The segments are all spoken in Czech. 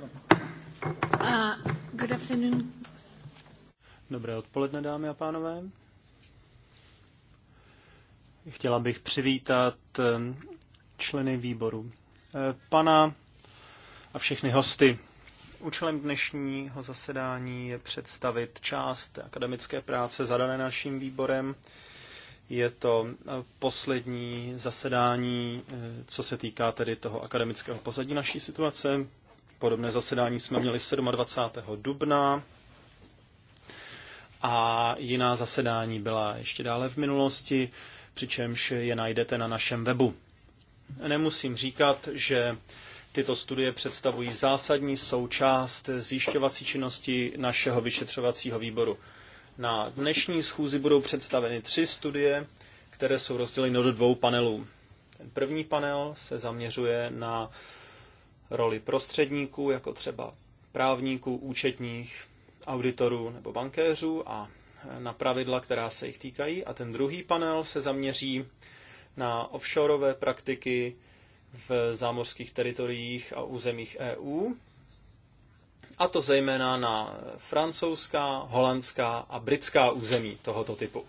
Uh, good afternoon. Dobré odpoledne, dámy a pánové. Chtěla bych přivítat eh, členy výboru, eh, pana a všechny hosty. Účelem dnešního zasedání je představit část akademické práce zadané naším výborem. Je to eh, poslední zasedání, co se týká tedy toho akademického pozadí naší situace. Podobné zasedání jsme měli 27. dubna a jiná zasedání byla ještě dále v minulosti, přičemž je najdete na našem webu. Nemusím říkat, že tyto studie představují zásadní součást zjišťovací činnosti našeho vyšetřovacího výboru. Na dnešní schůzi budou představeny tři studie, které jsou rozděleny do dvou panelů. Ten první panel se zaměřuje na roli prostředníků, jako třeba právníků, účetních, auditorů nebo bankéřů a na pravidla, která se jich týkají. A ten druhý panel se zaměří na offshoreové praktiky v zámořských teritoriích a územích EU, a to zejména na francouzská, holandská a britská území tohoto typu.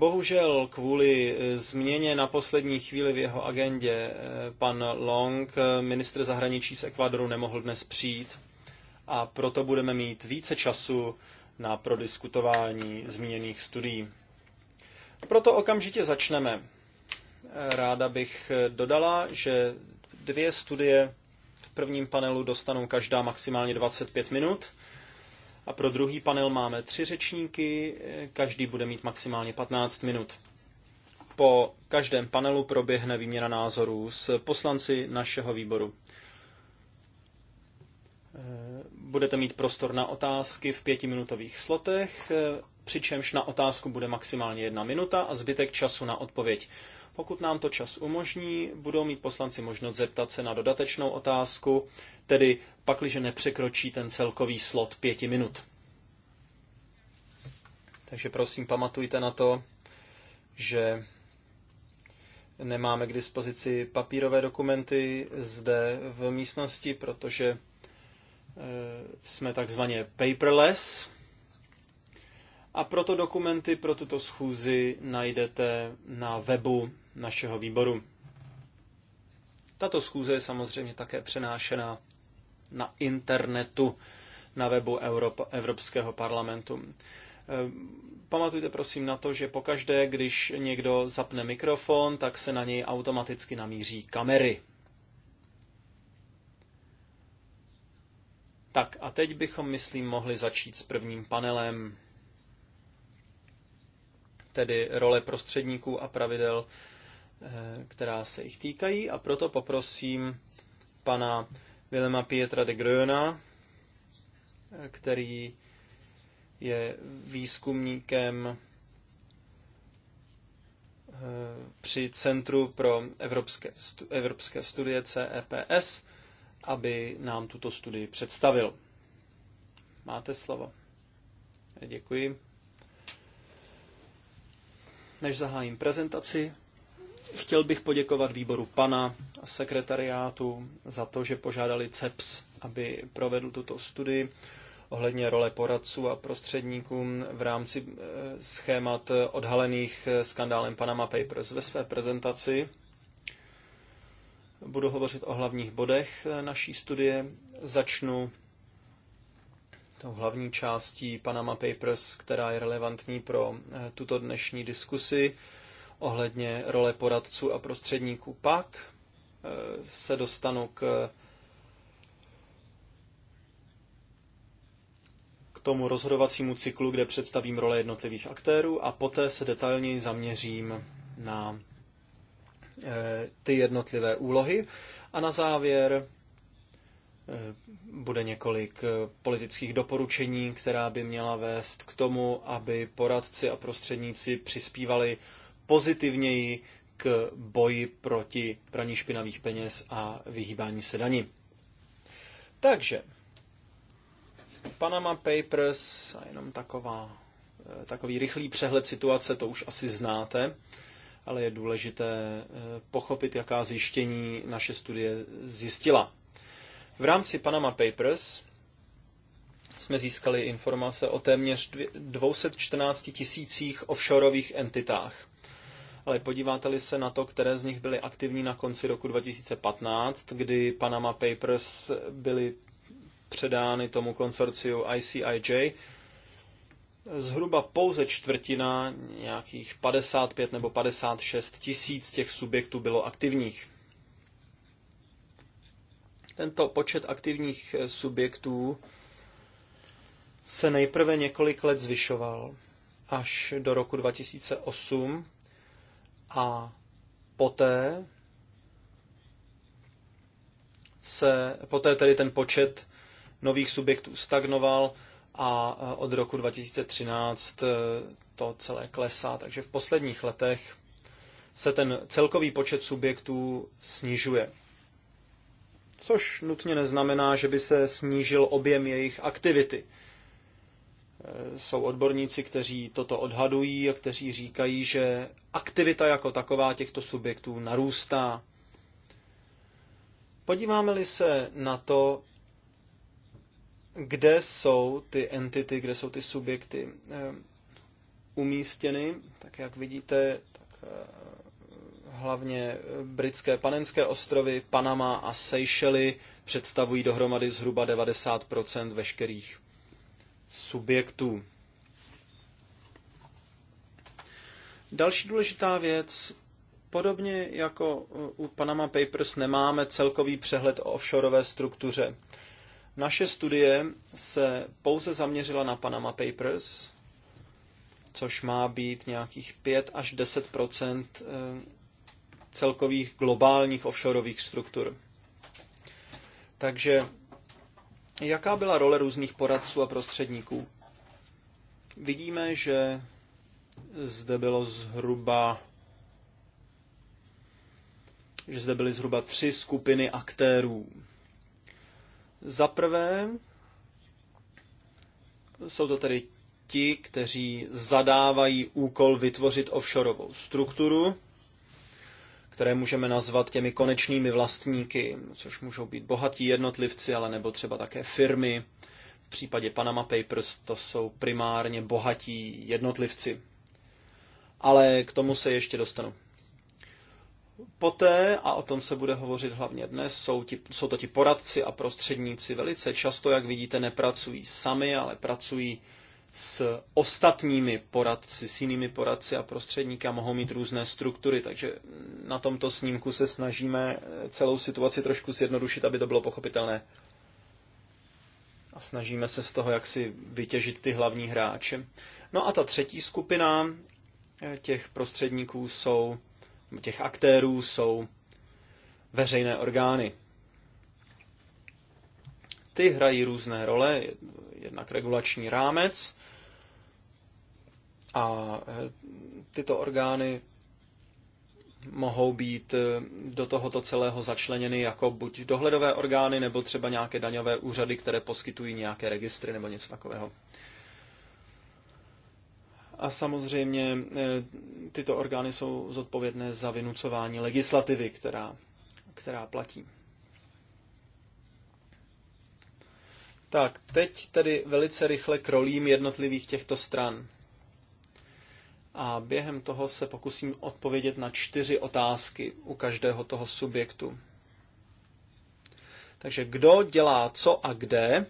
Bohužel kvůli eh, změně na poslední chvíli v jeho agendě eh, pan Long, eh, ministr zahraničí z Ekvadoru, nemohl dnes přijít a proto budeme mít více času na prodiskutování zmíněných studií. Proto okamžitě začneme. Ráda bych dodala, že dvě studie v prvním panelu dostanou každá maximálně 25 minut a pro druhý panel máme tři řečníky, každý bude mít maximálně 15 minut. Po každém panelu proběhne výměna názorů s poslanci našeho výboru. Eh, budete mít prostor na otázky v pětiminutových slotech, eh, přičemž na otázku bude maximálně jedna minuta a zbytek času na odpověď. Pokud nám to čas umožní, budou mít poslanci možnost zeptat se na dodatečnou otázku, tedy pakliže nepřekročí ten celkový slot pěti minut. Takže prosím, pamatujte na to, že nemáme k dispozici papírové dokumenty zde v místnosti, protože e, jsme takzvaně paperless. A proto dokumenty pro tuto schůzi najdete na webu našeho výboru. Tato schůze je samozřejmě také přenášena na internetu na webu Evropského parlamentu. Ehm, pamatujte prosím na to, že pokaždé, když někdo zapne mikrofon, tak se na něj automaticky namíří kamery. Tak a teď bychom, myslím, mohli začít s prvním panelem, tedy role prostředníků a pravidel, ehm, která se jich týkají. A proto poprosím pana Vilema Pietra de Gröna, ehm, který je výzkumníkem eh, při Centru pro evropské, evropské studie CEPS, aby nám tuto studii představil. Máte slovo. Děkuji. Než zahájím prezentaci, chtěl bych poděkovat výboru pana a sekretariátu za to, že požádali CEPS, aby provedl tuto studii ohledně role poradců a prostředníků v rámci eh, schémat eh, odhalených eh, skandálem Panama Papers. Ve své prezentaci budu hovořit o hlavních bodech naší studie. Začnu tou hlavní částí Panama Papers, která je relevantní pro tuto dnešní diskusi ohledně role poradců a prostředníků. Pak se dostanu k k tomu rozhodovacímu cyklu, kde představím role jednotlivých aktérů a poté se detailněji zaměřím na eh, ty jednotlivé úlohy. A na závěr eh, bude několik eh, politických doporučení, která by měla vést k tomu, aby poradci a prostředníci přispívali pozitivněji k boji proti praní špinavých peněz a vyhýbání se daní. Takže Panama Papers a jenom taková, eh, takový rychlý přehled situace, to už asi znáte, ale je důležité eh, pochopit, jaká zjištění naše studie zjistila. V rámci Panama Papers jsme získali informace o téměř 214 tisících offshoreových entitách. Ale podíváte-li se na to, které z nich byly aktivní na konci roku 2015, kdy Panama Papers byly předány tomu konsorciu ICIJ. Zhruba pouze čtvrtina, nějakých 55 nebo 56 tisíc těch subjektů bylo aktivních. Tento počet aktivních eh, subjektů se nejprve několik let zvyšoval až do roku 2008 a poté se, poté tedy ten počet nových subjektů stagnoval a e, od roku 2013 e, to celé klesá. Takže v posledních letech se ten celkový počet subjektů snižuje. Což nutně neznamená, že by se snížil objem jejich aktivity. E, jsou odborníci, kteří toto odhadují a kteří říkají, že aktivita jako taková těchto subjektů narůstá. Podíváme-li se na to, kde jsou ty entity, kde jsou ty subjekty eh, umístěny. Tak jak vidíte, tak eh, hlavně eh, britské panenské ostrovy, Panama a Seychely představují dohromady zhruba 90 veškerých subjektů. Další důležitá věc, podobně jako u Panama Papers nemáme celkový přehled o offshoreové struktuře. Naše studie se pouze zaměřila na Panama Papers, což má být nějakých 5 až 10 eh, celkových globálních offshoreových struktur. Takže jaká byla role různých poradců a prostředníků? Vidíme, že zde bylo zhruba že zde byly zhruba tři skupiny aktérů za prvé, jsou to tedy ti, kteří zadávají úkol vytvořit offshoreovou strukturu, které můžeme nazvat těmi konečnými vlastníky, což můžou být bohatí jednotlivci, ale nebo třeba také firmy. V případě Panama Papers to jsou primárně bohatí jednotlivci. Ale k tomu se ještě dostanu. Poté, a o tom se bude hovořit hlavně dnes, jsou, ti, jsou to ti poradci a prostředníci velice často, jak vidíte, nepracují sami, ale pracují s ostatními poradci, s jinými poradci a prostředníky a mohou mít různé struktury, takže na tomto snímku se snažíme eh, celou situaci trošku zjednodušit, aby to bylo pochopitelné. A snažíme se z toho, jak si vytěžit ty hlavní hráče. No a ta třetí skupina eh, těch prostředníků jsou těch aktérů jsou veřejné orgány. Ty hrají různé role, jednak regulační rámec a eh, tyto orgány mohou být eh, do tohoto celého začleněny jako buď dohledové orgány, nebo třeba nějaké daňové úřady, které poskytují nějaké registry nebo něco takového. A samozřejmě eh, tyto orgány jsou zodpovědné za vynucování legislativy, která, která platí. Tak, teď tedy velice rychle krolím jednotlivých těchto stran. A během toho se pokusím odpovědět na čtyři otázky u každého toho subjektu. Takže kdo dělá co a kde,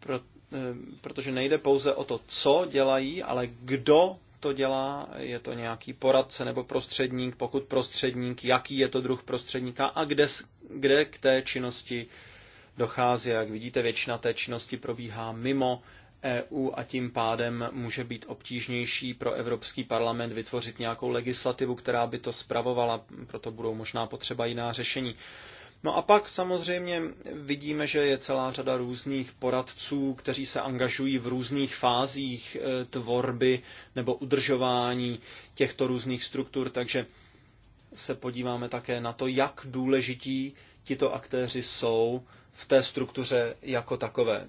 proto Eh, protože nejde pouze o to, co dělají, ale kdo to dělá, je to nějaký poradce nebo prostředník, pokud prostředník, jaký je to druh prostředníka a kde, kde k té činnosti dochází. Jak vidíte, většina té činnosti probíhá mimo EU a tím pádem může být obtížnější pro Evropský parlament vytvořit nějakou legislativu, která by to spravovala, proto budou možná potřeba jiná řešení. No a pak samozřejmě vidíme, že je celá řada různých poradců, kteří se angažují v různých fázích e, tvorby nebo udržování těchto různých struktur, takže se podíváme také na to, jak důležití tito aktéři jsou v té struktuře jako takové.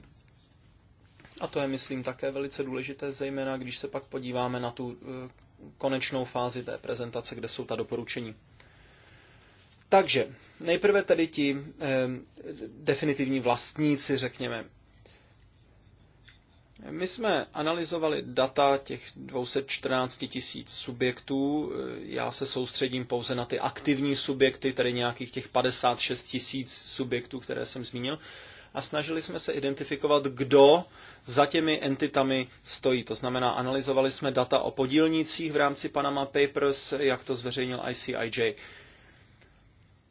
A to je, myslím, také velice důležité, zejména když se pak podíváme na tu e, konečnou fázi té prezentace, kde jsou ta doporučení. Takže nejprve tedy ti eh, definitivní vlastníci, řekněme. My jsme analyzovali data těch 214 tisíc subjektů. Já se soustředím pouze na ty aktivní subjekty, tedy nějakých těch 56 tisíc subjektů, které jsem zmínil. A snažili jsme se identifikovat, kdo za těmi entitami stojí. To znamená, analyzovali jsme data o podílnících v rámci Panama Papers, jak to zveřejnil ICIJ.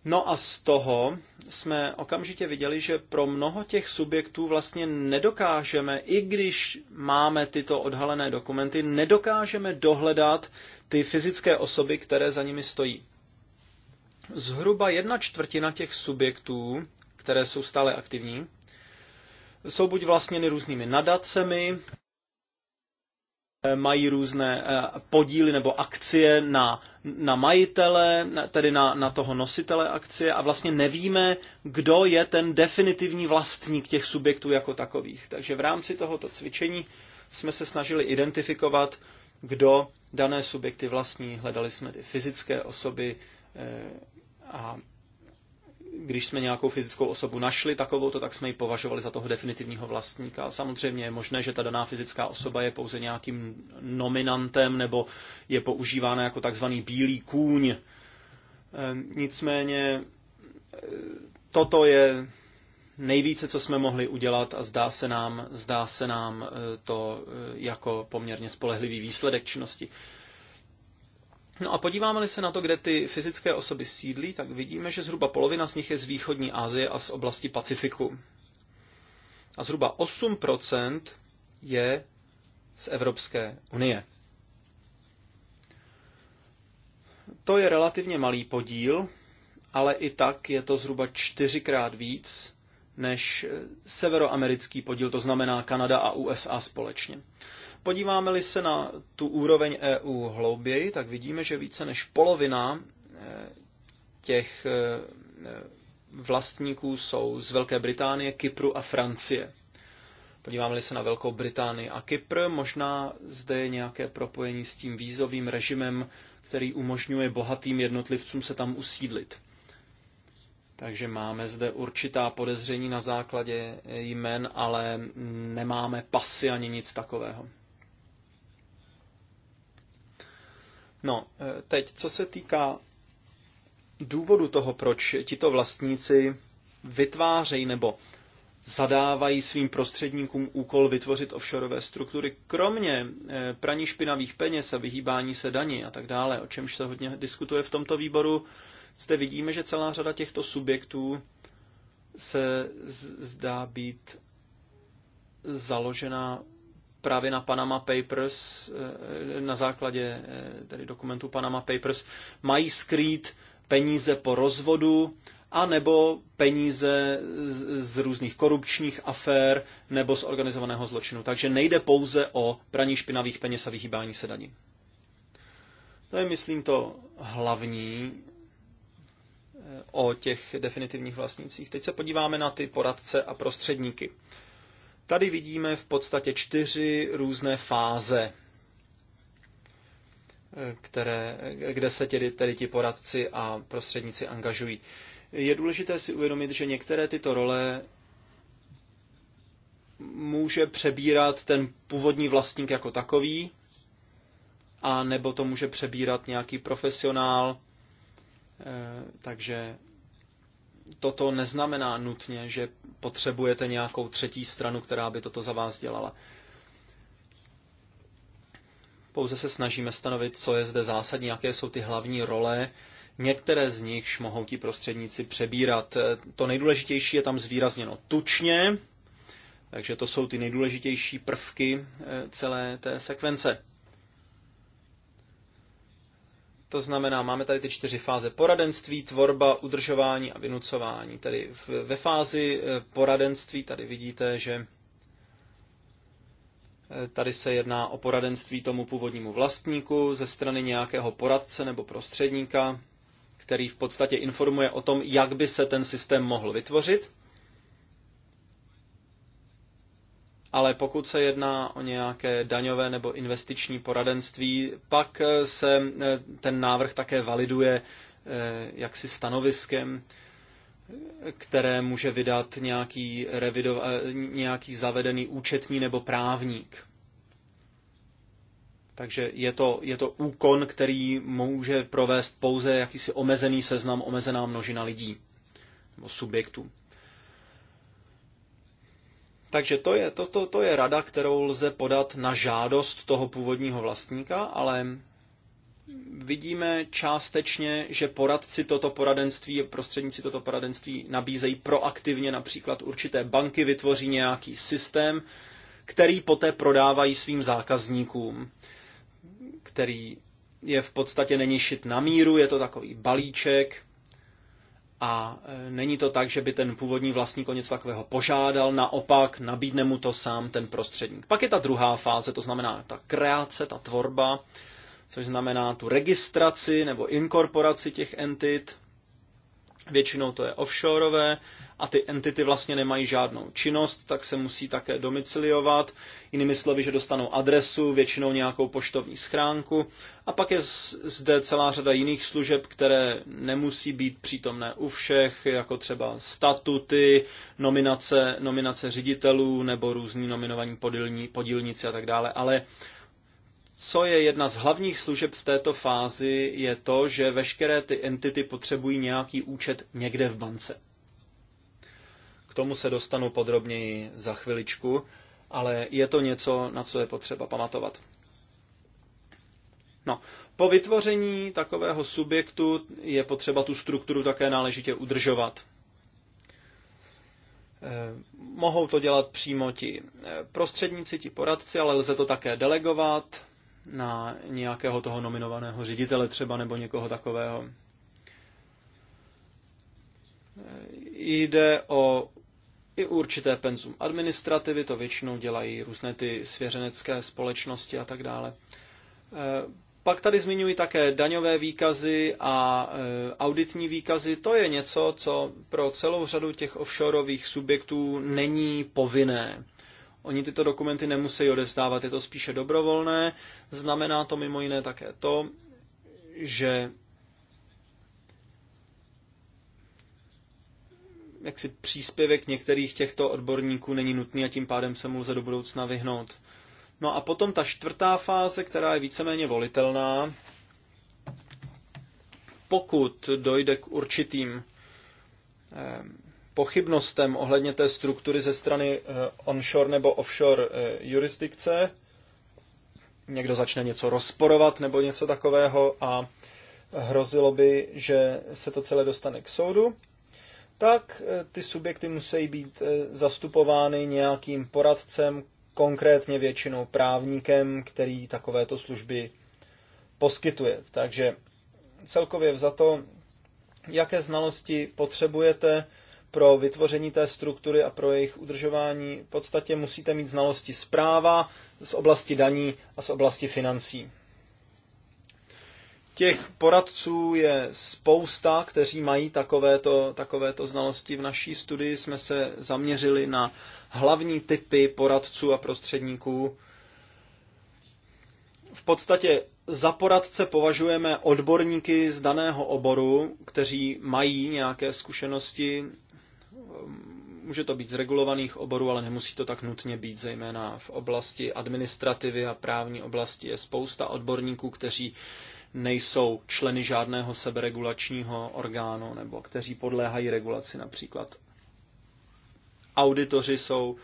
No a z toho jsme okamžitě viděli, že pro mnoho těch subjektů vlastně nedokážeme, i když máme tyto odhalené dokumenty, nedokážeme dohledat ty fyzické osoby, které za nimi stojí. Zhruba jedna čtvrtina těch subjektů, které jsou stále aktivní, jsou buď vlastněny různými nadacemi, Eh, mají různé eh, podíly nebo akcie na, na majitele, tedy na, na toho nositele akcie a vlastně nevíme, kdo je ten definitivní vlastník těch subjektů jako takových. Takže v rámci tohoto cvičení jsme se snažili identifikovat, kdo dané subjekty vlastní. Hledali jsme ty fyzické osoby eh, a když jsme nějakou fyzickou osobu našli takovou, to tak jsme ji považovali za toho definitivního vlastníka. Samozřejmě je možné, že ta daná fyzická osoba je pouze nějakým nominantem nebo je používána jako takzvaný bílý kůň. E, nicméně e, toto je nejvíce, co jsme mohli udělat a zdá se nám, zdá se nám e, to jako poměrně spolehlivý výsledek činnosti. No a podíváme-li se na to, kde ty fyzické osoby sídlí, tak vidíme, že zhruba polovina z nich je z východní Asie a z oblasti Pacifiku. A zhruba 8% je z Evropské unie. To je relativně malý podíl, ale i tak je to zhruba čtyřikrát víc než severoamerický podíl, to znamená Kanada a USA společně. Podíváme-li se na tu úroveň EU hlouběji, tak vidíme, že více než polovina e, těch e, e, vlastníků jsou z Velké Británie, Kypru a Francie. Podíváme-li se na Velkou Británii a Kypr, možná zde je nějaké propojení s tím vízovým režimem, který umožňuje bohatým jednotlivcům se tam usídlit. Takže máme zde určitá podezření na základě jmen, ale nemáme pasy ani nic takového. No, eh, teď, co se týká důvodu toho, proč tito vlastníci vytvářejí nebo zadávají svým prostředníkům úkol vytvořit offshoreové struktury, kromě eh, praní špinavých peněz a vyhýbání se daní a tak dále, o čemž se hodně diskutuje v tomto výboru, zde vidíme, že celá řada těchto subjektů se zdá být založena právě na Panama Papers, eh, na základě eh, tedy dokumentu Panama Papers, mají skrýt peníze po rozvodu a nebo peníze z různých korupčních afér nebo z organizovaného zločinu. Takže nejde pouze o praní špinavých peněz a vyhýbání se daní. To je, myslím, to hlavní eh, o těch definitivních vlastnících. Teď se podíváme na ty poradce a prostředníky. Tady vidíme v podstatě čtyři různé fáze, které, kde se tedy, tedy ti poradci a prostředníci angažují. Je důležité si uvědomit, že některé tyto role může přebírat ten původní vlastník jako takový, a nebo to může přebírat nějaký profesionál, eh, takže toto neznamená nutně, že potřebujete nějakou třetí stranu, která by toto za vás dělala. Pouze se snažíme stanovit, co je zde zásadní, jaké jsou ty hlavní role. Některé z nich mohou ti prostředníci přebírat. To nejdůležitější je tam zvýrazněno tučně, takže to jsou ty nejdůležitější prvky eh, celé té sekvence. To znamená, máme tady ty čtyři fáze poradenství, tvorba, udržování a vynucování. Tedy ve fázi eh, poradenství tady vidíte, že eh, Tady se jedná o poradenství tomu původnímu vlastníku ze strany nějakého poradce nebo prostředníka, který v podstatě informuje o tom, jak by se ten systém mohl vytvořit. ale pokud se jedná o nějaké daňové nebo investiční poradenství, pak eh, se eh, ten návrh také validuje eh, jaksi stanoviskem, které může vydat nějaký, revidov, nějaký zavedený účetní nebo právník. Takže je to, je to úkon, který může provést pouze jakýsi omezený seznam, omezená množina lidí nebo subjektů. Takže to je, to, to, to je rada, kterou lze podat na žádost toho původního vlastníka, ale vidíme částečně, že poradci toto poradenství, prostředníci toto poradenství nabízejí proaktivně, například určité banky vytvoří nějaký systém, který poté prodávají svým zákazníkům, který je v podstatě není šit na míru, je to takový balíček, a e, není to tak, že by ten původní vlastník o něco takového požádal, naopak nabídne mu to sám ten prostředník. Pak je ta druhá fáze, to znamená ta kreace, ta tvorba, což znamená tu registraci nebo inkorporaci těch entit. Většinou to je offshoreové a ty entity vlastně nemají žádnou činnost, tak se musí také domiciliovat, jinými slovy, že dostanou adresu, většinou nějakou poštovní schránku a pak je zde celá řada jiných služeb, které nemusí být přítomné u všech, jako třeba statuty, nominace, nominace ředitelů nebo různí nominovaní podílní, podílníci a tak dále, ale co je jedna z hlavních služeb v této fázi, je to, že veškeré ty entity potřebují nějaký účet někde v bance. K tomu se dostanu podrobněji za chviličku, ale je to něco, na co je potřeba pamatovat. No, po vytvoření takového subjektu je potřeba tu strukturu také náležitě udržovat. Eh, mohou to dělat přímo ti eh, prostředníci, ti poradci, ale lze to také delegovat na nějakého toho nominovaného ředitele třeba nebo někoho takového. Eh, jde o i určité penzum administrativy, to většinou dělají různé ty svěřenecké společnosti a tak dále. E, pak tady zmiňuji také daňové výkazy a e, auditní výkazy. To je něco, co pro celou řadu těch offshoreových subjektů není povinné. Oni tyto dokumenty nemusí odevzdávat, je to spíše dobrovolné. Znamená to mimo jiné také to, že jaksi příspěvek některých těchto odborníků není nutný a tím pádem se mu lze do budoucna vyhnout. No a potom ta čtvrtá fáze, která je víceméně volitelná, pokud dojde k určitým eh, pochybnostem ohledně té struktury ze strany eh, onshore nebo offshore eh, jurisdikce, někdo začne něco rozporovat nebo něco takového a hrozilo by, že se to celé dostane k soudu, tak eh, ty subjekty musí být eh, zastupovány nějakým poradcem, konkrétně většinou právníkem, který takovéto služby poskytuje. Takže celkově za to, jaké znalosti potřebujete pro vytvoření té struktury a pro jejich udržování, v podstatě musíte mít znalosti zpráva z oblasti daní a z oblasti financí. Těch poradců je spousta, kteří mají takovéto, takovéto znalosti. V naší studii jsme se zaměřili na hlavní typy poradců a prostředníků. V podstatě za poradce považujeme odborníky z daného oboru, kteří mají nějaké zkušenosti. Může to být z regulovaných oborů, ale nemusí to tak nutně být, zejména v oblasti administrativy a právní oblasti je spousta odborníků, kteří nejsou členy žádného seberegulačního orgánu nebo kteří podléhají regulaci například. Auditoři jsou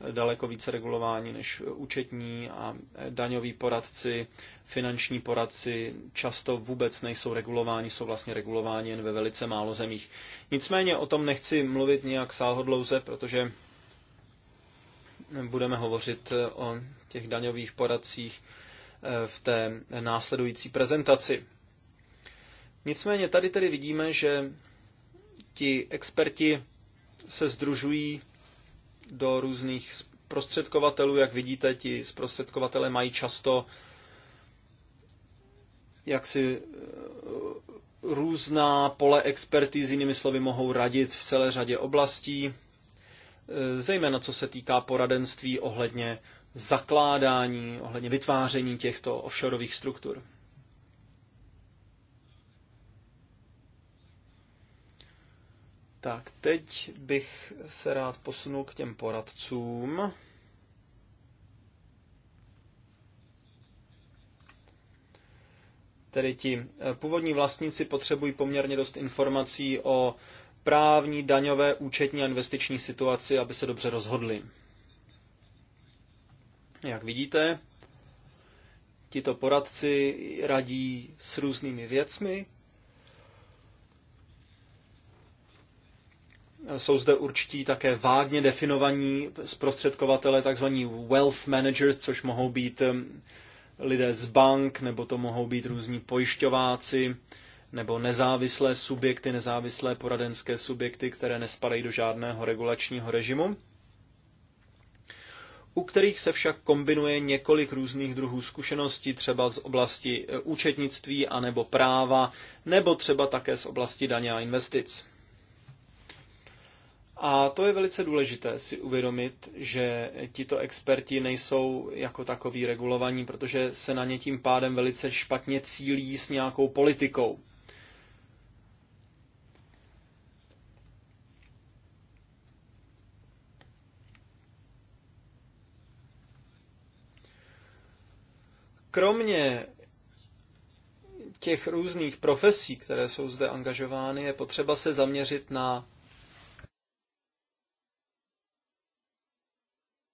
eh, daleko více regulováni než eh, účetní a eh, daňoví poradci, finanční poradci často vůbec nejsou regulováni, jsou vlastně regulováni jen ve velice málo zemích. Nicméně o tom nechci mluvit nějak sáhodlouze, protože budeme hovořit o těch daňových poradcích v té následující prezentaci. Nicméně tady tedy vidíme, že ti experti se združují do různých zprostředkovatelů. Jak vidíte, ti zprostředkovatele mají často jaksi eh, různá pole expertízy, jinými slovy, mohou radit v celé řadě oblastí, eh, zejména co se týká poradenství ohledně zakládání, ohledně vytváření těchto offshoreových struktur. Tak, teď bych se rád posunul k těm poradcům. Tedy ti eh, původní vlastníci potřebují poměrně dost informací o právní, daňové, účetní a investiční situaci, aby se dobře rozhodli. Jak vidíte, tito poradci radí s různými věcmi. Jsou zde určití také vágně definovaní zprostředkovatele, takzvaní wealth managers, což mohou být um, lidé z bank, nebo to mohou být různí pojišťováci, nebo nezávislé subjekty, nezávislé poradenské subjekty, které nespadají do žádného regulačního režimu u kterých se však kombinuje několik různých druhů zkušeností, třeba z oblasti e, účetnictví a nebo práva, nebo třeba také z oblasti daně a investic. A to je velice důležité si uvědomit, že tito experti nejsou jako takový regulovaní, protože se na ně tím pádem velice špatně cílí s nějakou politikou. kromě těch různých profesí, které jsou zde angažovány, je potřeba se zaměřit na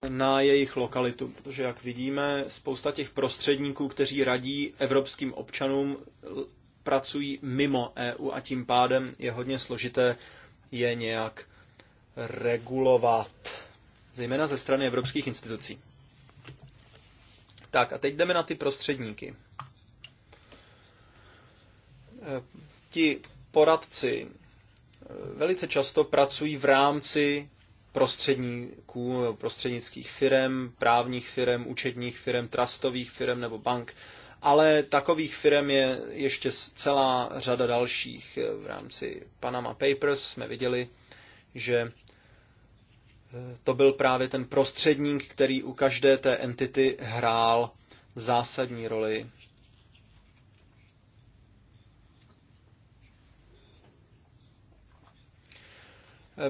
na jejich lokalitu, protože jak vidíme, spousta těch prostředníků, kteří radí evropským občanům, pracují mimo EU a tím pádem je hodně složité je nějak regulovat, zejména ze strany evropských institucí. Tak a teď jdeme na ty prostředníky. Eh, ti poradci eh, velice často pracují v rámci prostředníků, prostřednických firm, právních firm, účetních firm, trustových firm nebo bank, ale takových firm je ještě celá řada dalších. Eh, v rámci Panama Papers jsme viděli, že to byl právě ten prostředník, který u každé té entity hrál zásadní roli.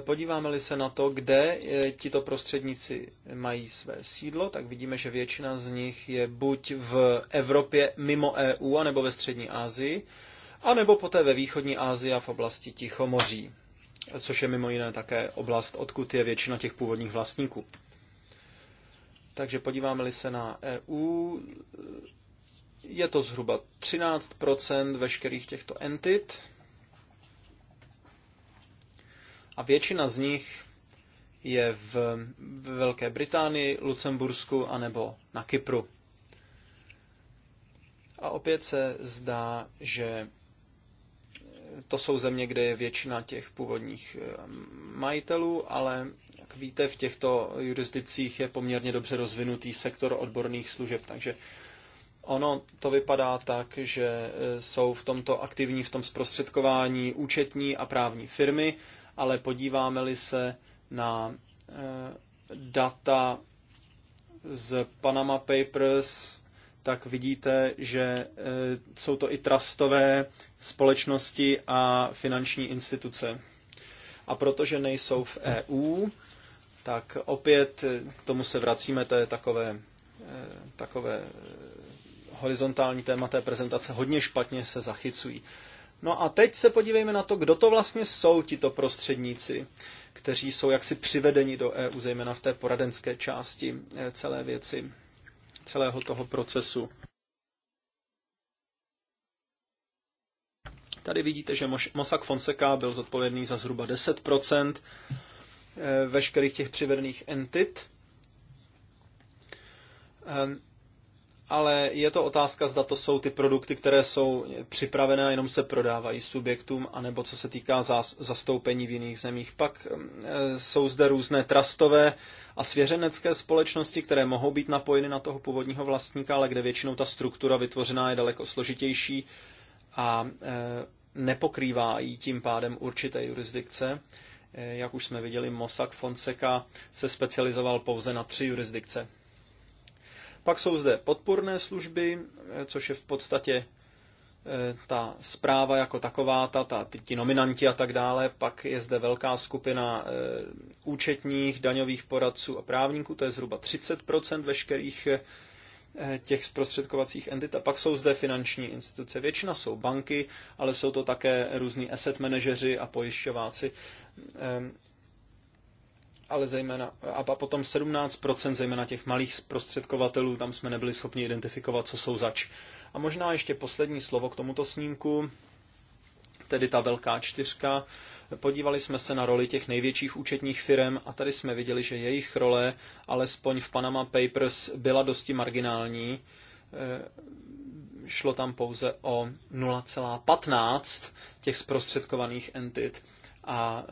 Podíváme-li se na to, kde eh, tito prostředníci mají své sídlo, tak vidíme, že většina z nich je buď v Evropě mimo EU, anebo ve střední Asii, anebo poté ve východní Asii a v oblasti Tichomoří což je mimo jiné také oblast, odkud je většina těch původních vlastníků. Takže podíváme-li se na EU, je to zhruba 13 veškerých těchto entit a většina z nich je v, Velké Británii, Lucembursku anebo na Kypru. A opět se zdá, že to jsou země, kde je většina těch původních eh, majitelů, ale jak víte, v těchto jurisdikcích je poměrně dobře rozvinutý sektor odborných služeb, takže ono to vypadá tak, že eh, jsou v tomto aktivní, v tom zprostředkování účetní a právní firmy, ale podíváme-li se na eh, data z Panama Papers, tak vidíte, že e, jsou to i trustové společnosti a finanční instituce. A protože nejsou v EU, tak opět e, k tomu se vracíme, to je takové, e, takové horizontální téma té prezentace, hodně špatně se zachycují. No a teď se podívejme na to, kdo to vlastně jsou tito prostředníci, kteří jsou jaksi přivedeni do EU, zejména v té poradenské části celé věci celého toho procesu. Tady vidíte, že Mossack Fonseca byl zodpovědný za zhruba 10 eh, veškerých těch přivedených entit. Ehm, ale je to otázka, zda to jsou ty produkty, které jsou připravené a jenom se prodávají subjektům, anebo co se týká zás, zastoupení v jiných zemích. Pak e, jsou zde různé trastové a svěřenecké společnosti, které mohou být napojeny na toho původního vlastníka, ale kde většinou ta struktura vytvořená je daleko složitější a e, nepokrývá ji tím pádem určité jurisdikce. E, jak už jsme viděli, Mossack Fonseca se specializoval pouze na tři jurisdikce. Pak jsou zde podporné služby, eh, což je v podstatě eh, ta zpráva jako taková, ta, ta, ty, ti nominanti a tak dále, pak je zde velká skupina eh, účetních, daňových poradců a právníků, to je zhruba 30% veškerých těch zprostředkovacích entit a pak jsou zde finanční instituce. Většina jsou banky, ale jsou to také různí asset manažeři a pojišťováci. Ehm, ale zejména, a potom 17%, zejména těch malých zprostředkovatelů, tam jsme nebyli schopni identifikovat, co jsou zač. A možná ještě poslední slovo k tomuto snímku, tedy ta velká čtyřka. Podívali jsme se na roli těch největších účetních firm a tady jsme viděli, že jejich role, alespoň v Panama Papers, byla dosti marginální. E, šlo tam pouze o 0,15 těch zprostředkovaných entit a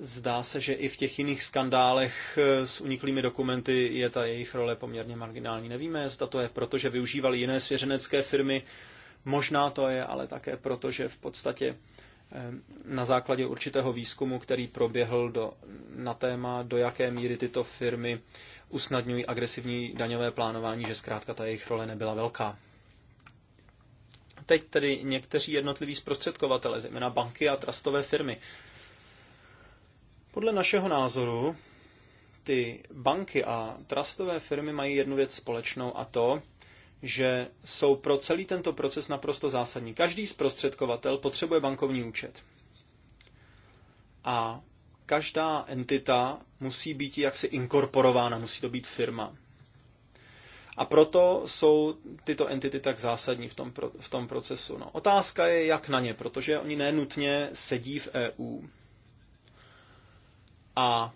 zdá se, že i v těch jiných skandálech eh, s uniklými dokumenty je ta jejich role poměrně marginální. Nevíme, zda to je proto, že využívali jiné svěřenecké firmy, možná to je, ale také proto, že v podstatě eh, na základě určitého výzkumu, který proběhl do, na téma, do jaké míry tyto firmy usnadňují agresivní daňové plánování, že zkrátka ta jejich role nebyla velká. Teď tedy někteří jednotliví zprostředkovatele, zejména banky a trustové firmy, podle našeho názoru ty banky a trustové firmy mají jednu věc společnou a to, že jsou pro celý tento proces naprosto zásadní. Každý zprostředkovatel potřebuje bankovní účet. A každá entita musí být jaksi inkorporována, musí to být firma. A proto jsou tyto entity tak zásadní v tom, v tom procesu. No, otázka je, jak na ně, protože oni nenutně sedí v EU a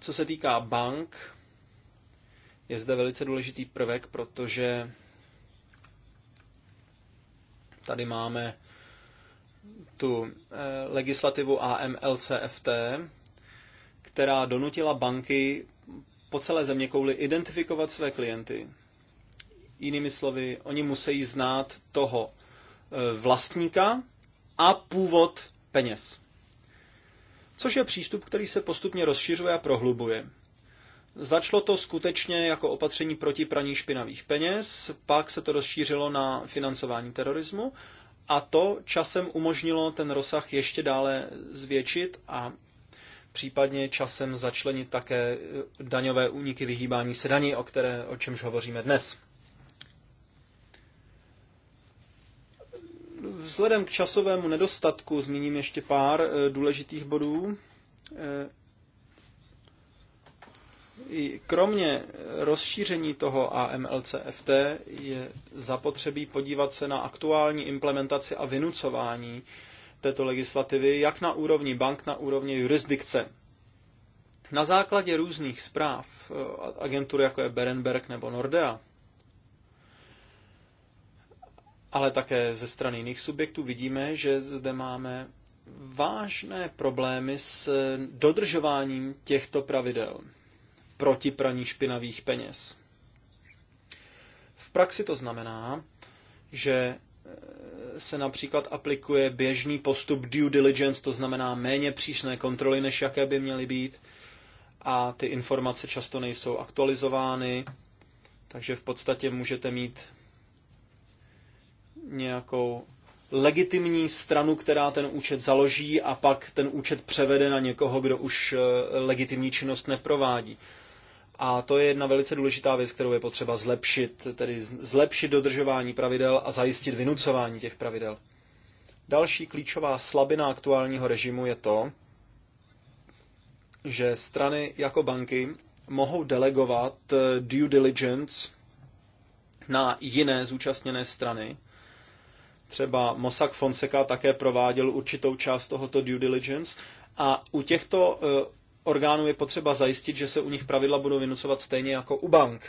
co se týká bank, je zde velice důležitý prvek, protože tady máme tu eh, legislativu AMLCFT, která donutila banky po celé země kouli identifikovat své klienty. Jinými slovy, oni musí znát toho eh, vlastníka a původ peněz což je přístup, který se postupně rozšiřuje a prohlubuje. Začalo to skutečně jako opatření proti praní špinavých peněz, pak se to rozšířilo na financování terorismu a to časem umožnilo ten rozsah ještě dále zvětšit a případně časem začlenit také daňové úniky vyhýbání se daní, o, které, o čemž hovoříme dnes. Vzhledem k časovému nedostatku zmíním ještě pár eh, důležitých bodů. Eh, kromě rozšíření toho AMLCFT je zapotřebí podívat se na aktuální implementaci a vynucování této legislativy, jak na úrovni bank, na úrovni jurisdikce. Na základě různých zpráv eh, agentur jako je Berenberg nebo Nordea, ale také ze strany jiných subjektů vidíme, že zde máme vážné problémy s dodržováním těchto pravidel proti praní špinavých peněz. V praxi to znamená, že eh, se například aplikuje běžný postup due diligence, to znamená méně přísné kontroly, než jaké by měly být, a ty informace často nejsou aktualizovány, takže v podstatě můžete mít nějakou legitimní stranu, která ten účet založí a pak ten účet převede na někoho, kdo už eh, legitimní činnost neprovádí. A to je jedna velice důležitá věc, kterou je potřeba zlepšit, tedy zlepšit dodržování pravidel a zajistit vynucování těch pravidel. Další klíčová slabina aktuálního režimu je to, že strany jako banky mohou delegovat eh, due diligence na jiné zúčastněné strany, Třeba Mossack Fonseca také prováděl určitou část tohoto due diligence a u těchto eh, orgánů je potřeba zajistit, že se u nich pravidla budou vynucovat stejně jako u bank.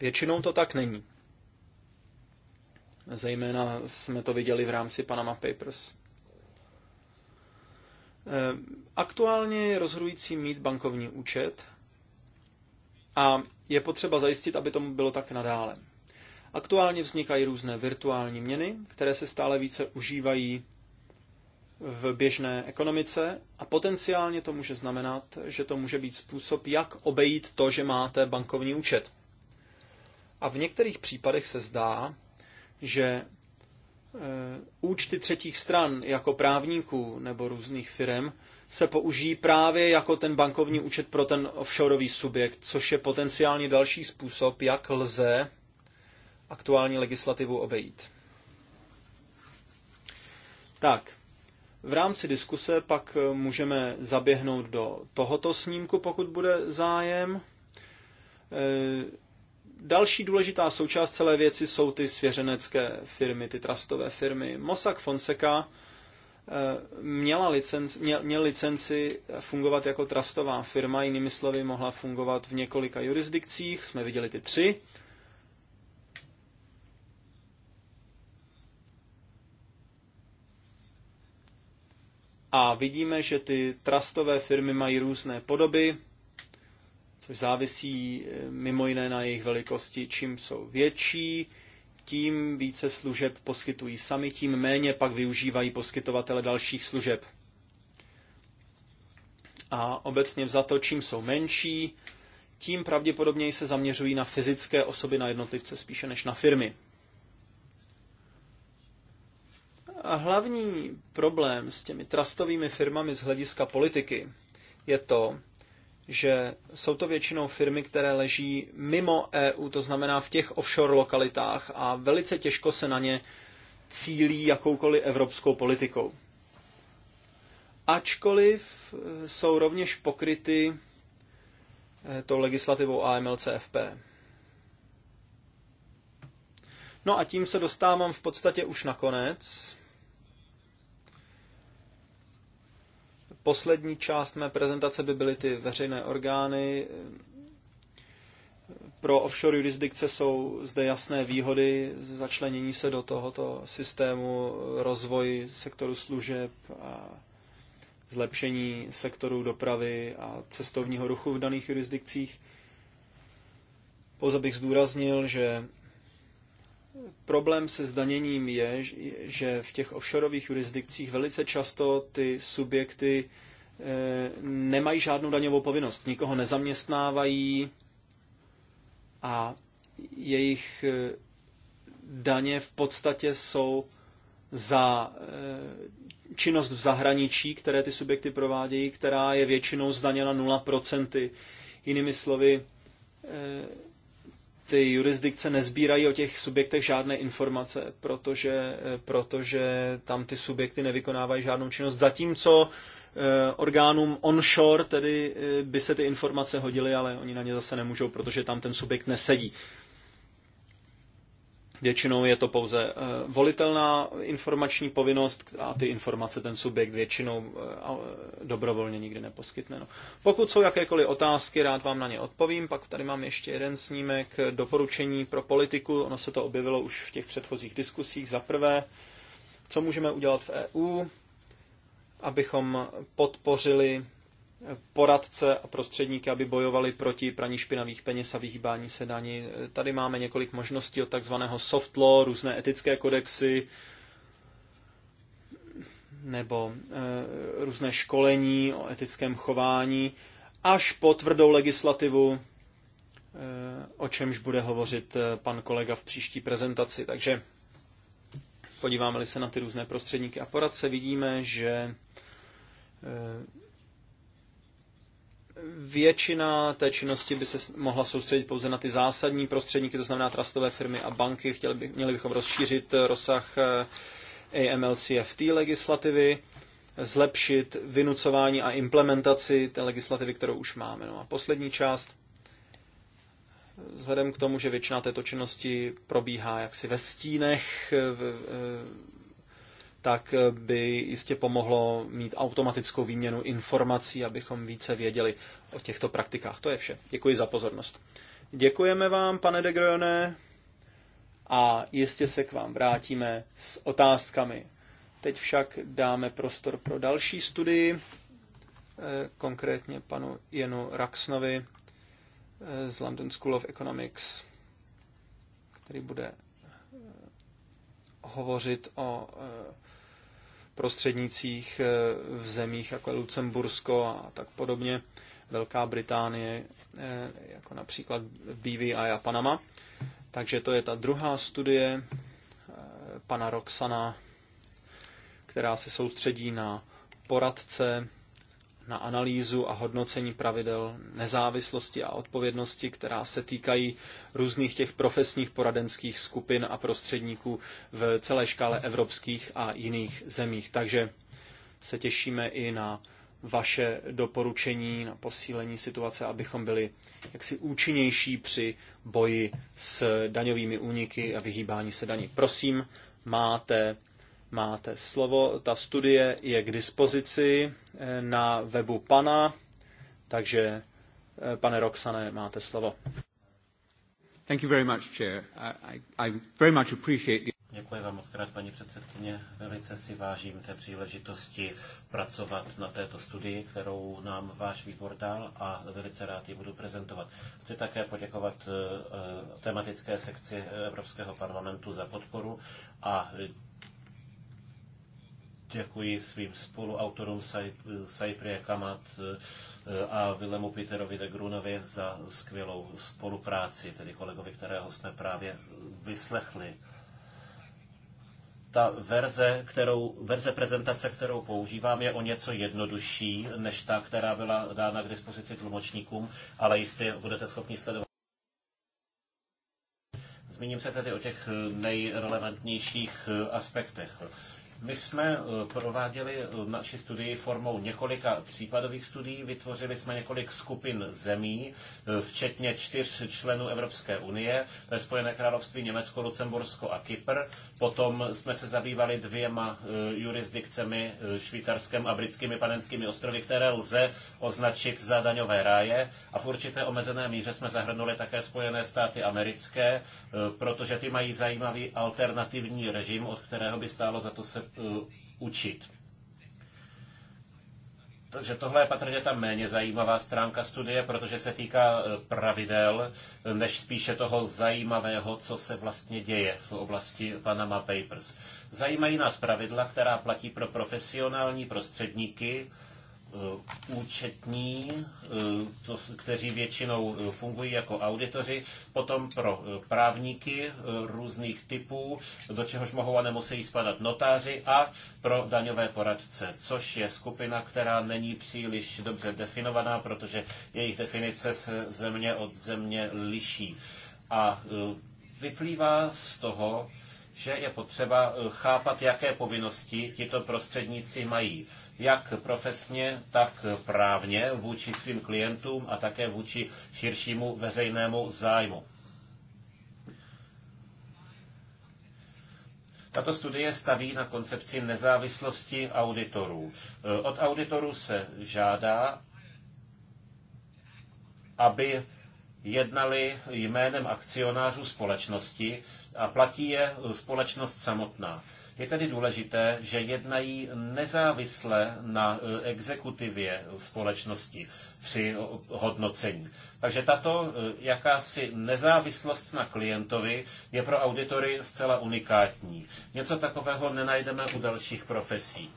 Většinou to tak není. Zejména jsme to viděli v rámci Panama Papers. Eh, aktuálně je rozhodující mít bankovní účet a je potřeba zajistit, aby tomu bylo tak nadále. Aktuálně vznikají různé virtuální měny, které se stále více užívají v běžné ekonomice a potenciálně to může znamenat, že to může být způsob, jak obejít to, že máte bankovní účet. A v některých případech se zdá, že e, účty třetích stran jako právníků nebo různých firm se použijí právě jako ten bankovní účet pro ten offshoreový subjekt, což je potenciálně další způsob, jak lze aktuální legislativu obejít. Tak, v rámci diskuse pak eh, můžeme zaběhnout do tohoto snímku, pokud bude zájem. Eh, další důležitá součást celé věci jsou ty svěřenecké firmy, ty trustové firmy. Mossack Fonseca eh, měla licenci, měl, licenci fungovat jako trustová firma, jinými slovy mohla fungovat v několika jurisdikcích, jsme viděli ty tři. A vidíme, že ty trustové firmy mají různé podoby, což závisí eh, mimo jiné na jejich velikosti. Čím jsou větší, tím více služeb poskytují sami, tím méně pak využívají poskytovatele dalších služeb. A obecně vzato, čím jsou menší, tím pravděpodobněji se zaměřují na fyzické osoby, na jednotlivce spíše než na firmy. hlavní problém s těmi trustovými firmami z hlediska politiky je to, že jsou to většinou firmy, které leží mimo EU, to znamená v těch offshore lokalitách a velice těžko se na ně cílí jakoukoliv evropskou politikou. Ačkoliv e, jsou rovněž pokryty e, tou legislativou AMLCFP. No a tím se dostávám v podstatě už na konec. Poslední část mé prezentace by byly ty veřejné orgány. Pro offshore jurisdikce jsou zde jasné výhody začlenění se do tohoto systému, rozvoj sektoru služeb a zlepšení sektoru dopravy a cestovního ruchu v daných jurisdikcích. Pouze bych zdůraznil, že Problém se zdaněním je, že v těch offshoreových jurisdikcích velice často ty subjekty eh, nemají žádnou daňovou povinnost, nikoho nezaměstnávají a jejich eh, daně v podstatě jsou za eh, činnost v zahraničí, které ty subjekty provádějí, která je většinou zdaněna 0%. Jinými slovy, ty jurisdikce nezbírají o těch subjektech žádné informace, protože, protože tam ty subjekty nevykonávají žádnou činnost, zatímco eh, orgánům onshore tedy eh, by se ty informace hodily, ale oni na ně zase nemůžou, protože tam ten subjekt nesedí. Většinou je to pouze eh, volitelná informační povinnost a ty informace ten subjekt většinou eh, eh, dobrovolně nikdy neposkytne. No. Pokud jsou jakékoliv otázky, rád vám na ně odpovím. Pak tady mám ještě jeden snímek doporučení pro politiku. Ono se to objevilo už v těch předchozích diskusích. Za prvé, co můžeme udělat v EU, abychom podpořili poradce a prostředníky, aby bojovali proti praní špinavých peněz a vyhýbání se daní. Tady máme několik možností od takzvaného soft law, různé etické kodexy, nebo e, různé školení o etickém chování, až po tvrdou legislativu, e, o čemž bude hovořit eh, pan kolega v příští prezentaci. Takže podíváme-li se na ty různé prostředníky a poradce, vidíme, že e, Většina té činnosti by se mohla soustředit pouze na ty zásadní prostředníky, to znamená trustové firmy a banky. Chtěli by, měli bychom rozšířit eh, rozsah eh, AMLCFT legislativy, zlepšit vynucování a implementaci té legislativy, kterou už máme. No a poslední část, vzhledem k tomu, že většina této činnosti probíhá jaksi ve stínech, eh, v, tak by jistě pomohlo mít automatickou výměnu informací, abychom více věděli o těchto praktikách. To je vše. Děkuji za pozornost. Děkujeme vám, pane de Grone, a jistě se k vám vrátíme s otázkami. Teď však dáme prostor pro další studii, eh, konkrétně panu Jenu Raxnovi eh, z London School of Economics, který bude eh, hovořit o prostřednících eh, v zemích jako Lucembursko a tak podobně, Velká Británie, eh, jako například BVI a Panama. Takže to je ta druhá studie eh, pana Roxana, která se soustředí na poradce na analýzu a hodnocení pravidel nezávislosti a odpovědnosti, která se týkají různých těch profesních poradenských skupin a prostředníků v celé škále evropských a jiných zemích. Takže se těšíme i na vaše doporučení na posílení situace, abychom byli jaksi účinnější při boji s daňovými úniky a vyhýbání se daní. Prosím, máte máte slovo. Ta studie je k dispozici eh, na webu pana, takže eh, pane Roxane, máte slovo. Thank you very much, Chair. I, I very much appreciate the... Děkuji vám moc krát, paní předsedkyně. Velice si vážím té příležitosti pracovat na této studii, kterou nám váš výbor dal a velice rád ji budu prezentovat. Chci také poděkovat eh, tematické sekci Evropského parlamentu za podporu a Děkuji svým spoluautorům Saiprie Kamat e, a Vilemu Peterovi de Grunovi za skvělou spolupráci, tedy kolegovi, kterého jsme právě vyslechli. Ta verze, kterou, verze prezentace, kterou používám, je o něco jednodušší než ta, která byla dána k dispozici tlumočníkům, ale jistě budete schopni sledovat. Zmíním se tedy o těch nejrelevantnějších e, aspektech. My jsme eh, prováděli eh, naši studii formou několika případových studií, vytvořili jsme několik skupin zemí, eh, včetně čtyř členů Evropské unie, ve Spojené království Německo, Lucembursko a Kypr. Potom jsme se zabývali dvěma jurisdikcemi, švýcarském a britskými panenskými ostrovy, které lze označit za daňové ráje. A v určité omezené míře jsme zahrnuli také Spojené státy americké, protože ty mají zajímavý alternativní režim, od kterého by stálo za to se Eh, učit. Takže tohle je patrně ta méně zajímavá stránka studie, protože se týká eh, pravidel, eh, než spíše toho zajímavého, co se vlastně děje v oblasti Panama Papers. Zajímají nás pravidla, která platí pro profesionální prostředníky, Eh, účetní, eh, kteří většinou eh, fungují jako auditoři, potom pro právníky různých typů, do čehož mohou a nemusí spadat notáři a pro daňové poradce, což je skupina, která není příliš dobře definovaná, protože jejich definice se země od země liší. A vyplývá z toho, že je potřeba chápat, jaké povinnosti tito prostředníci mají jak profesně, tak právně vůči svým klientům a také vůči širšímu veřejnému zájmu. Tato studie staví na koncepci nezávislosti auditorů. Od auditorů se žádá, aby jednali jménem akcionářů společnosti a platí je společnost samotná. Je tedy důležité, že jednají nezávisle na e, exekutivě společnosti při hodnocení. Takže tato e, jakási nezávislost na klientovi je pro auditory zcela unikátní. Něco takového nenajdeme u dalších profesí.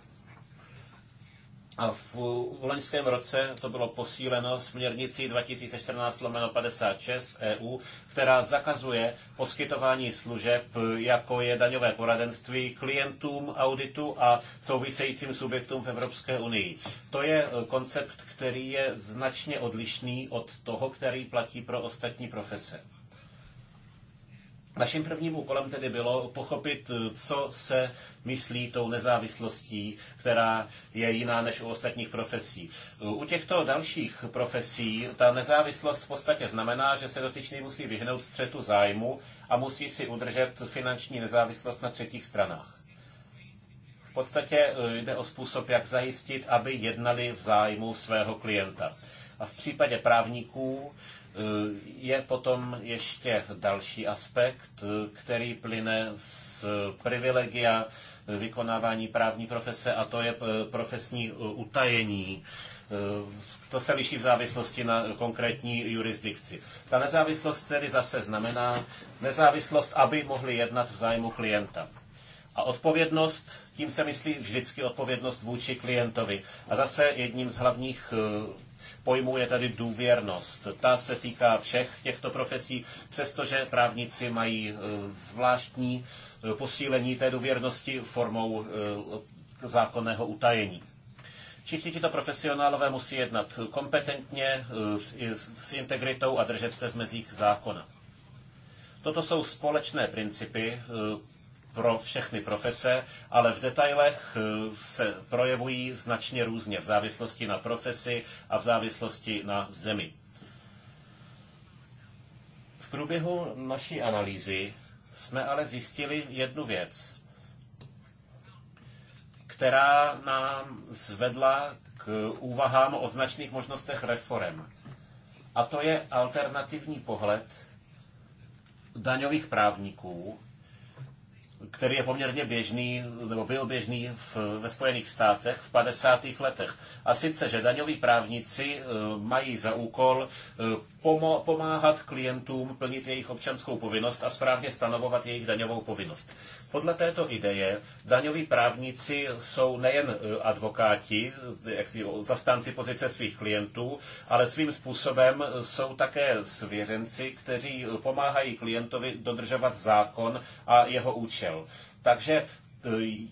A v, v loňském roce to bylo posíleno směrnicí 2014-56 EU, která zakazuje poskytování služeb, jako je daňové poradenství klientům auditu a souvisejícím subjektům v Evropské unii. To je eh, koncept, který je značně odlišný od toho, který platí pro ostatní profese. Naším prvním úkolem tedy bylo pochopit, co se myslí tou nezávislostí, která je jiná než u ostatních profesí. U těchto dalších profesí ta nezávislost v podstatě znamená, že se dotyčný musí vyhnout střetu zájmu a musí si udržet finanční nezávislost na třetích stranách. V podstatě e, jde o způsob, jak zajistit, aby jednali v zájmu svého klienta. A v případě právníků Eh, je potom ještě další aspekt, eh, který plyne z privilegia vykonávání právní profese a to je eh, profesní utajení. To se liší v závislosti na konkrétní jurisdikci. Ta nezávislost tedy zase znamená nezávislost, aby mohli jednat v zájmu klienta. A odpovědnost, tím se myslí vždycky odpovědnost vůči klientovi. A zase jedním z hlavních pojmů je tady důvěrnost. Ta se týká všech těchto profesí, přestože právníci mají e, zvláštní e, posílení té důvěrnosti formou e, zákonného utajení. Všichni tito profesionálové musí jednat kompetentně, s integritou a držet se v mezích zákona. Toto jsou společné principy, pro všechny profese, ale v detailech eh, se projevují značně různě v závislosti na profesi a v závislosti na zemi. V průběhu naší analýzy jsme ale zjistili jednu věc, která nám zvedla k úvahám o značných možnostech reform. A to je alternativní pohled daňových právníků který je poměrně běžný, nebo byl běžný v, ve Spojených státech v 50. letech. A sice, že daňoví právníci e, mají za úkol e, pomo- pomáhat klientům plnit jejich občanskou povinnost a správně stanovovat jejich daňovou povinnost. Podle této ideje daňoví právníci jsou nejen e, advokáti, e, zastánci pozice svých klientů, ale svým způsobem e, jsou také svěřenci, kteří pomáhají klientovi dodržovat zákon a jeho účel. Takže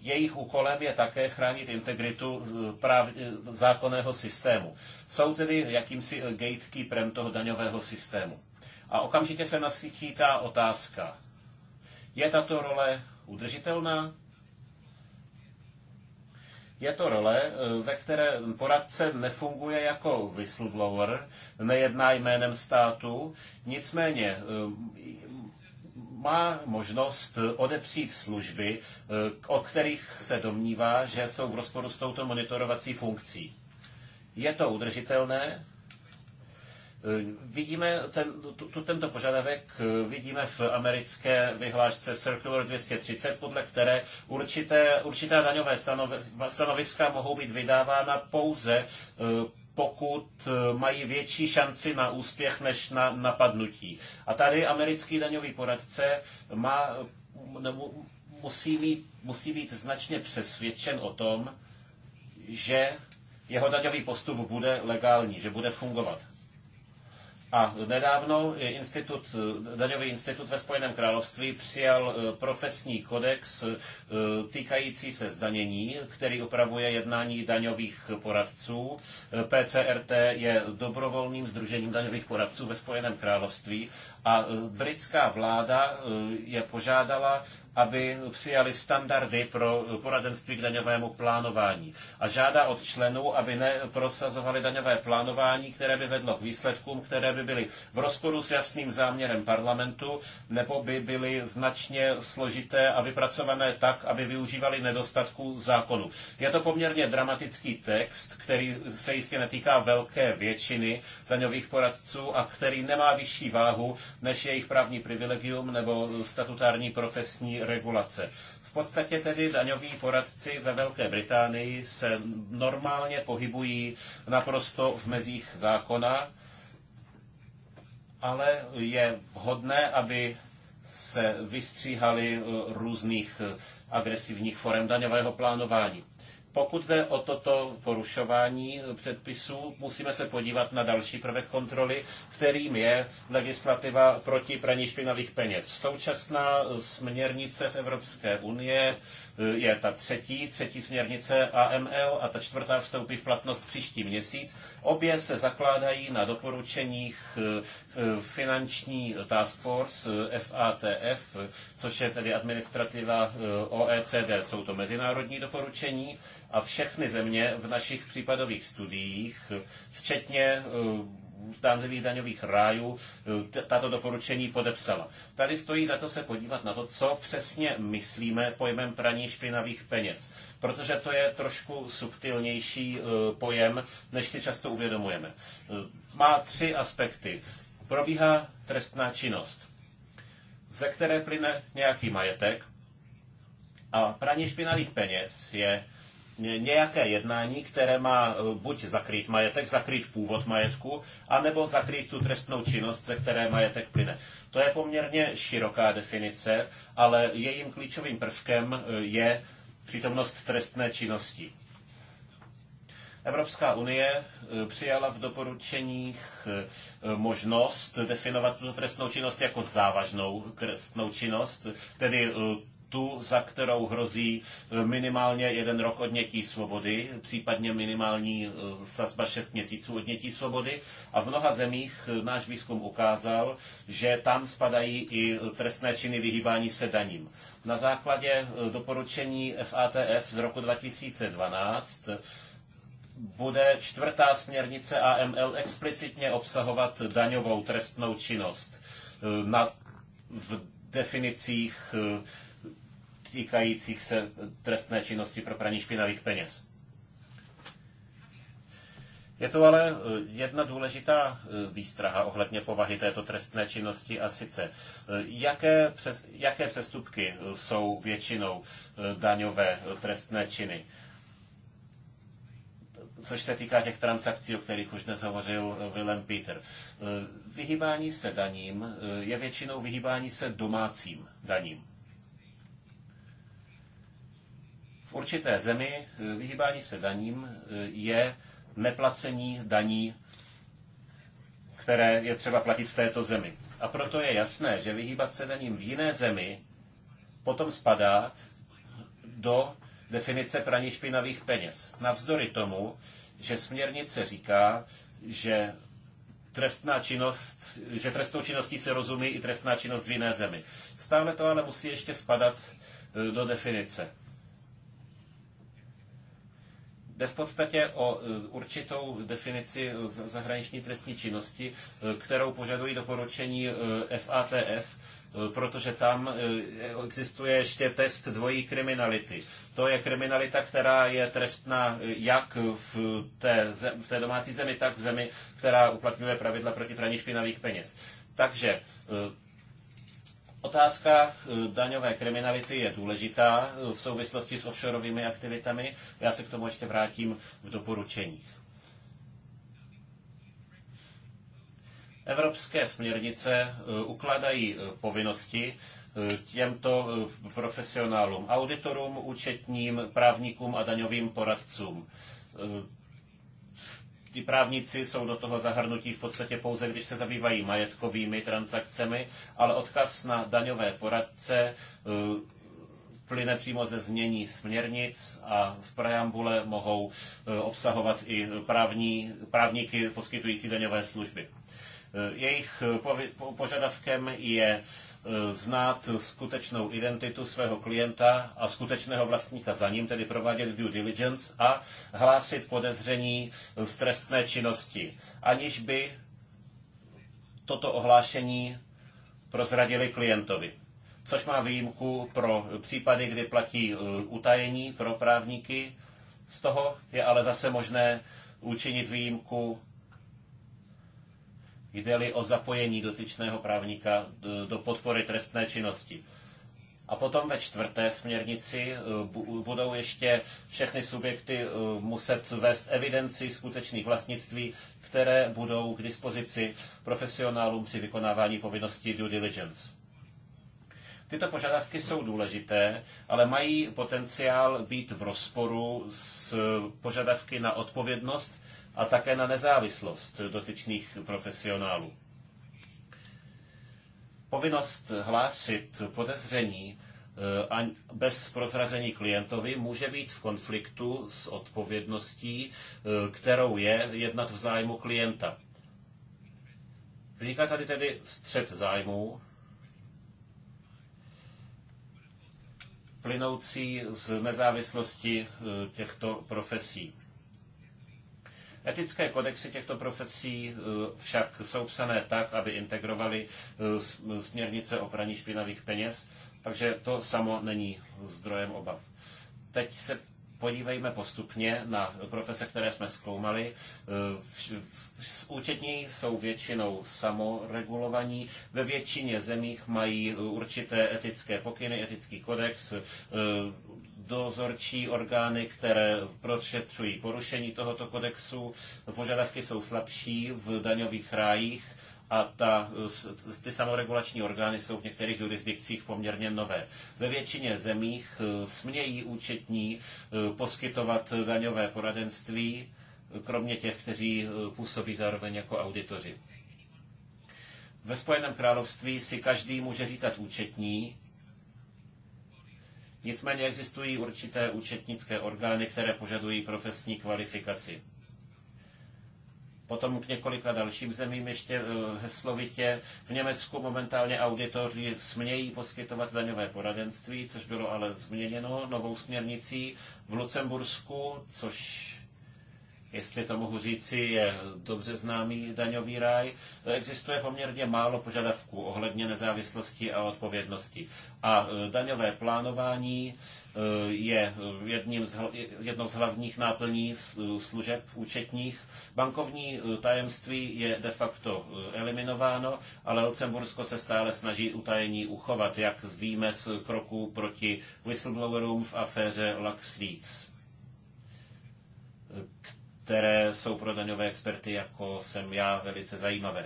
jejich úkolem je také chránit integritu práv, zákonného systému. Jsou tedy jakýmsi gatekeeperem toho daňového systému. A okamžitě se nasytí ta otázka. Je tato role udržitelná? Je to role, eh, ve které poradce nefunguje jako whistleblower, nejedná jménem státu, nicméně eh, má možnost odepřít služby, eh, o kterých se domnívá, že jsou v rozporu s touto monitorovací funkcí. Je to udržitelné? Vidíme ten, tu, tento požadavek, eh, vidíme v americké vyhlášce Circular 230, podle které určité, určité daňové stanoviska mohou být vydávána pouze eh, pokud eh, mají větší šanci na úspěch než na napadnutí. A tady americký daňový poradce má, nebo musí, mít, musí být značně přesvědčen o tom, že jeho daňový postup bude legální, že bude fungovat. A nedávno institut, daňový institut ve Spojeném království přijal eh, profesní kodex eh, týkající se zdanění, který upravuje jednání daňových poradců. Eh, PCRT je dobrovolným združením daňových poradců ve Spojeném království a e, britská vláda e, je požádala, aby přijali standardy pro poradenství k daňovému plánování. A žádá od členů, aby neprosazovali daňové plánování, které by vedlo k výsledkům, které by byly v rozporu s jasným záměrem parlamentu, nebo by byly značně složité a vypracované tak, aby využívali nedostatků zákonu. Je to poměrně dramatický text, který se jistě netýká velké většiny daňových poradců a který nemá vyšší váhu než jejich právní privilegium nebo statutární profesní regulace. V podstatě tedy daňoví poradci ve Velké Británii se normálně pohybují naprosto v mezích zákona, ale je vhodné, aby se vystříhali eh, různých eh, agresivních forem daňového plánování. Pokud jde o toto porušování předpisů, musíme se podívat na další prvek kontroly, kterým je legislativa proti praní špinavých peněz. Současná směrnice v Evropské unie Eh, je ta třetí, třetí směrnice AML a ta čtvrtá vstoupí v platnost příští měsíc. Obě se zakládají na doporučeních eh, eh, finanční task force FATF, což je tedy administrativa OECD. Jsou to mezinárodní doporučení a všechny země v našich případových studiích, včetně zdánlivých daňových rájů eh, tato doporučení podepsala. Tady stojí za to se podívat na to, co přesně myslíme pojmem praní špinavých peněz, protože to je trošku subtilnější eh, pojem, než si často uvědomujeme. Eh, má tři aspekty. Probíhá trestná činnost, ze které plyne nějaký majetek, a praní špinavých peněz je nějaké jednání, které má e, buď zakrýt majetek, zakrýt původ majetku, anebo zakrýt tu trestnou činnost, ze které majetek plyne. To je poměrně široká definice, ale jejím klíčovým prvkem e, je přítomnost trestné činnosti. Evropská unie e, přijala v doporučeních možnost definovat tuto trestnou činnost jako závažnou trestnou činnost, tedy tu, za kterou hrozí eh, minimálně jeden rok odnětí svobody, případně minimální eh, sazba 6 měsíců odnětí svobody. A v mnoha zemích eh, náš výzkum ukázal, že tam spadají i trestné činy vyhýbání se daním. Na základě doporučení FATF z roku 2012 bude čtvrtá směrnice AML explicitně obsahovat daňovou trestnou činnost na, v definicích týkajících se trestné činnosti pro praní špinavých peněz. Je tu ale eh, jedna důležitá eh, výstraha ohledně povahy této trestné činnosti a sice, eh, jaké, přes, jaké přestupky jsou většinou daňové trestné činy. Což se týká těch transakcí, o kterých už dnes hovořil Willem Peter. Vyhýbání se daním je většinou vyhýbání se domácím daním. určité zemi eh, vyhýbání se daním eh, je neplacení daní, které je třeba platit v této zemi. A proto je jasné, že vyhýbat se daním v jiné zemi potom spadá do definice praní špinavých peněz. Navzdory tomu, že směrnice říká, že trestná činnost, že trestnou činností se rozumí i trestná činnost v jiné zemi. Stále to ale musí ještě spadat eh, do definice. Jde v podstatě o e, určitou definici zahraniční trestní činnosti, e, kterou požadují doporučení FATF, e, protože tam existuje ještě test dvojí kriminality. To je kriminalita, která je trestná jak v té, v té domácí zemi, tak v zemi, která uplatňuje pravidla proti praní špinavých peněz. Takže Otázka eh, daňové kriminality je důležitá eh, v souvislosti s offshoreovými aktivitami. Já se k tomu ještě vrátím v doporučeních. Evropské směrnice eh, ukládají povinnosti těmto profesionálům, auditorům, účetním, právníkům a daňovým poradcům ti právníci jsou do toho zahrnutí v podstatě pouze, když se zabývají majetkovými transakcemi, ale odkaz na daňové poradce eh, plyne přímo ze změní směrnic a v preambule mohou eh, obsahovat i právní, právníky poskytující daňové služby. Eh, jejich eh, požadavkem je eh, znát skutečnou identitu svého klienta a skutečného vlastníka za ním, tedy provádět due diligence a hlásit podezření z trestné činnosti, aniž by toto ohlášení prozradili klientovi což má výjimku pro případy, kdy platí utajení pro právníky. Z toho je ale zase možné učinit výjimku jde-li o zapojení dotyčného právníka do podpory trestné činnosti. A potom ve čtvrté směrnici e, budou ještě všechny subjekty e, muset vést evidenci skutečných vlastnictví, které budou k dispozici profesionálům při vykonávání povinnosti due diligence. Tyto požadavky jsou důležité, ale mají potenciál být v rozporu s požadavky na odpovědnost a také na nezávislost dotyčných profesionálů. Povinnost hlásit podezření eh, bez prozrazení klientovi může být v konfliktu s odpovědností, eh, kterou je jednat v zájmu klienta. Vzniká tady tedy střed zájmů, plynoucí z nezávislosti eh, těchto profesí. Etické kodexy těchto profesí eh, však jsou psané tak, aby integrovaly eh, směrnice o praní špinavých peněz, takže to samo není zdrojem obav. Teď se podívejme postupně na profese, které jsme zkoumali. Eh, účetní jsou většinou samoregulovaní. Ve většině zemích mají určité etické pokyny, etický kodex, dozorčí orgány, které prošetřují porušení tohoto kodexu. Požadavky jsou slabší v daňových rájích a ta, ty samoregulační orgány jsou v některých jurisdikcích poměrně nové. Ve většině zemích e, smějí účetní e, poskytovat daňové poradenství, e, kromě těch, kteří působí zároveň jako auditoři. Ve Spojeném království si každý může říkat účetní, Nicméně existují určité účetnické orgány, které požadují profesní kvalifikaci. Potom k několika dalším zemím ještě eh, heslovitě. V Německu momentálně auditoři smějí poskytovat daňové poradenství, což bylo ale změněno novou směrnicí. V Lucembursku, což jestli to mohu říci, je dobře známý daňový ráj. Existuje poměrně málo požadavků ohledně nezávislosti a odpovědnosti. A e, daňové plánování e, je e, jedním z, jednou z hlavních náplní služeb účetních. Bankovní tajemství je de facto eliminováno, ale Lucembursko se stále snaží utajení uchovat, jak víme z kroků proti whistleblowerům v aféře LuxLeaks které jsou pro daňové experty, jako jsem já, velice zajímavé.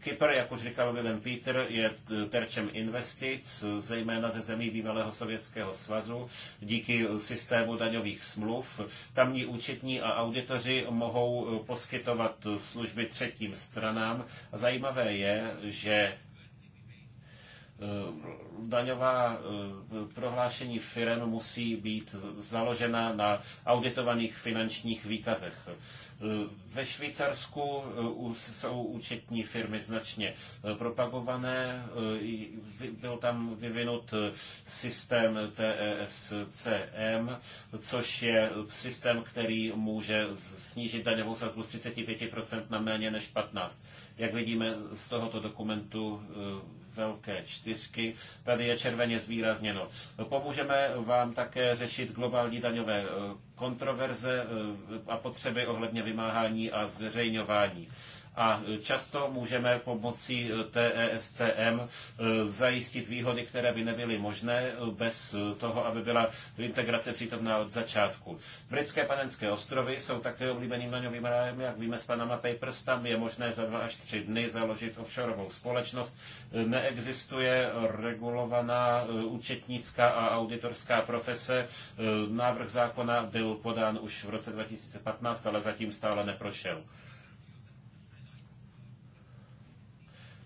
Kypr, jak už říkal William Peter, je terčem investic, zejména ze zemí bývalého Sovětského svazu, díky systému daňových smluv. Tamní účetní a auditoři mohou poskytovat služby třetím stranám. zajímavé je, že Eh, daňová eh, prohlášení firem musí být založena na auditovaných finančních výkazech. Eh, ve Švýcarsku jsou účetní firmy značně propagované. Byl tam vyvinut systém TESCM, což je systém, který může snížit daňovou sazbu z 35% na méně než 15%. Jak vidíme z tohoto dokumentu, velké čtyřky. Tady je červeně zvýrazněno. Pomůžeme vám také řešit globální daňové eh, kontroverze eh, a potřeby ohledně vymáhání a zveřejňování a často můžeme pomocí TESCM e, zajistit výhody, které by nebyly možné e, bez toho, aby byla integrace přítomná od začátku. Britské panenské ostrovy jsou také oblíbeným daňovým rájem, jak víme z Panama Papers, tam je možné za dva až tři dny založit offshoreovou společnost. E, neexistuje regulovaná účetnická a auditorská profese. Návrh zákona byl podán už v roce 2015, ale zatím stále neprošel.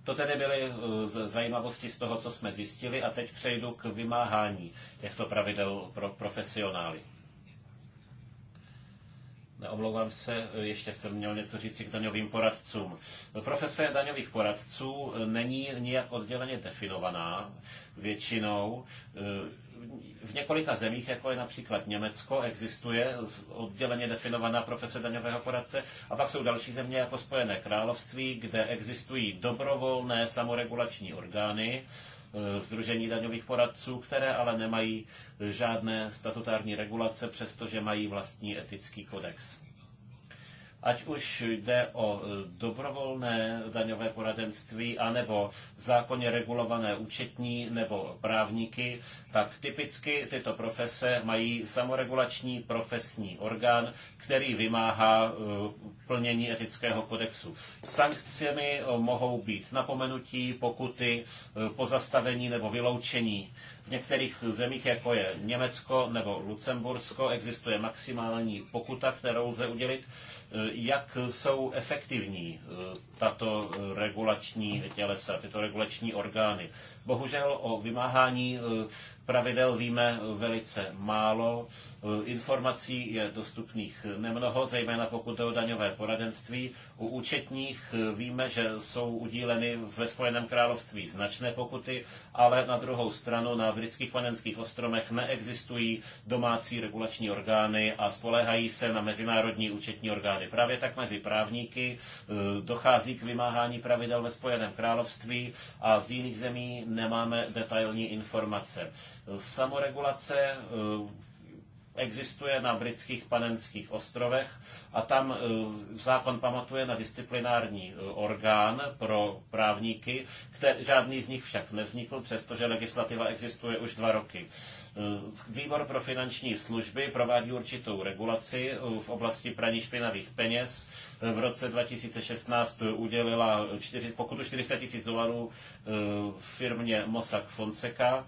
To tedy byly eh, zajímavosti z toho, co jsme zjistili a teď přejdu k vymáhání těchto pravidel pro profesionály. Omlouvám se, ještě jsem měl něco říct k daňovým poradcům. Profese daňových poradců e, není nijak odděleně definovaná většinou. E, v několika zemích, jako je například Německo, existuje odděleně definovaná profese daňového poradce a pak jsou další země jako Spojené království, kde existují dobrovolné samoregulační orgány, Združení eh, daňových poradců, které ale nemají žádné statutární regulace, přestože mají vlastní etický kodex ať už jde o e, dobrovolné daňové poradenství, anebo zákonně regulované účetní nebo právníky, tak typicky tyto profese mají samoregulační profesní orgán, který vymáhá e, plnění etického kodexu. Sankcemi e, mohou být napomenutí, pokuty, pozastavení nebo vyloučení v některých zemích, jako je Německo nebo Lucembursko, existuje maximální pokuta, kterou lze udělit. E, jak jsou efektivní e, tato regulační tělesa, tyto regulační orgány? Bohužel o vymáhání e, Pravidel víme velice málo, informací je dostupných nemnoho, zejména pokud jde o daňové poradenství. U účetních víme, že jsou udíleny ve Spojeném království značné pokuty, ale na druhou stranu na britských panenských ostromech neexistují domácí regulační orgány a spolehají se na mezinárodní účetní orgány. Právě tak mezi právníky eh, dochází k vymáhání pravidel ve Spojeném království a z jiných zemí nemáme detailní informace. Samoregulace eh, existuje na britských panenských ostrovech a tam eh, zákon pamatuje na disciplinární eh, orgán pro právníky, který, žádný z nich však nevznikl, přestože legislativa existuje už dva roky. Výbor pro finanční služby provádí určitou regulaci v oblasti praní špinavých peněz. V roce 2016 udělila 4, pokutu 400 tisíc dolarů firmě Mossack Fonseca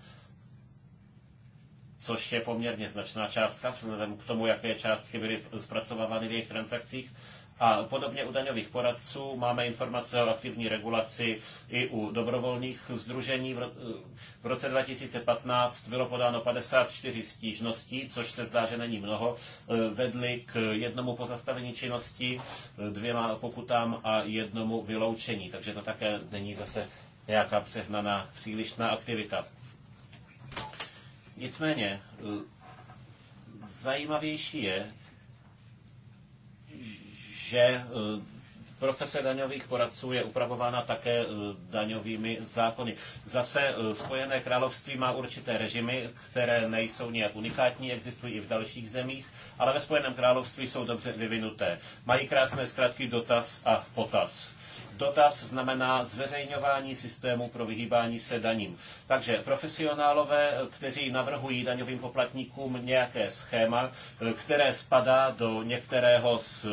což je poměrně značná částka, vzhledem k tomu, jaké částky byly zpracovávány v jejich transakcích. A podobně u daňových poradců máme informace o aktivní regulaci i u dobrovolných združení. V roce 2015 bylo podáno 54 stížností, což se zdá, že není mnoho. Eh, vedly k jednomu pozastavení činnosti, eh, dvěma pokutám a jednomu vyloučení. Takže to také není zase nějaká přehnaná přílišná aktivita. Nicméně eh, zajímavější je, že eh, profese daňových poradců je upravována také eh, daňovými zákony. Zase Spojené království má určité režimy, které nejsou nijak unikátní, existují i v dalších zemích, ale ve Spojeném království jsou dobře vyvinuté. Mají krásné zkratky dotaz a potaz dotaz znamená zveřejňování systému pro vyhýbání se daním. Takže profesionálové, kteří navrhují daňovým poplatníkům nějaké schéma, které spadá do některého z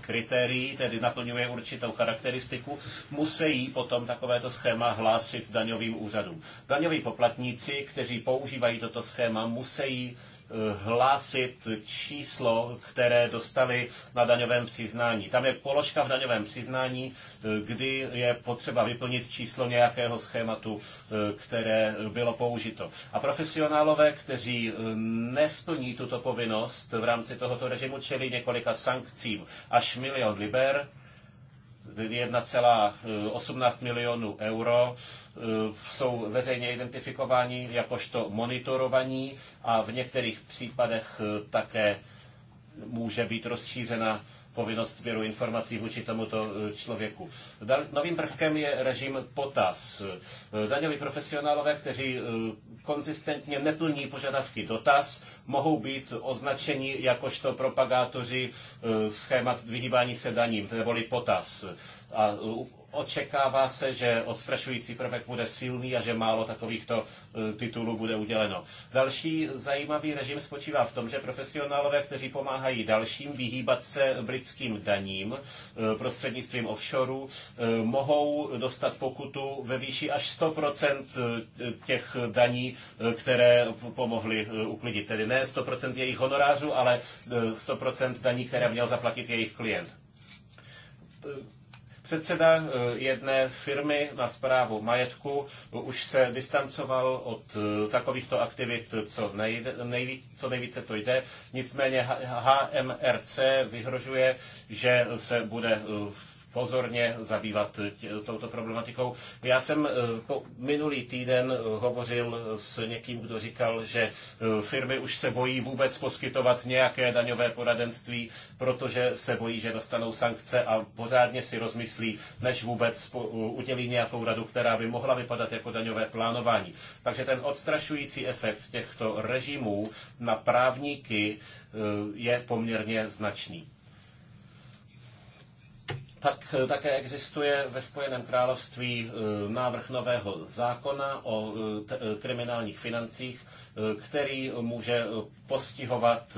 kritérií, tedy naplňuje určitou charakteristiku, musí potom takovéto schéma hlásit daňovým úřadům. Daňoví poplatníci, kteří používají toto schéma, musí hlásit číslo, které dostali na daňovém přiznání. Tam je položka v daňovém přiznání, kdy je potřeba vyplnit číslo nějakého schématu, které bylo použito. A profesionálové, kteří nesplní tuto povinnost v rámci tohoto režimu, čelí několika sankcím až milion liber 1,18 eh, milionů euro eh, jsou veřejně identifikováni jakožto monitorovaní a v některých případech eh, také může být rozšířena povinnost sběru informací vůči tomuto eh, člověku. Novým prvkem je režim POTAS. Eh, daňoví profesionálové, kteří eh, konzistentně neplní požadavky dotaz, mohou být označeni jakožto propagátoři schémat vyhýbání se daním, neboli POTAS. A Očekává se, že odstrašující prvek bude silný a že málo takovýchto e, titulů bude uděleno. Další zajímavý režim spočívá v tom, že profesionálové, kteří pomáhají dalším vyhýbat se britským daním e, prostřednictvím offshoreů, e, mohou dostat pokutu ve výši až 100% těch daní, které pomohly uklidit. Tedy ne 100% jejich honorářů, ale 100% daní, které měl zaplatit jejich klient Předseda eh, jedné firmy na zprávu majetku eh, už se distancoval od eh, takovýchto aktivit co, nejde, nejvíc, co nejvíce to jde. Nicméně HMRC vyhrožuje, že se bude v pozorně zabývat touto problematikou. Já jsem eh, minulý týden eh, hovořil s někým, kdo říkal, že eh, firmy už se bojí vůbec poskytovat nějaké daňové poradenství, protože se bojí, že dostanou sankce a pořádně si rozmyslí, než vůbec udělí nějakou radu, která by mohla vypadat jako daňové plánování. Takže ten odstrašující efekt těchto režimů na právníky je poměrně značný. Tak eh, také existuje ve Spojeném království eh, návrh nového zákona o eh, kriminálních financích, který může postihovat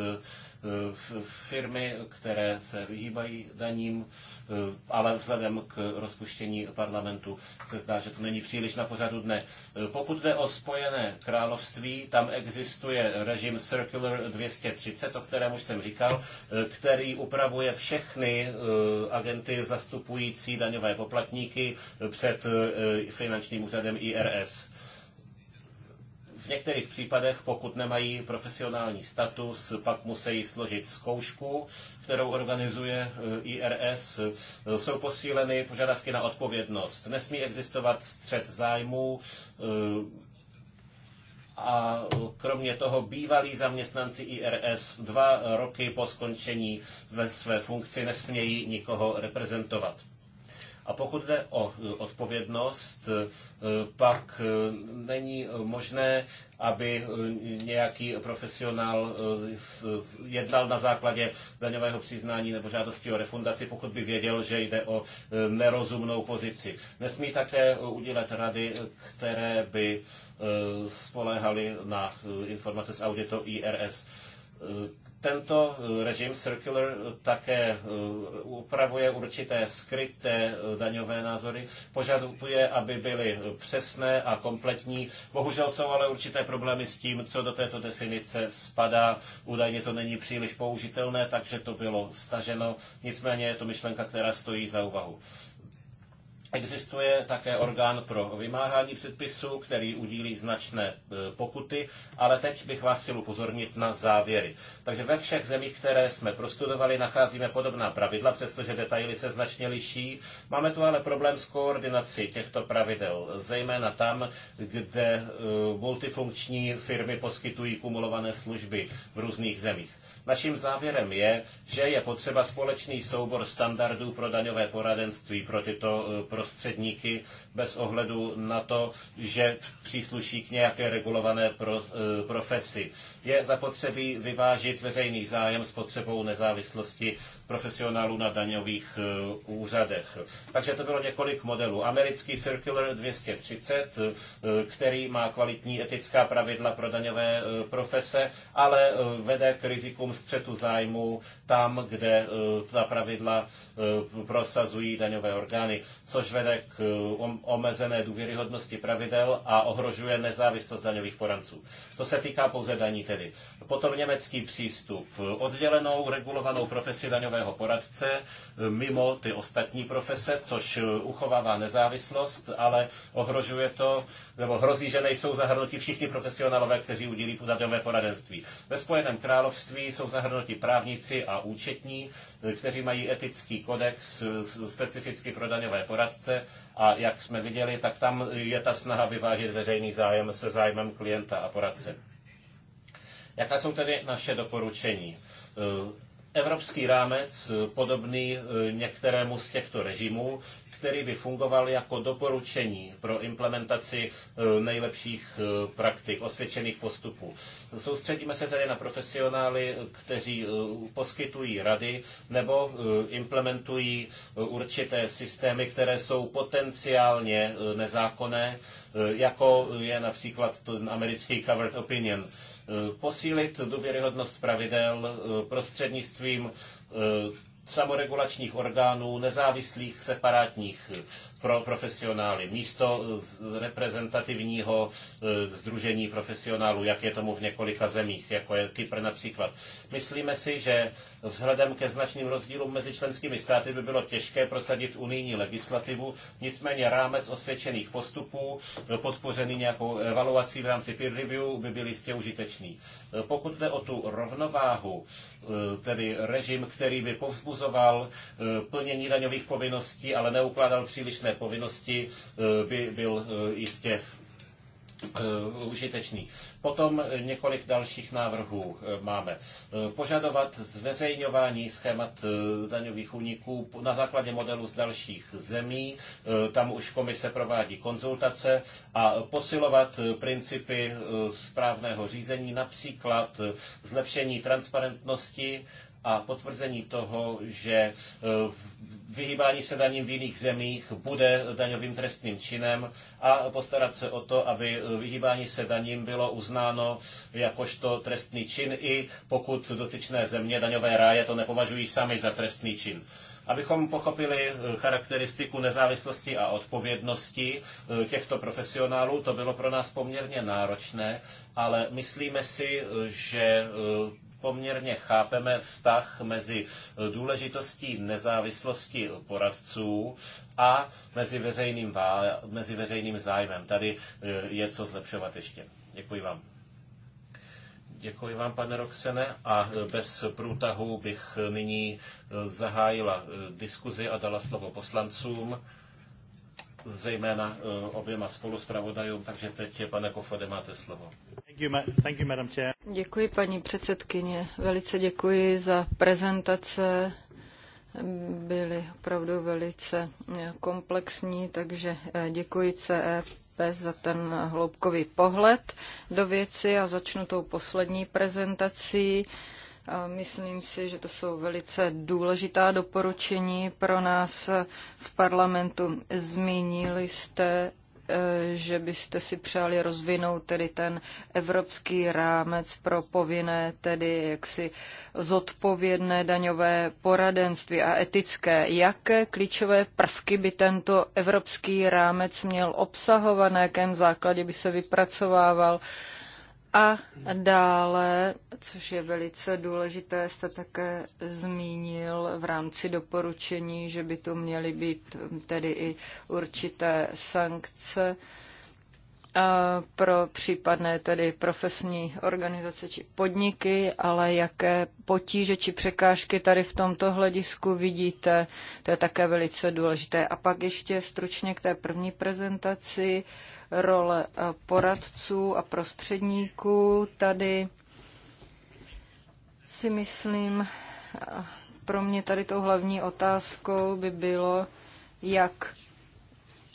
Eh, firmy, které se vyhýbají daním, eh, ale vzhledem k rozpuštění parlamentu se zdá, že to není příliš na pořadu dne. Eh, pokud jde o Spojené království, tam existuje režim Circular 230, o kterém už jsem říkal, který upravuje všechny agenty zastupující daňové poplatníky před finančním úřadem IRS. V některých případech, pokud nemají profesionální status, pak musí složit zkoušku, kterou organizuje eh, IRS. Eh, jsou posíleny požadavky na odpovědnost. Nesmí existovat střed zájmů, eh, a kromě toho bývalí zaměstnanci IRS dva roky po skončení ve své funkci nesmějí nikoho reprezentovat. A pokud jde o e, odpovědnost, e, pak e, není možné, aby nějaký profesionál jednal na základě daňového přiznání nebo žádosti o refundaci, pokud by věděl, že jde o nerozumnou pozici. Nesmí také udělat rady, které by spoléhaly na informace z auditu IRS tento eh, režim Circular eh, také eh, upravuje určité skryté daňové názory, požaduje, aby byly přesné a kompletní. Bohužel jsou ale určité problémy s tím, co do této definice spadá. Údajně to není příliš použitelné, takže to bylo staženo. Nicméně je to myšlenka, která stojí za úvahu. Existuje také orgán pro vymáhání předpisů, který udílí značné e, pokuty, ale teď bych vás chtěl upozornit na závěry. Takže ve všech zemích, které jsme prostudovali, nacházíme podobná pravidla, přestože detaily se značně liší. Máme tu ale problém s koordinací těchto pravidel, zejména tam, kde e, multifunkční firmy poskytují kumulované služby v různých zemích. Naším závěrem je, že je potřeba společný soubor standardů pro daňové poradenství pro tyto eh, prostředníky bez ohledu na to, že přísluší k nějaké regulované eh, profesi. Je zapotřebí vyvážit veřejný zájem s potřebou nezávislosti profesionálů na daňových eh, úřadech. Takže to bylo několik modelů. Americký Circular 230, který má kvalitní etická pravidla pro daňové profese, ale vede k rizikům střetu zájmů tam, kde e, ta pravidla e, prosazují daňové orgány, což vede k e, omezené důvěryhodnosti pravidel a ohrožuje nezávislost daňových poradců. To se týká pouze daní tedy. Potom německý přístup. Oddělenou regulovanou profesi daňového poradce mimo ty ostatní profese, což uchovává nezávislost, ale ohrožuje to nebo hrozí, že nejsou zahrnuti všichni profesionálové, kteří udělí daňové poradenství. Ve Spojeném království jsou zahrnuti právníci a účetní, kteří mají etický kodex specificky pro daňové poradce a jak jsme viděli, tak tam je ta snaha vyvážit veřejný zájem se zájmem klienta a poradce. Jaká jsou tedy naše doporučení? Evropský rámec, podobný e, některému z těchto režimů, který by fungoval jako doporučení pro implementaci e, nejlepších e, praktik, osvědčených postupů. Soustředíme se tedy na profesionály, kteří e, poskytují rady nebo implementují určité systémy, které jsou potenciálně nezákonné, jako je například ten americký covered opinion. Posílit důvěryhodnost pravidel prostřednictvím samoregulačních orgánů, nezávislých separátních pro profesionály, místo reprezentativního e, združení profesionálů, jak je tomu v několika zemích, jako je Kypr například. Myslíme si, že vzhledem ke značným rozdílům mezi členskými státy by bylo těžké prosadit unijní legislativu, nicméně rámec osvědčených postupů, e, podpořený nějakou evaluací v rámci peer review, by byl jistě užitečný. E, pokud jde o tu rovnováhu, tedy režim, který by povzbuzoval plnění daňových povinností, ale neukládal přílišné povinnosti eh, by byl eh, jistě eh, užitečný. Potom několik dalších návrhů máme. Požadovat zveřejňování schémat daňových úniků na základě modelu z dalších zemí, tam už komise provádí konzultace a posilovat principy správného řízení, například zlepšení transparentnosti a potvrzení toho, že eh, vyhýbání se daním v jiných zemích bude daňovým trestným činem a postarat se o to, aby eh, vyhýbání se daním bylo uznáno jakožto trestný čin, i pokud dotyčné země daňové ráje to nepovažují sami za trestný čin. Abychom pochopili eh, charakteristiku nezávislosti a odpovědnosti těchto profesionálů, to bylo pro nás poměrně náročné, ale myslíme si, že poměrně chápeme vztah mezi důležitostí nezávislosti poradců a mezi veřejným, vá, mezi veřejným zájmem. Tady eh, je co zlepšovat ještě. Děkuji vám. Děkuji vám, pane Roxene, a eh, bez průtahu bych nyní eh, zahájila diskuzi a dala slovo poslancům, zejména oběma spoluspravodajům, takže teď, pane Kofode, máte slovo. Děkuji, paní předsedkyně. Velice děkuji za prezentace. Byly opravdu velice eh, komplexní, takže eh, děkuji CEP za ten hloubkový pohled do věci a začnu tou poslední prezentací. Myslím si, že to jsou velice důležitá doporučení pro nás v parlamentu. Zmínili jste Eh, že byste si přáli rozvinout tedy ten evropský rámec pro povinné, tedy jaksi zodpovědné daňové poradenství a etické. Jaké klíčové prvky by tento evropský rámec měl obsahovat, na jakém základě by se vypracovával? A dále, což je velice důležité, jste také zmínil v rámci doporučení, že by tu měly být tedy i určité sankce pro případné tedy profesní organizace či podniky, ale jaké potíže či překážky tady v tomto hledisku vidíte, to je také velice důležité. A pak ještě stručně k té první prezentaci role eh, poradců a prostředníků. Tady si myslím, eh, pro mě tady tou hlavní otázkou by bylo, jak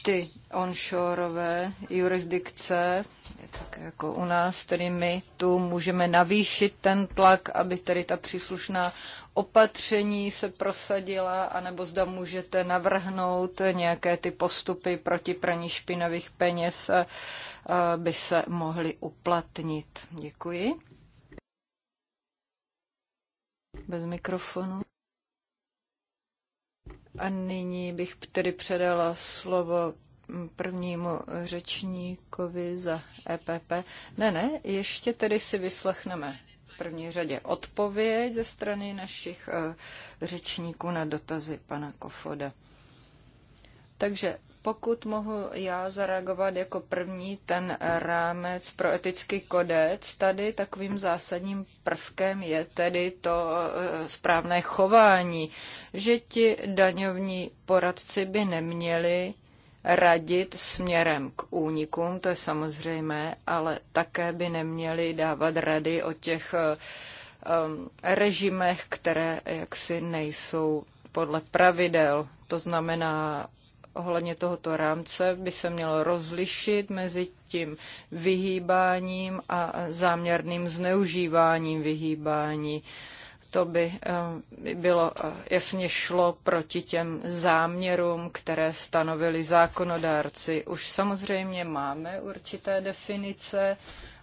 ty onshoreové jurisdikce, tak jako u nás, tedy my tu můžeme navýšit ten tlak, aby tedy ta příslušná opatření se prosadila, anebo zda můžete navrhnout nějaké ty postupy proti praní špinavých peněz eh, by se mohly uplatnit. Děkuji. Bez mikrofonu. A nyní bych tedy předala slovo mm, prvnímu řečníkovi za EPP. Ne, ne, ještě tedy si vyslechneme první řadě odpověď ze strany našich eh, řečníků na dotazy pana Kofoda. Takže pokud mohu já zareagovat jako první ten eh, rámec pro etický kodec, tady takovým zásadním prvkem je tedy to eh, správné chování, že ti daňovní poradci by neměli radit směrem k únikům, to je samozřejmé, ale také by neměli dávat rady o těch eh, režimech, které jaksi nejsou podle pravidel. To znamená, ohledně tohoto rámce by se mělo rozlišit mezi tím vyhýbáním a záměrným zneužíváním vyhýbání. Uh, to by eh, bylo eh, jasně šlo proti těm záměrům, které stanovili zákonodárci. Už samozřejmě máme určité definice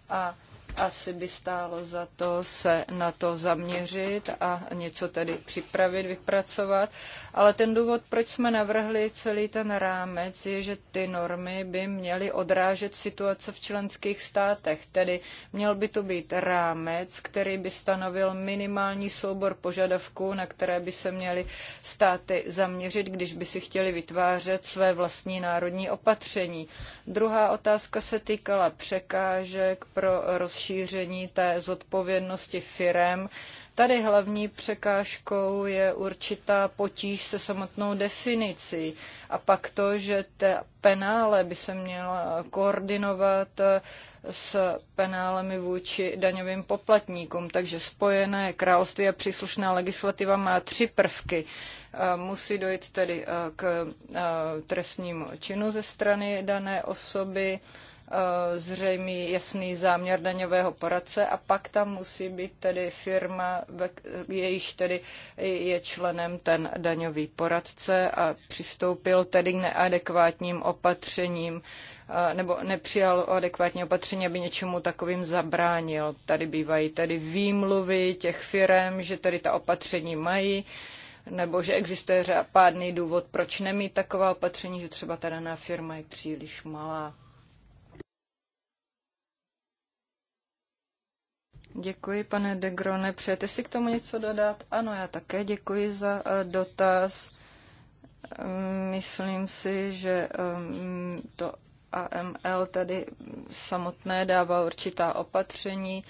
a asi by stálo za to se na to zaměřit a něco tedy připravit, vypracovat, ale ten důvod, proč jsme navrhli celý ten rámec, je, že ty normy by měly odrážet situace v členských státech. Tedy měl by to být rámec, který by stanovil minimální soubor požadavků, na které by se měly státy zaměřit, když by si chtěli vytvářet své vlastní národní opatření. Druhá otázka se týkala překážek pro rozšíření té zodpovědnosti firem Tady hlavní překážkou je určitá potíž se samotnou definicí a pak to, že ta penále by se měla koordinovat s penálemi vůči daňovým poplatníkům. Takže spojené království a příslušná legislativa má tři prvky. Musí dojít tedy k trestnímu činu ze strany dané osoby, Eh, zřejmý jasný záměr daňového poradce a pak tam musí být tedy firma, jejíž tedy je členem ten daňový poradce a přistoupil tedy k neadekvátním opatřením eh, nebo nepřijal adekvátní opatření, aby něčemu takovým zabránil. Tady bývají tedy výmluvy těch firm, že tady ta opatření mají, nebo že existuje pádný důvod, proč nemít taková opatření, že třeba ta daná firma je příliš malá. Děkuji, pane Degrone. Přejete si k tomu něco dodat? Ano, já také děkuji za eh, dotaz. Eh, myslím si, že eh, to AML tady samotné dává určitá opatření,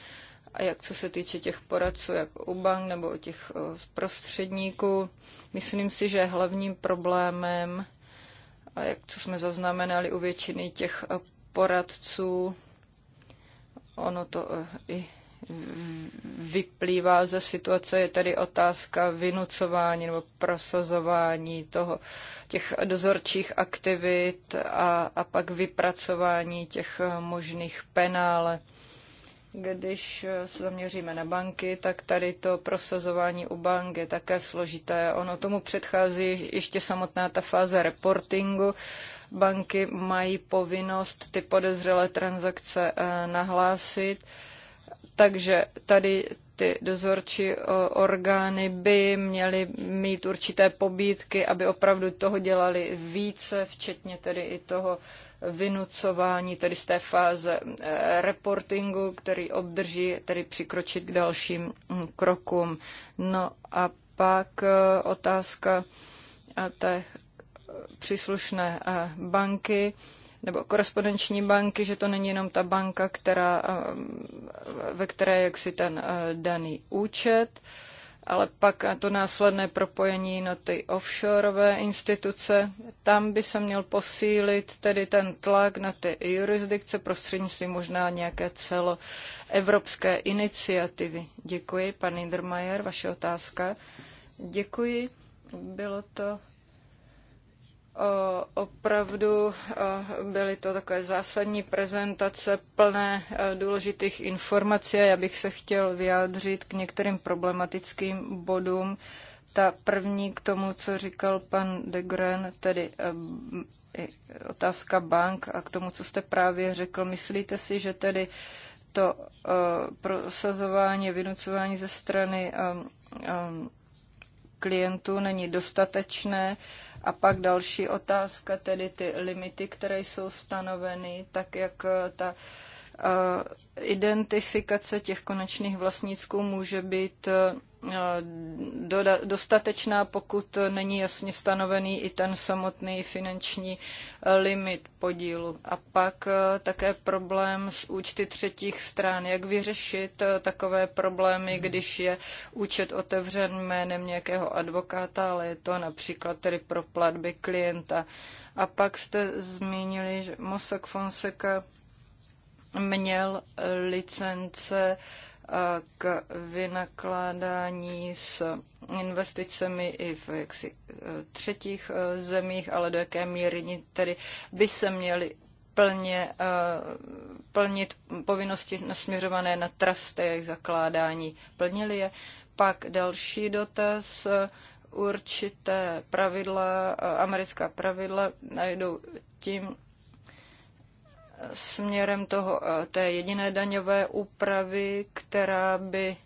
a jak co se týče těch poradců, jak u bank nebo u těch prostředníků. Myslím si, že hlavním problémem, a jak co jsme zaznamenali u většiny těch poradců, ono to i vyplývá ze situace, je tady otázka vynucování nebo prosazování toho, těch dozorčích aktivit a, a pak vypracování těch možných penále. Když se zaměříme na banky, tak tady to prosazování u bank je také složité. Ono tomu předchází ještě samotná ta fáze reportingu. Banky mají povinnost ty podezřelé transakce eh, nahlásit takže tady ty dozorčí eh, orgány by měly mít určité pobídky, aby opravdu toho dělali více, včetně tedy i toho vynucování, tedy z té fáze eh, reportingu, který obdrží, tedy přikročit k dalším hm, krokům. No a pak eh, otázka té příslušné banky nebo korespondenční banky, že to není jenom ta banka, která, eh, ve které je si ten eh, daný účet, ale pak to následné propojení na ty offshoreové instituce, tam by se měl posílit tedy ten tlak na ty jurisdikce prostřednictvím možná nějaké celoevropské iniciativy. Děkuji, pan Indermayer, vaše otázka. Děkuji, bylo to Opravdu byly to takové zásadní prezentace plné důležitých informací a já bych se chtěl vyjádřit k některým problematickým bodům. Ta první k tomu, co říkal pan de Gren, tedy e, otázka bank a k tomu, co jste právě řekl. Myslíte si, že tedy to prosazování, vynucování ze strany e, e, klientů není dostatečné? A pak další otázka, tedy ty limity, které jsou stanoveny, tak jak eh, ta eh, identifikace těch konečných vlastníků může být eh, Eh, dostatečná, pokud není jasně stanovený i ten samotný finanční eh, limit podílu. A pak eh, také problém s účty třetích stran. Jak vyřešit takové problémy, když je účet otevřen jménem nějakého advokáta, ale je to například tedy pro platby klienta. A pak jste zmínili, že Mossack Fonseca měl licence uh, k vynakládání s investicemi i v jaksi, e, třetích e, zemích, ale do jaké míry tedy by se měly plně, e, plnit povinnosti nasměřované na trusty, jejich zakládání. Plnili je. Pak další dotaz určité pravidla, americká pravidla najdou tím směrem toho, eh, té jediné daňové úpravy, která by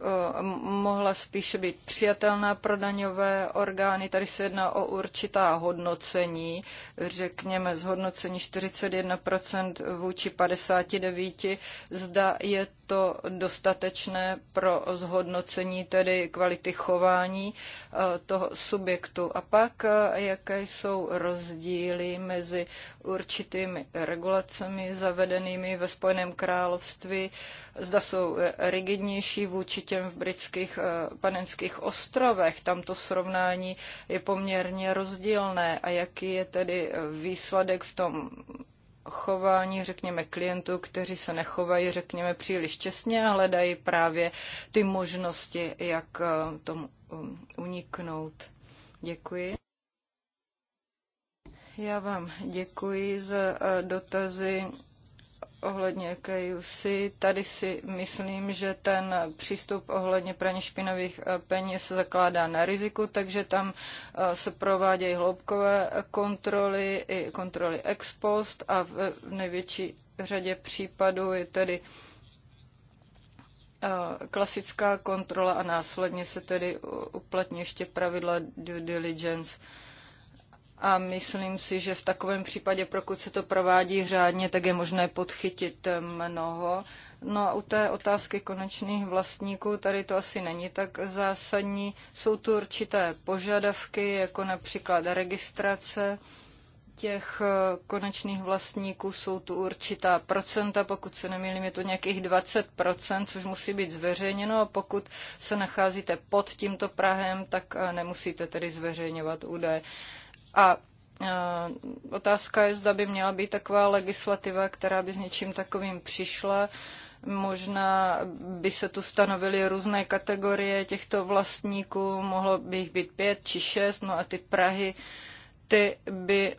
eh, mohla spíše být přijatelná pro daňové orgány. Tady se jedná o určitá hodnocení, řekněme zhodnocení 41% vůči 59%. Zda je to dostatečné pro zhodnocení tedy kvality chování eh, toho subjektu. A pak, eh, jaké jsou rozdíly mezi určitými regulacemi zavedenými ve Spojeném království, zda jsou eh, rigidnější vůči těm v britských panenských ostrovech. Tam to srovnání je poměrně rozdílné a jaký je tedy výsledek v tom chování, řekněme, klientů, kteří se nechovají, řekněme, příliš čestně a hledají právě ty možnosti, jak eh, tomu um, uniknout. Děkuji. Já vám děkuji za eh, dotazy ohledně KUC. Tady si myslím, že ten přístup ohledně praní špinavých eh, peněz zakládá na riziku, takže tam eh, se provádějí hloubkové kontroly i kontroly ex post a v největší řadě případů je tedy eh, klasická kontrola a následně se tedy uplatní ještě pravidla due diligence. A myslím si, že v takovém případě, pokud se to provádí řádně, tak je možné podchytit eh, mnoho. No a u té otázky konečných vlastníků tady to asi není tak zásadní. Jsou tu určité požadavky, jako například registrace těch eh, konečných vlastníků jsou tu určitá procenta, pokud se nemýlím, je to nějakých 20%, což musí být zveřejněno a pokud se nacházíte pod tímto Prahem, tak eh, nemusíte tedy zveřejňovat údaje. A e, otázka je, zda by měla být taková legislativa, která by s něčím takovým přišla. Možná by se tu stanovily různé kategorie těchto vlastníků, mohlo by jich být pět či šest, no a ty Prahy ty by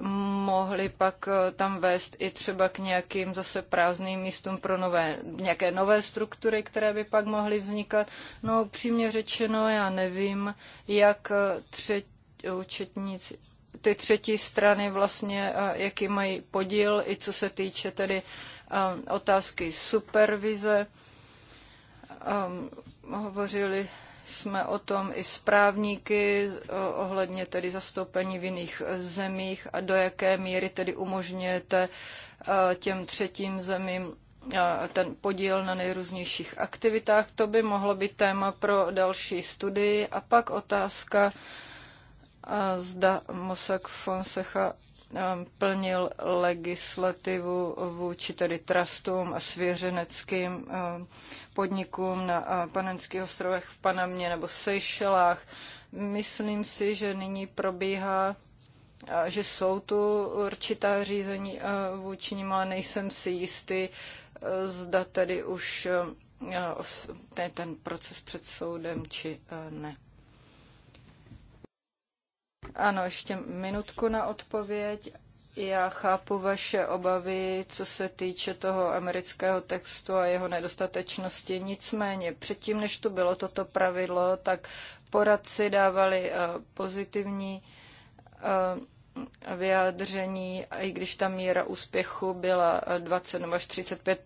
mohly pak e, tam vést i třeba k nějakým zase prázdným místům pro nové, nějaké nové struktury, které by pak mohly vznikat. No, přímě řečeno, já nevím, jak e, třetí účetníci ty třetí strany vlastně, jaký mají podíl, i co se týče tedy otázky supervize. Hovořili jsme o tom i s právníky ohledně tedy zastoupení v jiných zemích a do jaké míry tedy umožňujete těm třetím zemím ten podíl na nejrůznějších aktivitách. To by mohlo být téma pro další studii. A pak otázka zda Mossack Fonseca ehm, plnil legislativu vůči tedy trustům a svěřeneckým ehm, podnikům na eh, panenských ostrovech v Panamě nebo Seychelách. Myslím si, že nyní probíhá eh, že jsou tu určitá řízení eh, vůči nim, ale nejsem si jistý, zda tedy už ehm, ten proces před soudem či ne. Ano, ještě minutku na odpověď. Já chápu vaše obavy, co se týče toho amerického textu a jeho nedostatečnosti. Nicméně, předtím, než tu bylo toto pravidlo, tak poradci dávali eh, pozitivní eh, vyjádření, i když ta míra úspěchu byla 20 nebo až 35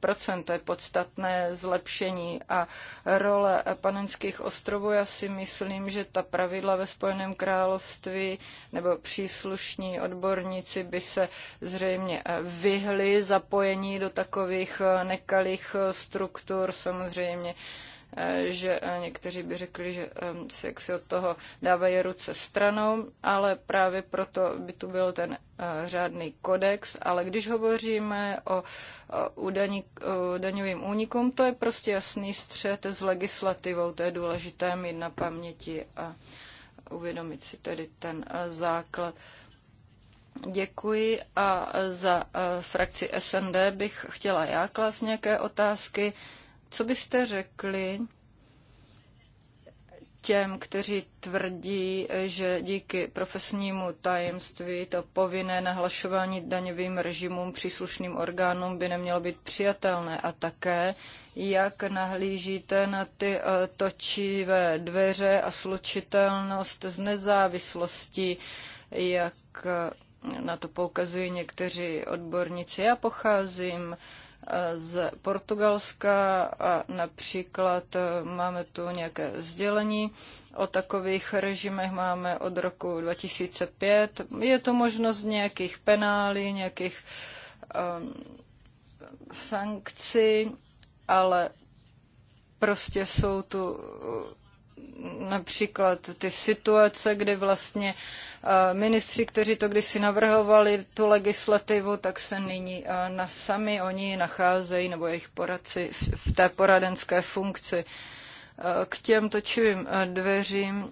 to je podstatné zlepšení. A role panenských ostrovů, já si myslím, že ta pravidla ve Spojeném království nebo příslušní odborníci by se zřejmě vyhli zapojení do takových nekalých struktur. Samozřejmě Eh, že eh, někteří by řekli, že eh, sexy od toho dávají ruce stranou, ale právě proto by tu byl ten řádný kodex. Ale když hovoříme o, o daňovým únikům, to je prostě jasný střet s legislativou. To je důležité mít na paměti a uvědomit si tedy ten základ. Děkuji a za frakci SND bych chtěla já klást nějaké otázky. Co byste řekli těm, kteří tvrdí, že díky profesnímu tajemství to povinné nahlašování daňovým režimům příslušným orgánům by nemělo být přijatelné a také, jak nahlížíte na ty eh, točivé dveře a slučitelnost s nezávislostí, jak eh, na to poukazují někteří odborníci. Já pocházím z Portugalska a například eh, máme tu nějaké sdělení. O takových režimech máme od roku 2005. Je to možnost nějakých penálí, nějakých um, sankcí, ale prostě jsou tu například ty situace, kdy vlastně eh, ministři, kteří to kdysi navrhovali, tu legislativu, tak se nyní eh, na sami oni nacházejí, nebo jejich poradci v té poradenské funkci. Eh, k těm točivým dveřím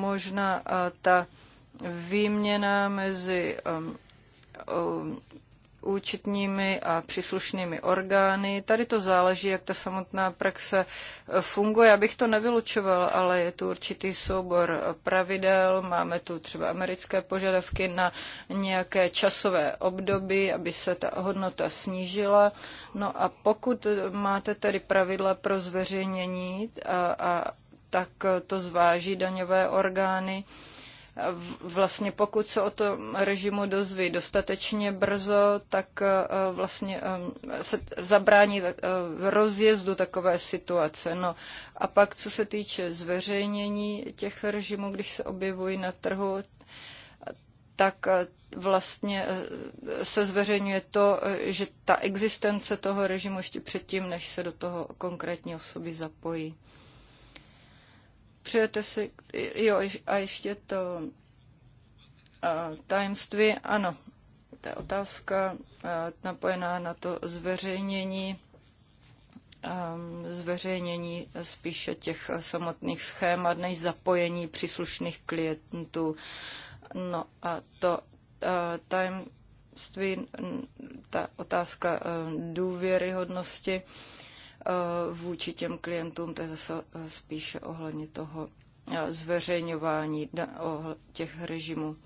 možná ta výměna mezi účetními a příslušnými orgány. Tady to záleží, jak ta samotná praxe eh, funguje. Abych to nevylučoval, ale je tu určitý soubor pravidel. Máme tu třeba americké požadavky na nějaké časové období, aby se ta hodnota snížila. No a pokud máte tedy pravidla pro zveřejnění, a, a, tak to zváží daňové orgány vlastně pokud se o tom režimu dozví dostatečně brzo, tak eh, vlastně eh, se zabrání eh, rozjezdu takové situace. No a pak, co se týče zveřejnění těch režimů, když se objevují na trhu, tak vlastně se zveřejňuje to, že ta existence toho režimu ještě předtím, než se do toho konkrétní osoby zapojí. Přejete si, jo, a ještě to a tajemství, ano, to je otázka napojená na to zveřejnění, zveřejnění spíše těch samotných schémat, než zapojení příslušných klientů. No a to tajemství, ta otázka důvěryhodnosti, Eh, vůči těm klientům, to je zase eh, spíše ohledně toho eh, zveřejňování těch režimů.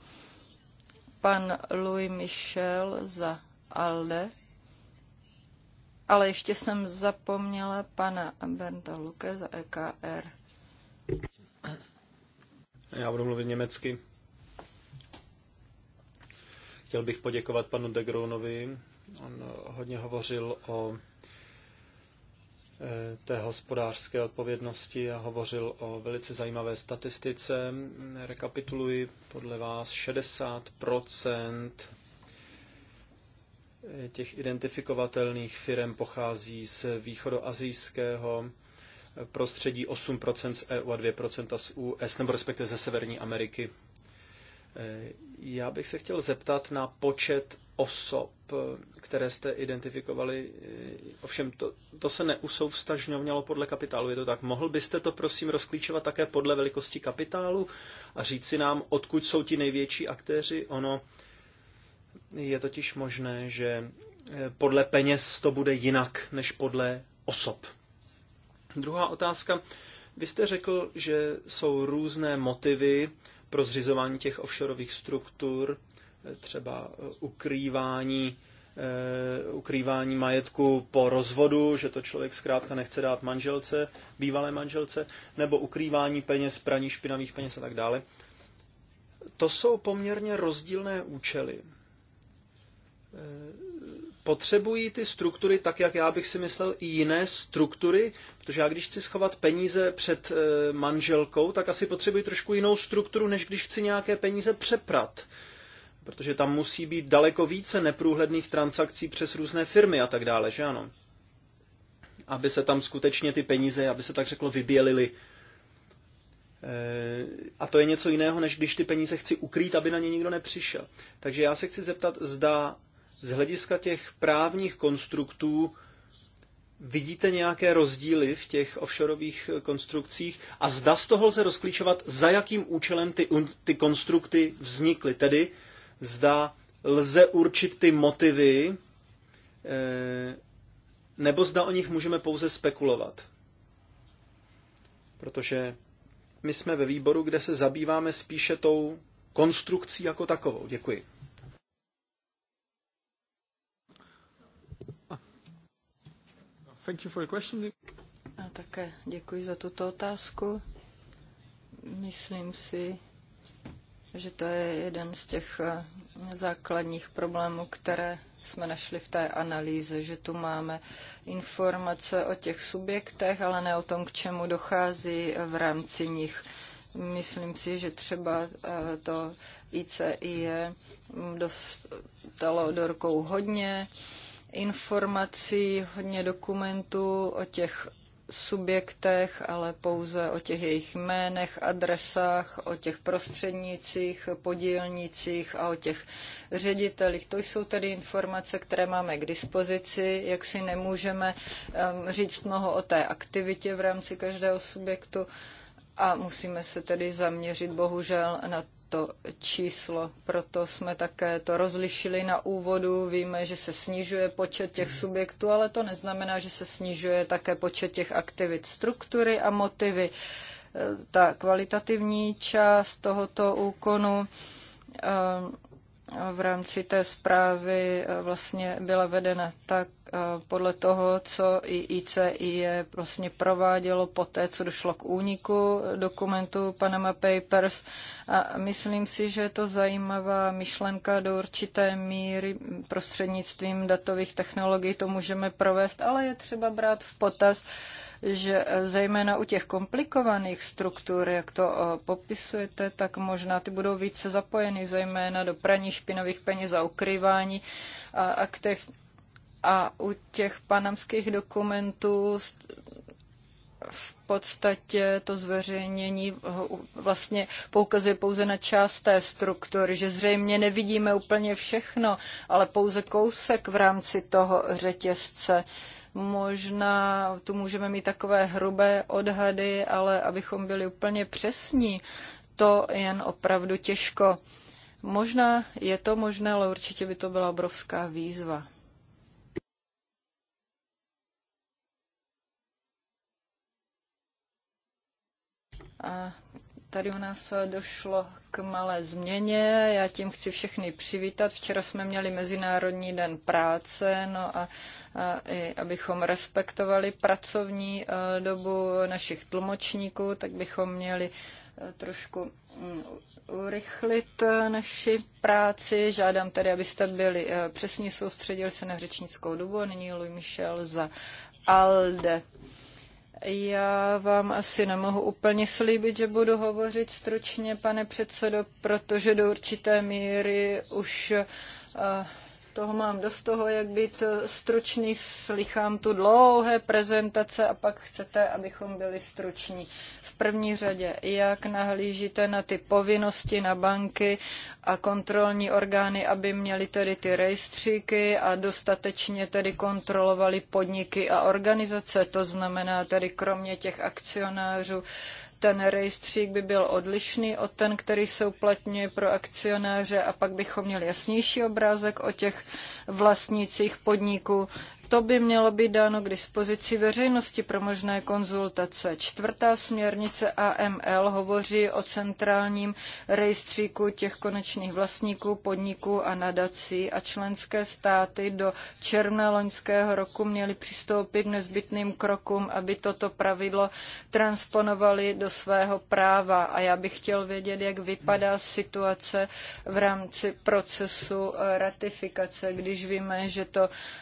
Pan Louis Michel za ALDE, ale ještě jsem zapomněla pana Bernta Luke za EKR. Já budu mluvit německy. Chtěl bych poděkovat panu Degronovi. On hodně hovořil o Eh, té hospodářské odpovědnosti a hovořil o velice zajímavé statistice. Rekapituluji, podle vás 60 eh, těch identifikovatelných firm pochází z východoazijského prostředí 8% z EU a 2% z US, nebo respektive ze Severní Ameriky. Eh, já bych se chtěl zeptat na počet osob, které jste identifikovali. Ovšem, to, to se neusouvstažňovňalo podle kapitálu, je to tak. Mohl byste to prosím rozklíčovat také podle velikosti kapitálu a říci nám, odkud jsou ti největší aktéři? Ono je totiž možné, že eh, podle peněz to bude jinak než podle osob. Druhá otázka. Vy jste řekl, že jsou různé motivy pro zřizování těch offshoreových struktur, třeba eh, ukrývání, eh, ukrývání majetku po rozvodu, že to člověk zkrátka nechce dát manželce, bývalé manželce, nebo ukrývání peněz, praní špinavých peněz a tak dále. To jsou poměrně rozdílné účely. Eh, potřebují ty struktury tak, jak já bych si myslel, i jiné struktury, protože já když chci schovat peníze před manželkou, tak asi potřebuji trošku jinou strukturu, než když chci nějaké peníze přeprat protože tam musí být daleko více neprůhledných transakcí přes různé firmy a tak dále, že ano? Aby se tam skutečně ty peníze, aby se tak řeklo, vybělily. Eh, a to je něco jiného, než když ty peníze chci ukrýt, aby na ně nikdo nepřišel. Takže já se chci zeptat, zda z hlediska těch právních konstruktů vidíte nějaké rozdíly v těch offshoreových konstrukcích a zda z toho lze rozklíčovat, za jakým účelem ty, ty konstrukty vznikly, tedy zda lze určit ty motivy, eh, nebo zda o nich můžeme pouze spekulovat. Protože my jsme ve výboru, kde se zabýváme spíše tou konstrukcí jako takovou. Děkuji. Thank you for your question. A také děkuji za tuto otázku. Myslím si, že to je jeden z těch eh, základních problémů, které jsme našli v té analýze, že tu máme informace o těch subjektech, ale ne o tom, k čemu dochází v rámci nich. Myslím si, že třeba eh, to ICIE dostalo do rukou hodně informací, hodně dokumentů o těch subjektech, ale pouze o těch jejich jménech, adresách, o těch prostřednících, podílnících a o těch ředitelích. To jsou tedy informace, které máme k dispozici, jak si nemůžeme říct mnoho o té aktivitě v rámci každého subjektu a musíme se tedy zaměřit bohužel na to číslo. Proto jsme také to rozlišili na úvodu. Víme, že se snižuje počet těch subjektů, ale to neznamená, že se snižuje také počet těch aktivit, struktury a motivy. E, ta kvalitativní část tohoto úkonu e, v rámci té zprávy e, vlastně byla vedena tak, podle toho, co i je vlastně provádělo po té, co došlo k úniku dokumentu Panama Papers. A myslím si, že je to zajímavá myšlenka do určité míry prostřednictvím datových technologií to můžeme provést, ale je třeba brát v potaz, že zejména u těch komplikovaných struktur, jak to eh, popisujete, tak možná ty budou více zapojeny zejména do praní špinových peněz a ukrývání aktiv a u těch panamských dokumentů v podstatě to zveřejnění vlastně poukazuje pouze na část té struktury, že zřejmě nevidíme úplně všechno, ale pouze kousek v rámci toho řetězce. Možná tu můžeme mít takové hrubé odhady, ale abychom byli úplně přesní, to jen opravdu těžko. Možná je to možné, ale určitě by to byla obrovská výzva. tady u nás došlo k malé změně. Já tím chci všechny přivítat. Včera jsme měli Mezinárodní den práce, no a, a i abychom respektovali pracovní e, dobu našich tlumočníků, tak bychom měli e, trošku mm, urychlit e, naši práci. Žádám tedy, abyste byli přesně soustředili se na řečnickou dobu. A nyní Louis Michel za ALDE. Já vám asi nemohu úplně slíbit, že budu hovořit stručně, pane předsedo, protože do určité míry už eh, toho mám dost toho, jak být eh, stručný, slychám tu dlouhé prezentace a pak chcete, abychom byli struční. V první řadě, jak nahlížíte na ty povinnosti na banky a kontrolní orgány, aby měli tedy ty rejstříky a dostatečně tedy kontrolovali podniky a organizace, to znamená tedy kromě těch akcionářů, ten rejstřík by byl odlišný od ten, který se uplatňuje pro akcionáře a pak bychom měli jasnější obrázek o těch vlastnících podniků, to by mělo být dáno k dispozici veřejnosti pro možné konzultace. Čtvrtá směrnice AML hovoří o centrálním rejstříku těch konečných vlastníků, podniků a nadací a členské státy do června loňského roku měly přistoupit k nezbytným krokům, aby toto pravidlo transponovali do svého práva. A já bych chtěl vědět, jak vypadá situace v rámci procesu eh, ratifikace, když víme, že to,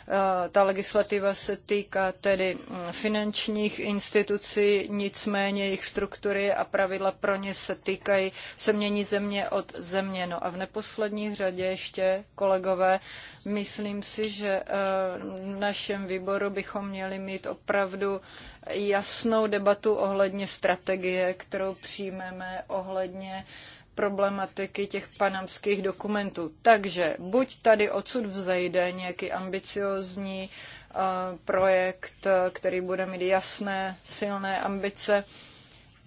eh, ta legislativa se týká tedy mm, finančních institucí, nicméně jejich struktury a pravidla pro ně se týkají, se mění země od země. No a v neposlední řadě ještě, kolegové, myslím si, že eh, v našem výboru bychom měli mít opravdu jasnou debatu ohledně strategie, kterou přijmeme ohledně uh, problematiky těch panamských dokumentů. Takže buď tady odsud vzejde nějaký ambiciozní eh, projekt, eh, který bude mít jasné, silné ambice,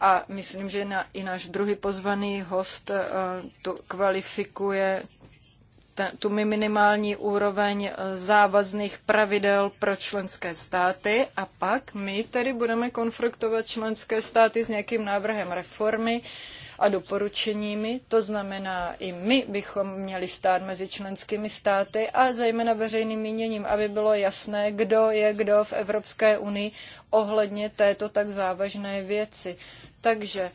a myslím, že na, i náš druhý pozvaný host eh, to kvalifikuje ten, tu minimální úroveň závazných pravidel pro členské státy a pak my tedy budeme konfrontovat členské státy s nějakým návrhem reformy, a doporučeními. To znamená, i my bychom měli stát mezi členskými státy a zejména veřejným míněním, aby bylo jasné, kdo je kdo v Evropské unii ohledně této tak závažné věci. Takže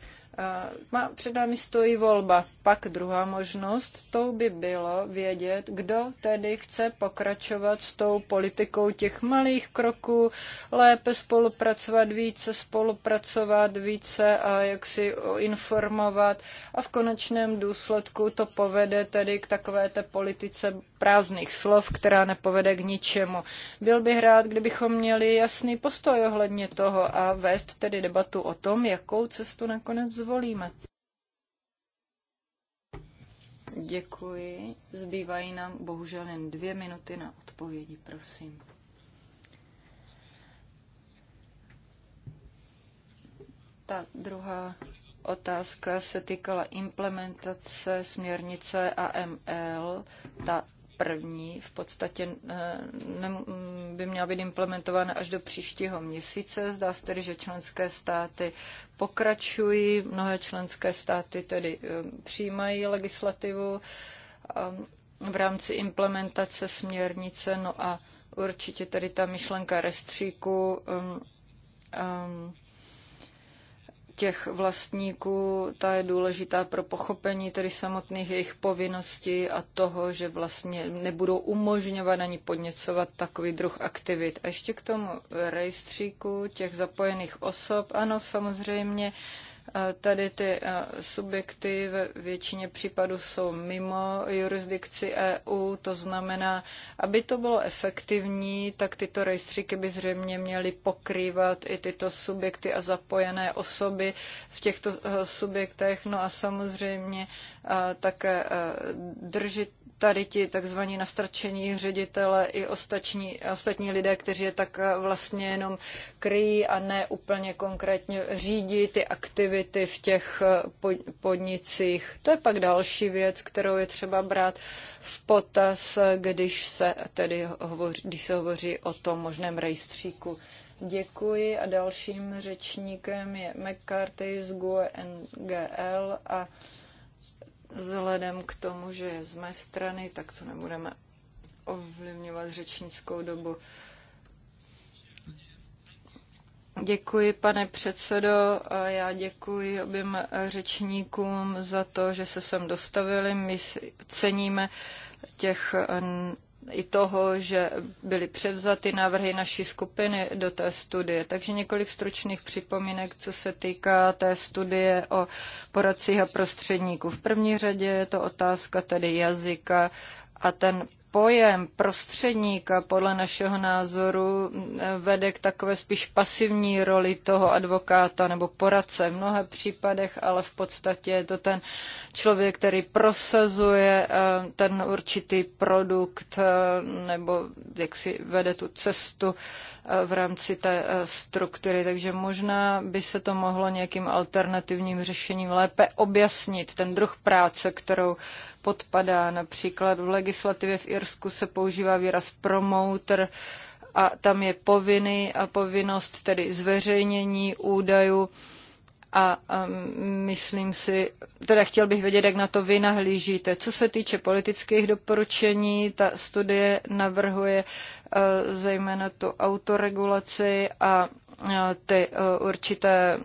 má, před námi stojí volba. Pak druhá možnost, to by bylo vědět, kdo tedy chce pokračovat s tou politikou těch malých kroků, lépe spolupracovat, více spolupracovat, více a jak si informovat. A v konečném důsledku to povede tedy k takové té politice prázdných slov, která nepovede k ničemu. Byl bych rád, kdybychom měli jasný postoj ohledně toho a vést tedy debatu o tom, jakou cestu nakonec zvolíme. Děkuji. Zbývají nám bohužel jen dvě minuty na odpovědi, prosím. Ta druhá otázka se týkala implementace směrnice AML. Ta první v podstatě eh, by měla být implementován až do příštího měsíce. Zdá se tedy, že členské státy pokračují, mnohé členské státy tedy eh, přijímají legislativu eh, v rámci implementace směrnice, no a určitě tedy ta myšlenka restříku um, um, těch vlastníků, ta je důležitá pro pochopení tedy samotných jejich povinností a toho, že vlastně nebudou umožňovat ani podněcovat takový druh aktivit. A ještě k tomu rejstříku těch zapojených osob. Ano, samozřejmě Tady ty subjekty ve většině případů jsou mimo jurisdikci EU, to znamená, aby to bylo efektivní, tak tyto rejstříky by zřejmě měly pokrývat i tyto subjekty a zapojené osoby v těchto subjektech. No a samozřejmě také držit tady ti takzvaní nastrčení ředitele i ostatní, ostatní lidé, kteří je tak eh, vlastně jenom kryjí a ne úplně konkrétně řídí ty aktivity v těch eh, podnicích. To je pak další věc, kterou je třeba brát v potaz, eh, když se tedy hovoří, když se hovoří o tom možném rejstříku. Děkuji a dalším řečníkem je McCarthy z GUE NGL a Vzhledem k tomu, že je z mé strany, tak to nebudeme ovlivňovat řečnickou dobu. Děkuji, pane předsedo. A já děkuji oběma řečníkům za to, že se sem dostavili. My ceníme těch i toho, že byly převzaty návrhy naší skupiny do té studie. Takže několik stručných připomínek, co se týká té studie o poradcích a prostředníků. V první řadě je to otázka tedy jazyka a ten pojem prostředník podle našeho názoru e, vede k takové spíš pasivní roli toho advokáta nebo poradce v mnoha případech, ale v podstatě je to ten člověk, který prosazuje e, ten určitý produkt e, nebo jak si vede tu cestu v rámci té struktury. Takže možná by se to mohlo nějakým alternativním řešením lépe objasnit, ten druh práce, kterou podpadá. Například v legislativě v Irsku se používá výraz promoter a tam je povinný a povinnost tedy zveřejnění údajů a a myslím si, teda chtěl bych vědět, jak na to vy nahlížíte. Co se týče politických doporučení, ta studie navrhuje uh, zejména tu autoregulaci a uh, ty uh, určité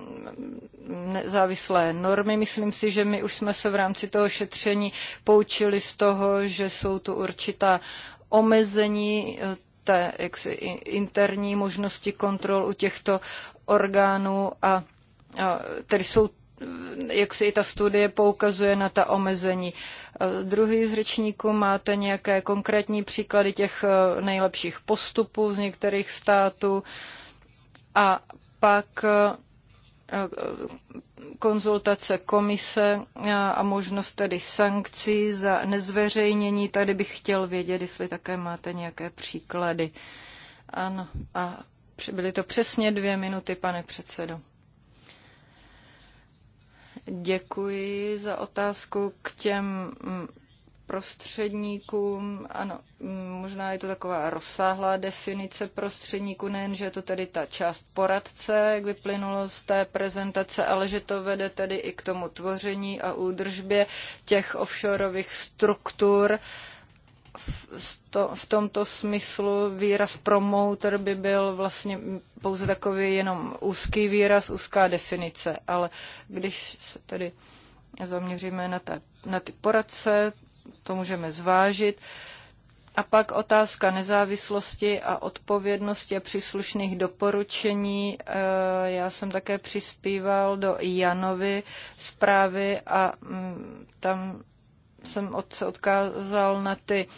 nezávislé normy. Myslím si, že my už jsme se v rámci toho šetření poučili z toho, že jsou tu určitá omezení eh, té jaksi, interní možnosti kontrol u těchto orgánů a, a tedy jsou eh, jak si i ta studie poukazuje na ta omezení. Eh, druhý z řečníků máte nějaké konkrétní příklady těch nejlepších postupů z některých států a pak konzultace komise a možnost tedy sankcí za nezveřejnění. Tady bych chtěl vědět, jestli také máte nějaké příklady. Ano, a byly to přesně dvě minuty, pane předsedo. Děkuji za otázku k těm prostředníkům. Ano, mm, možná je to taková rozsáhlá definice prostředníků, nejen, že je to tedy ta část poradce, jak vyplynulo z té prezentace, ale že to vede tedy i k tomu tvoření a údržbě těch offshoreových struktur. V, to, v tomto smyslu výraz promoter by byl vlastně pouze takový jenom úzký výraz, úzká definice, ale když se tedy zaměříme na, ta, na ty poradce, to můžeme zvážit. A pak otázka nezávislosti a odpovědnosti a příslušných doporučení. E, já jsem také přispíval do Janovy zprávy a mm, tam jsem se odkázal na ty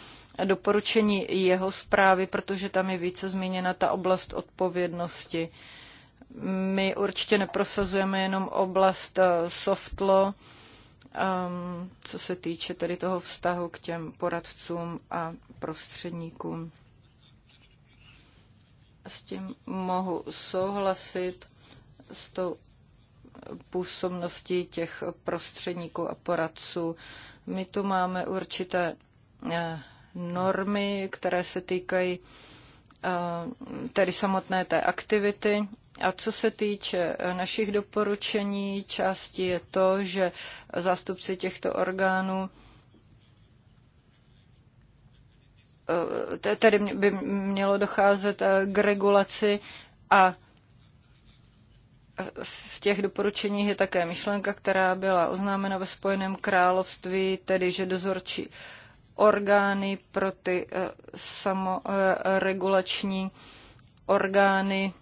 doporučení jeho zprávy, protože tam je více zmíněna ta oblast odpovědnosti. My určitě neprosazujeme jenom oblast e, softlo, um, co se týče tedy toho vztahu k těm poradcům a prostředníkům. S tím mohu souhlasit s tou působností těch prostředníků a poradců. My tu máme určité eh, normy, které se týkají eh, tedy samotné té aktivity a co se týče eh, našich doporučení, části je to, že zástupci těchto orgánů eh, tedy by mělo docházet eh, k regulaci a v těch doporučeních je také myšlenka, která byla oznámena ve Spojeném království, tedy že dozorčí orgány pro ty samoregulační orgány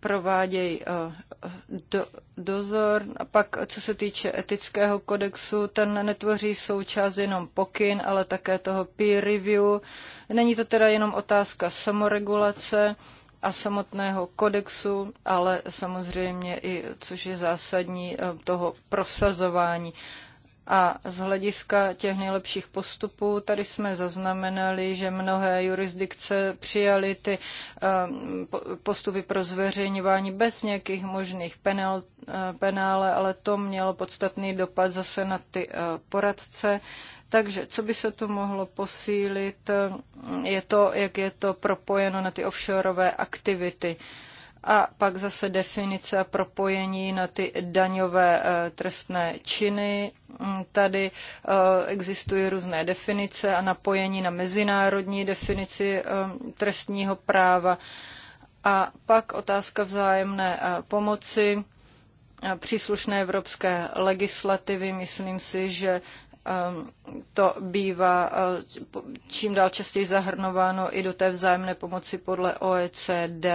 provádějí eh, do, dozor. A pak, co se týče etického kodexu, ten netvoří součást jenom pokyn, ale také toho peer review. Není to teda jenom otázka samoregulace a samotného kodexu, ale samozřejmě i, což je zásadní, eh, toho prosazování. A z hlediska těch nejlepších postupů tady jsme zaznamenali, že mnohé jurisdikce přijaly ty ehm, postupy pro zveřejňování bez nějakých možných penál, eh, penále, ale to mělo podstatný dopad zase na ty eh, poradce. Takže co by se tu mohlo posílit, je to, jak je to propojeno na ty offshoreové aktivity. Uh, a pak zase definice a propojení na ty daňové eh, trestné činy. Mm, tady eh, existují různé definice a napojení na mezinárodní definici eh, trestního práva. A pak otázka vzájemné pomoci příslušné evropské legislativy. Myslím si, že to bývá čím dál častěji zahrnováno i do té vzájemné pomoci podle OECD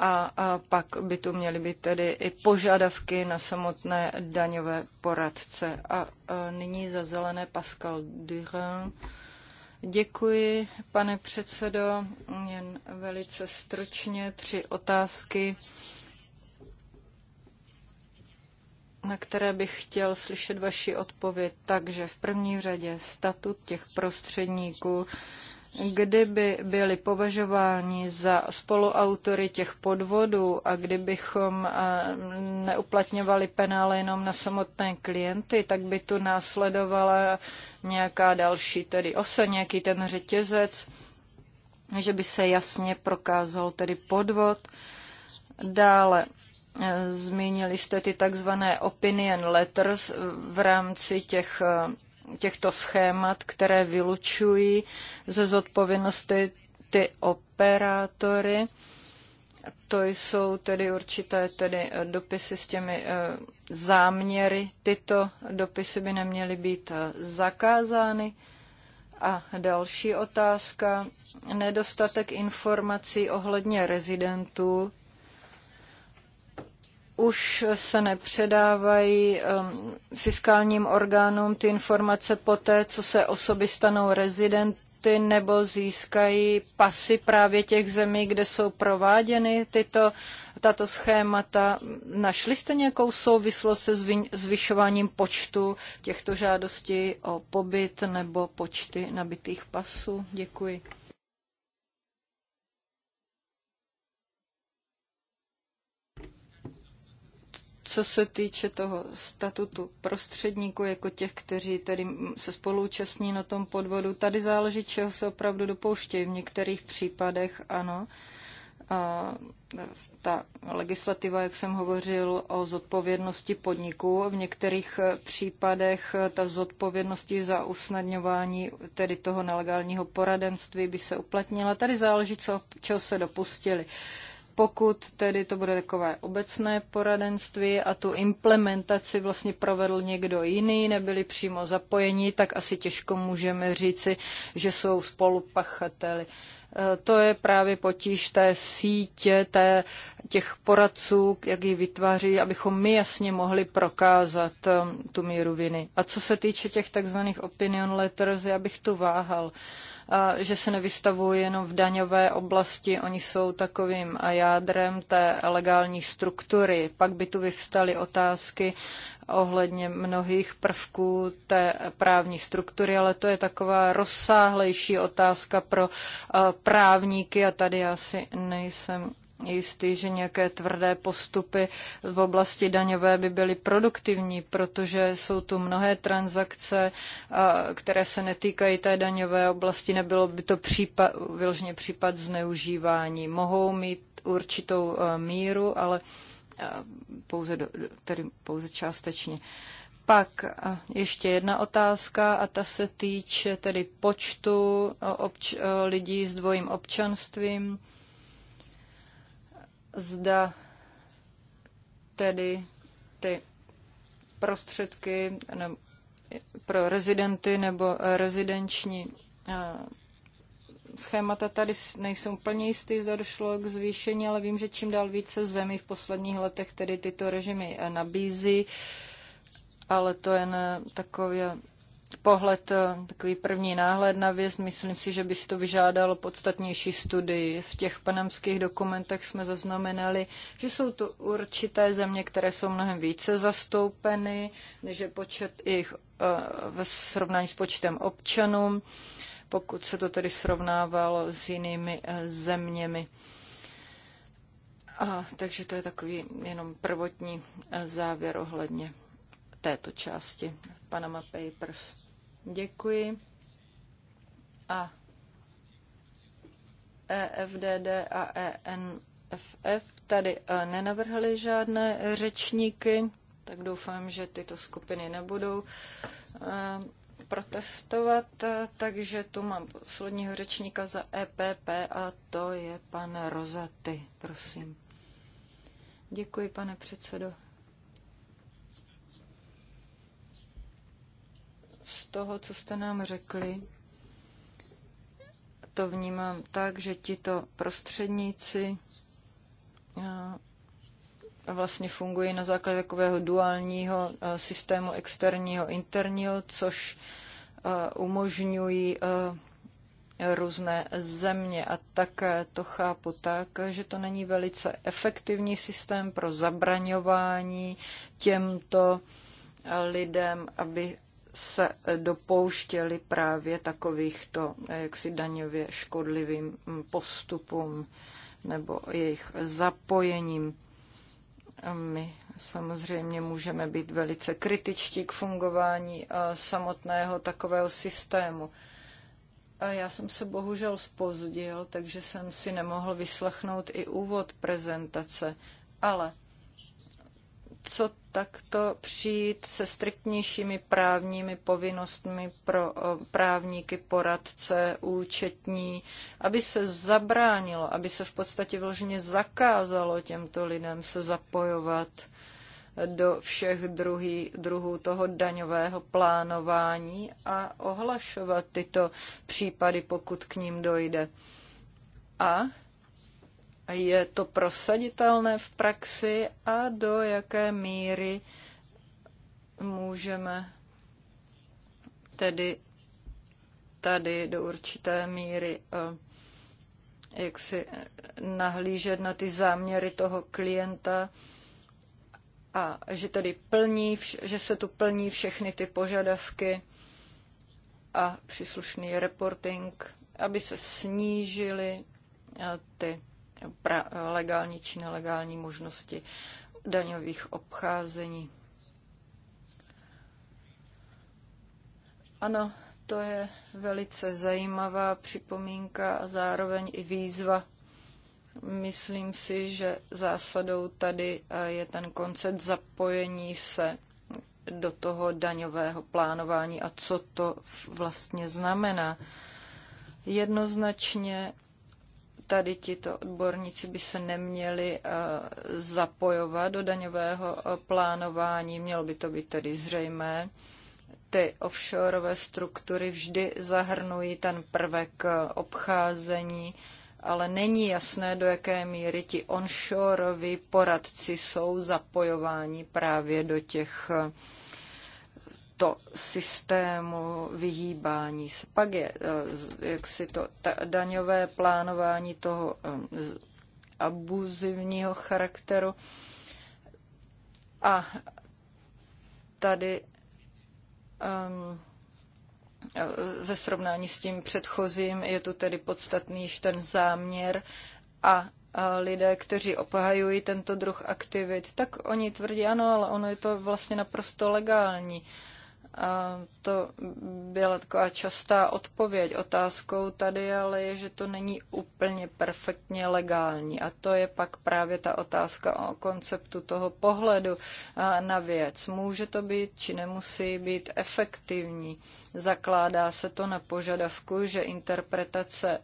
a, a pak by tu měly být tedy i požadavky na samotné daňové poradce. A, a nyní za zelené Pascal Durin. Děkuji, pane předsedo. Jen velice stručně tři otázky, na které bych chtěl slyšet vaši odpověď. Takže v první řadě statut těch prostředníků kdyby byli považováni za spoluautory těch podvodů a kdybychom eh, neuplatňovali penále jenom na samotné klienty, tak by tu následovala nějaká další tedy osa, nějaký ten řetězec, že by se jasně prokázal tedy podvod. Dále eh, zmínili jste ty takzvané opinion letters v rámci těch eh, těchto schémat, které vylučují ze zodpovědnosti ty operátory. To jsou tedy určité tedy eh, dopisy s těmi eh, záměry. Tyto dopisy by neměly být eh, zakázány. A další otázka. Nedostatek informací ohledně rezidentů už se nepředávají um, fiskálním orgánům ty informace poté, co se osoby stanou rezidenty nebo získají pasy právě těch zemí, kde jsou prováděny tyto, tato schémata. Našli jste nějakou souvislost se zvyšováním počtu těchto žádostí o pobyt nebo počty nabitých pasů? Děkuji. co se týče toho statutu prostředníků, jako těch, kteří tedy se spoluúčastní na tom podvodu, tady záleží, čeho se opravdu dopouštějí. V některých případech ano. A e, ta legislativa, jak jsem hovořil, o zodpovědnosti podniků, v některých e, případech e, ta zodpovědnosti za usnadňování tedy toho nelegálního poradenství by se uplatnila. Tady záleží, co, čeho se dopustili pokud tedy to bude takové obecné poradenství a tu implementaci vlastně provedl někdo jiný, nebyli přímo zapojeni, tak asi těžko můžeme říci, že jsou spolupachateli. E, to je právě potíž té sítě, té, těch poradců, jak ji vytváří, abychom my jasně mohli prokázat e, tu míru viny. A co se týče těch takzvaných opinion letters, já bych tu váhal. Uh, že se nevystavují jenom v daňové oblasti, oni jsou takovým jádrem té legální struktury. Pak by tu vyvstaly otázky ohledně mnohých prvků té právní struktury, ale to je taková rozsáhlejší otázka pro právníky a tady já si nejsem jistý, že nějaké tvrdé postupy v oblasti daňové by byly produktivní, protože jsou tu mnohé transakce, které se netýkají té daňové oblasti. Nebylo by to případ, vyloženě případ zneužívání. Mohou mít určitou e, míru, ale e, pouze, do, tedy pouze částečně. Pak e, ještě jedna otázka a ta se týče tedy počtu obč- lidí s dvojím občanstvím zda tedy ty prostředky pro rezidenty nebo rezidenční eh, schémata tady nejsou úplně jistý, zda došlo k zvýšení, ale vím, že čím dál více zemí v posledních letech tedy tyto režimy eh, nabízí, ale to jen eh, takové pohled, eh, takový první náhled na věc, myslím si, že by si to vyžádalo podstatnější studii. V těch panamských dokumentech jsme zaznamenali, že jsou tu určité země, které jsou mnohem více zastoupeny, než je počet jejich eh, v srovnání s počtem občanů, pokud se to tedy srovnávalo s jinými eh, zeměmi. A, takže to je takový jenom prvotní závěr ohledně této části Panama Papers. Děkuji. A EFDD a ENFF tady e, nenavrhli žádné řečníky, tak doufám, že tyto skupiny nebudou e, protestovat, e, takže tu mám posledního řečníka za EPP a to je pan Rozaty, prosím. Děkuji, pane předsedo. z toho, co jste nám řekli, to vnímám tak, že tito prostředníci vlastně fungují na základě takového duálního systému externího interního, což umožňují různé země a také to chápu tak, že to není velice efektivní systém pro zabraňování těmto lidem, aby se dopouštěli právě takovýchto jaksi daňově škodlivým postupům nebo jejich zapojením. My samozřejmě můžeme být velice kritičtí k fungování samotného takového systému. A já jsem se bohužel spozdil, takže jsem si nemohl vyslechnout i úvod prezentace, ale co takto přijít se striktnějšími právními povinnostmi pro právníky, poradce, účetní, aby se zabránilo, aby se v podstatě vložně zakázalo těmto lidem se zapojovat do všech druhý, druhů toho daňového plánování a ohlašovat tyto případy, pokud k ním dojde. A je to prosaditelné v praxi a do jaké míry můžeme tedy tady do určité míry eh, jak si eh, nahlížet na ty záměry toho klienta a že tedy plní, že se tu plní všechny ty požadavky a příslušný reporting, aby se snížily eh, ty pra- legální či nelegální možnosti daňových obcházení. Ano, to je velice zajímavá připomínka a zároveň i výzva. Myslím si, že zásadou tady eh, je ten koncept zapojení se do toho daňového plánování a co to vlastně znamená. Jednoznačně tady tito odborníci by se neměli eh, zapojovat do daňového eh, plánování, mělo by to být tedy zřejmé. Ty offshoreové struktury vždy zahrnují ten prvek eh, obcházení, ale není jasné, do jaké míry ti onshoreoví poradci jsou zapojováni právě do těch to systému vyhýbání se. Pak je eh, jak si to ta daňové plánování toho abuzivního charakteru. A tady um, ve srovnání s tím předchozím je tu tedy podstatný již ten záměr a lidé, kteří obhajují tento druh aktivit, tak oni tvrdí ano, ale ono je to vlastně naprosto legální. Uh, to byla taková častá odpověď. Otázkou tady ale je, že to není úplně perfektně legální. A to je pak právě ta otázka o konceptu toho pohledu na věc. Může to být, či nemusí být efektivní. Zakládá se to na požadavku, že interpretace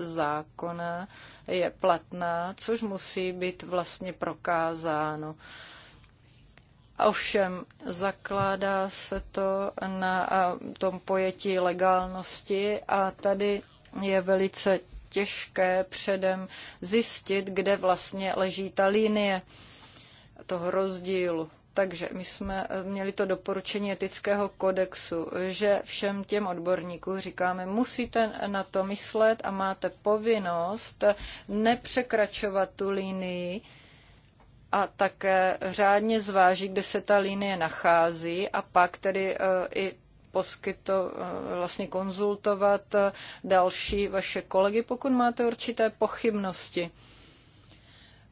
zákona je platná, což musí být vlastně prokázáno. Ovšem, zakládá se to na tom pojetí legálnosti a tady je velice těžké předem zjistit, kde vlastně leží ta linie toho rozdílu. Takže my jsme e, měli to doporučení etického kodexu, že všem těm odborníkům říkáme, musíte na to myslet a máte povinnost nepřekračovat tu linii, a také řádně zváží, kde se ta linie nachází a pak tedy e, i poskyto, e, vlastně konzultovat e, další vaše kolegy, pokud máte určité pochybnosti.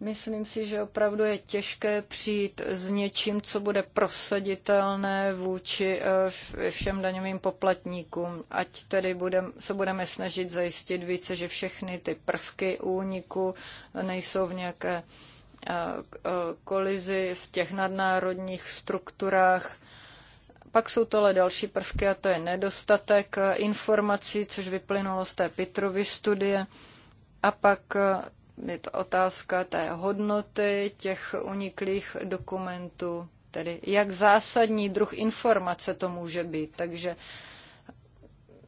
Myslím si, že opravdu je těžké přijít s něčím, co bude prosaditelné vůči všem daňovým poplatníkům. Ať tedy budem, se budeme snažit zajistit více, že všechny ty prvky úniku nejsou v nějaké uh, E, kolizi v těch nadnárodních strukturách. Pak jsou tohle další prvky a to je nedostatek e, informací, což vyplynulo z té Petrovy studie. A pak e, je to otázka té hodnoty těch uniklých dokumentů, tedy jak zásadní druh informace to může být. Takže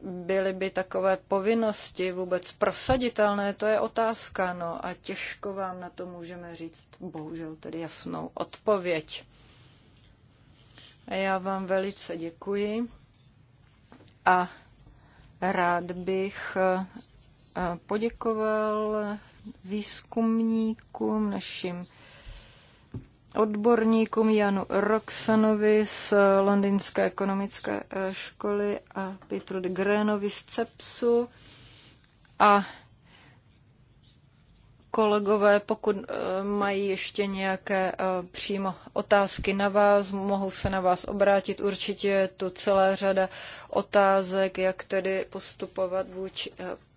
byly by takové povinnosti vůbec prosaditelné, to je otázka, no a těžko vám na to můžeme říct, bohužel tedy jasnou odpověď. A já vám velice děkuji a rád bych eh, poděkoval výzkumníkům, našim odborníkům Janu Roxanovi z Londýnské ekonomické eh, školy a Petru de Grénovi z CEPSu a kolegové, pokud eh, mají ještě nějaké eh, přímo otázky na vás, mohou se na vás obrátit. Určitě je tu celá řada otázek, jak tedy postupovat vůči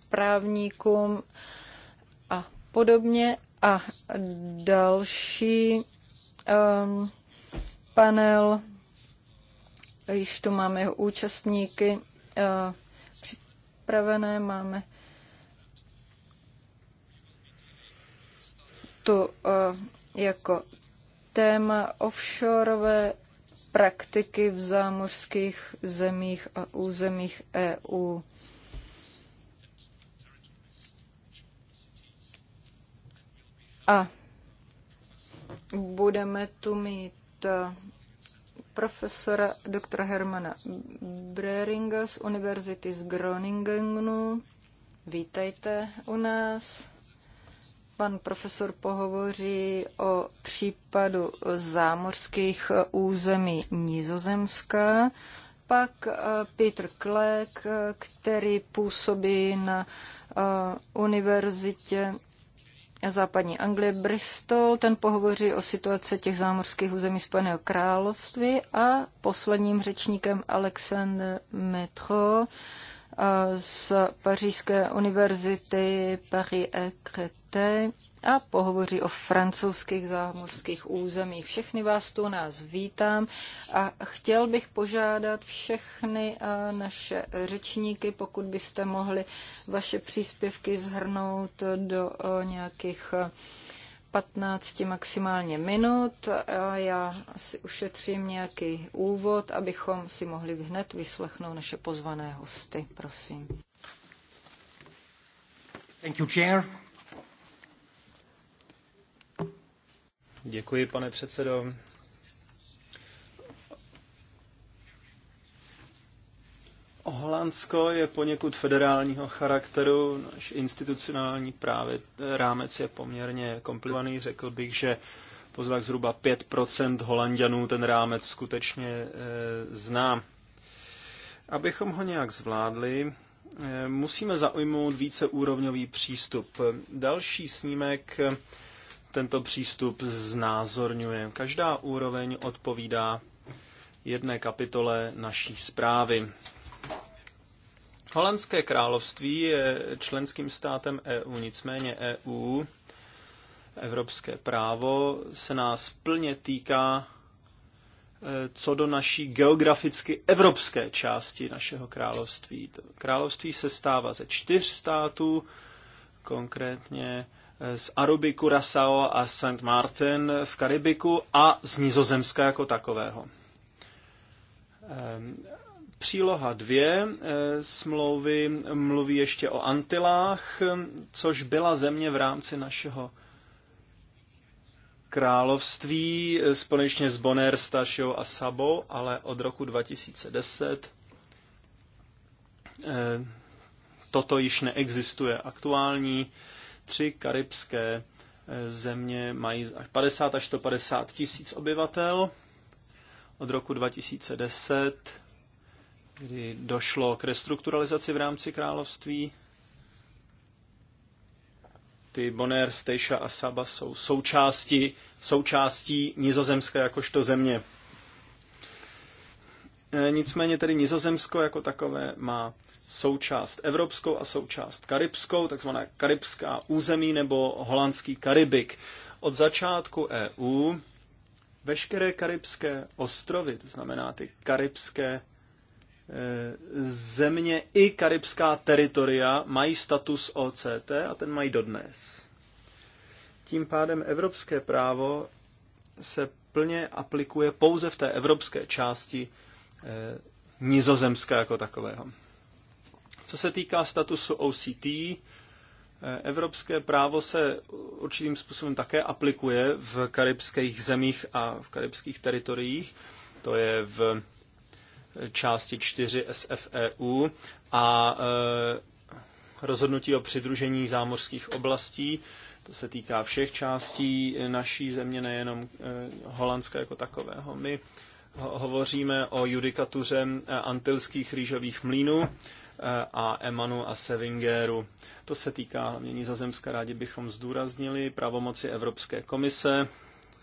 právníkům a podobně. A další um, panel. Již tu máme jeho účastníky uh, připravené, máme tu uh, jako téma offshoreové praktiky v zámořských zemích a územích EU. A budeme tu mít eh, profesora doktora Hermana Breringa z Univerzity z Groningenu. Vítejte u nás. Pan profesor pohovoří o případu zámořských eh, území Nizozemska. Pak eh, Peter Klek, který působí na univerzitě západní Anglie, Bristol, ten pohovoří o situaci těch zámořských území Spojeného království a posledním řečníkem Alexandre Metro eh, z Pařížské univerzity Paris Créteil a pohovoří o francouzských zámořských územích. Všechny vás tu nás vítám a chtěl bych požádat všechny naše řečníky, pokud byste mohli vaše příspěvky zhrnout do nějakých 15 maximálně minut. A já si ušetřím nějaký úvod, abychom si mohli hned vyslechnout naše pozvané hosty. Prosím. Thank you, Chair. Děkuji, pane předsedo. Holandsko je poněkud federálního charakteru, náš institucionální právě rámec je poměrně komplikovaný. Řekl bych, že pozvak zhruba 5% Holandianů ten rámec skutečně e, zná. Abychom ho nějak zvládli, e, musíme zaujmout víceúrovňový přístup. Další snímek tento přístup znázorňuje. Každá úroveň odpovídá jedné kapitole naší zprávy. Holandské království je členským státem EU, nicméně EU, evropské právo, se nás plně týká e, co do naší geograficky evropské části našeho království. Království se stává ze čtyř států, konkrétně z Aruby, Curaçao a St. Martin v Karibiku a z Nizozemska jako takového. Ehm, příloha 2 eh, smlouvy mluví ještě o Antilách, což byla země v rámci našeho království eh, společně s Bonaire, Stašou a Sabou, ale od roku 2010 eh, toto již neexistuje. Aktuální tři karibské eh, země mají 50 až 150 tisíc obyvatel. Od roku 2010, kdy došlo k restrukturalizaci v rámci království, ty Bonaire, Stejša a Saba jsou součástí, součástí Nizozemska jakožto země. Eh, nicméně tedy Nizozemsko jako takové má součást evropskou a součást karibskou, takzvaná karibská území nebo holandský Karibik. Od začátku EU veškeré karibské ostrovy, to znamená ty karibské e, země i karibská teritoria mají status OCT a ten mají dodnes. Tím pádem evropské právo se plně aplikuje pouze v té evropské části e, nizozemské jako takového. Co se týká statusu OCT, eh, Evropské právo se určitým způsobem také aplikuje v karibských zemích a v karibských teritoriích. To je v eh, části 4 SFEU a eh, rozhodnutí o přidružení zámořských oblastí. To se týká všech částí naší země, nejenom Holandska jako takového. My hovoříme o judikatuře antilských rýžových mlínů a Emanu a Sevingeru. To se týká hlavně Nizozemska. Rádi bychom zdůraznili pravomoci Evropské komise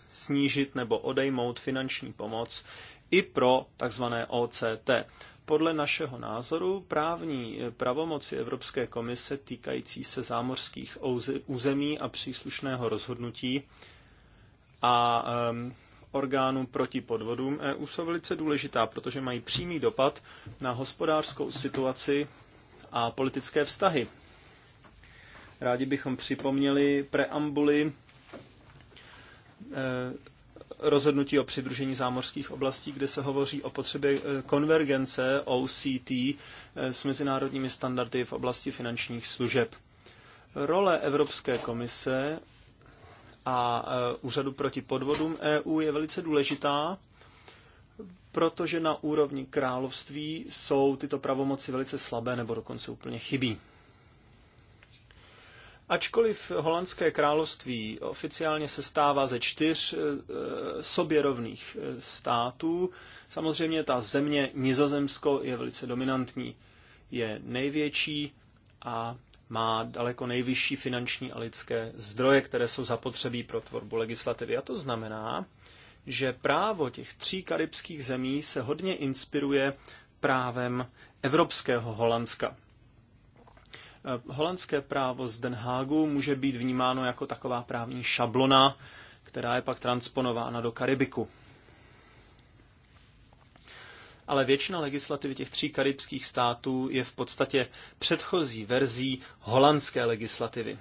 snížit nebo odejmout finanční pomoc i pro tzv. OCT. Podle našeho názoru právní pravomoci Evropské komise týkající se zámořských území a příslušného rozhodnutí a orgánů proti podvodům EU jsou velice důležitá, protože mají přímý dopad na hospodářskou situaci a politické vztahy. Rádi bychom připomněli preambuly e, rozhodnutí o přidružení zámořských oblastí, kde se hovoří o potřebě e, konvergence OCT e, s mezinárodními standardy v oblasti finančních služeb. Role Evropské komise a e, Úřadu proti podvodům EU je velice důležitá, protože na úrovni království jsou tyto pravomoci velice slabé nebo dokonce úplně chybí. Ačkoliv holandské království oficiálně se stává ze čtyř e, sobě rovných e, států, samozřejmě ta země Nizozemsko je velice dominantní. Je největší a má daleko nejvyšší finanční a lidské zdroje, které jsou zapotřebí pro tvorbu legislativy. A to znamená, že právo těch tří karibských zemí se hodně inspiruje právem evropského Holandska. Eh, holandské právo z Den Hagu může být vnímáno jako taková právní šablona, která je pak transponována do Karibiku ale většina legislativy těch tří karibských států je v podstatě předchozí verzí holandské legislativy.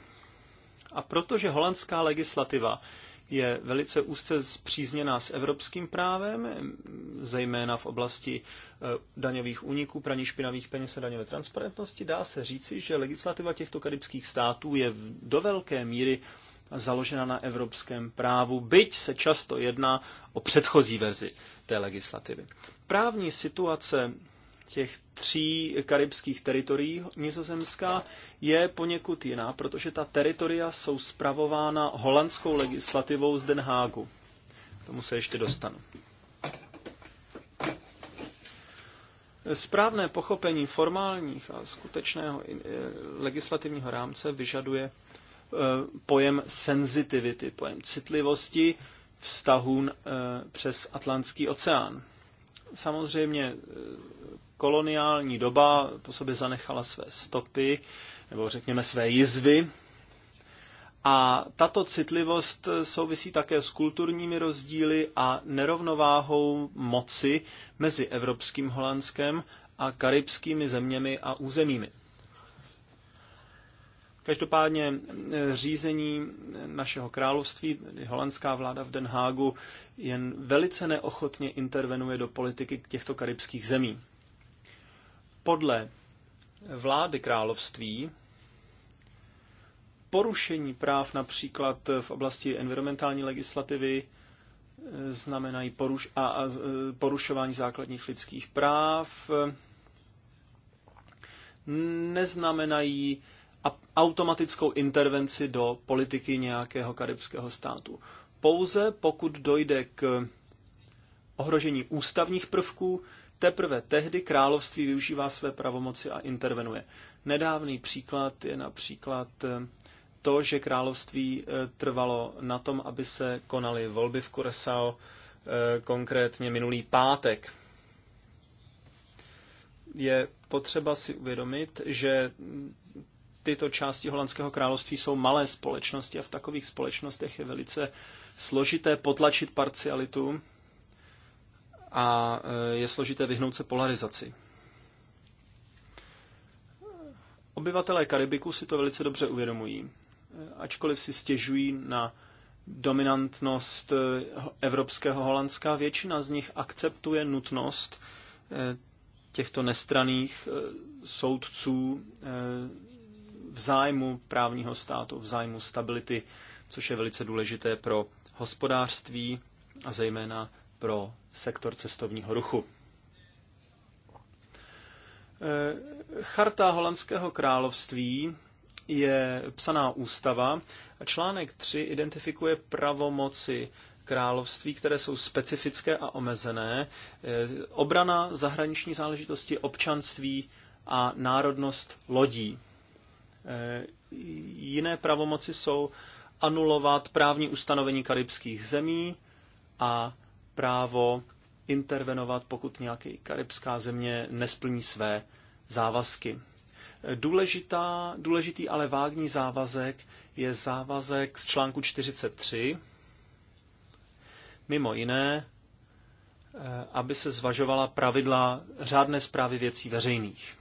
A protože holandská legislativa je velice úzce zpřízněná s evropským právem, zejména v oblasti e, daňových úniků, praní špinavých peněz a daňové transparentnosti, dá se říci, že legislativa těchto karibských států je do velké míry založena na evropském právu, byť se často jedná o předchozí verzi té legislativy. Právní situace těch tří karibských teritorií Nizozemská je poněkud jiná, protože ta teritoria jsou spravována holandskou legislativou z Den Hágu. K tomu se ještě dostanu. Správné pochopení formálních a skutečného eh, legislativního rámce vyžaduje Eh, pojem sensitivity, pojem citlivosti vztahů eh, přes Atlantský oceán. Samozřejmě eh, koloniální doba po sobě zanechala své stopy, nebo řekněme své jizvy. A tato citlivost souvisí také s kulturními rozdíly a nerovnováhou moci mezi evropským Holandskem a karibskými zeměmi a územími. Každopádně eh, řízení našeho království, holandská vláda v Den Hágu, jen velice neochotně intervenuje do politiky těchto karibských zemí. Podle vlády království porušení práv například v oblasti environmentální legislativy eh, znamenají poruš- a, a eh, porušování základních lidských práv, neznamenají automatickou intervenci do politiky nějakého karibského státu. Pouze pokud dojde k ohrožení ústavních prvků, teprve tehdy království využívá své pravomoci a intervenuje. Nedávný příklad je například eh, to, že království eh, trvalo na tom, aby se konaly volby v Curaçao, eh, konkrétně minulý pátek. Je potřeba si uvědomit, že tyto části holandského království jsou malé společnosti a v takových společnostech je velice složité potlačit parcialitu a eh, je složité vyhnout se polarizaci. Obyvatelé Karibiku si to velice dobře uvědomují, eh, ačkoliv si stěžují na dominantnost eh, evropského Holandska, většina z nich akceptuje nutnost těchto nestraných soudců v zájmu právního státu, v zájmu stability, což je velice důležité pro hospodářství a zejména pro sektor cestovního ruchu. Eh, Charta holandského království je psaná ústava a článek 3 identifikuje pravomoci království, které jsou specifické a omezené. Eh, obrana zahraniční záležitosti, občanství a národnost lodí. Eh, jiné pravomoci jsou anulovat právní ustanovení karibských zemí a právo intervenovat, pokud nějaký karibská země nesplní své závazky. Eh, důležitá, důležitý ale vágní závazek je závazek z článku 43, mimo jiné, eh, aby se zvažovala pravidla řádné zprávy věcí veřejných.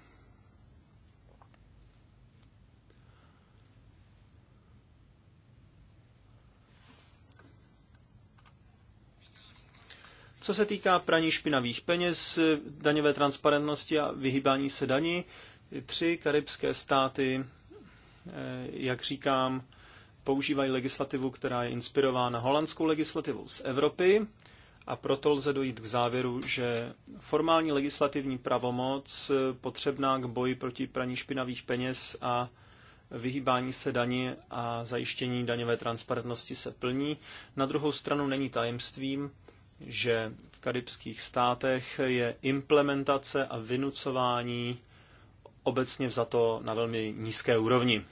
Co se týká praní špinavých peněz, daňové transparentnosti a vyhýbání se daní, tři karibské státy, eh, jak říkám, používají legislativu, která je inspirována holandskou legislativou z Evropy a proto lze dojít k závěru, že formální legislativní pravomoc eh, potřebná k boji proti praní špinavých peněz a vyhýbání se daní a zajištění daňové transparentnosti se plní. Na druhou stranu není tajemstvím, že v karibských státech je implementace a vynucování obecně vzato na velmi nízké úrovni.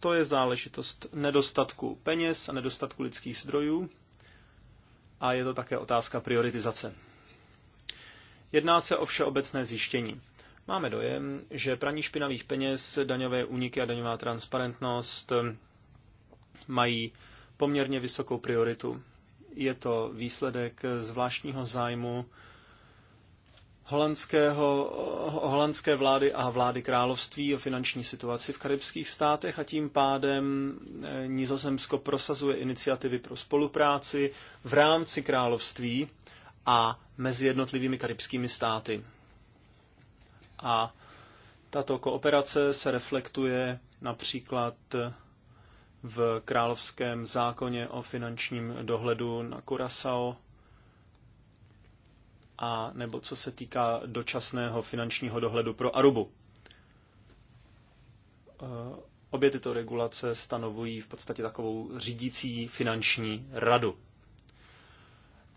To je záležitost nedostatku peněz a nedostatku lidských zdrojů a je to také otázka prioritizace. Jedná se o všeobecné zjištění. Máme dojem, že praní špinavých peněz, daňové úniky a daňová transparentnost mají poměrně vysokou prioritu je to výsledek zvláštního zájmu holandského, holandské vlády a vlády království o finanční situaci v karibských státech a tím pádem eh, Nizozemsko prosazuje iniciativy pro spolupráci v rámci království a mezi jednotlivými karibskými státy. A tato kooperace se reflektuje například v královském zákoně o finančním dohledu na Curaçao a nebo co se týká dočasného finančního dohledu pro Arubu. Eh, obě tyto regulace stanovují v podstatě takovou řídící finanční radu.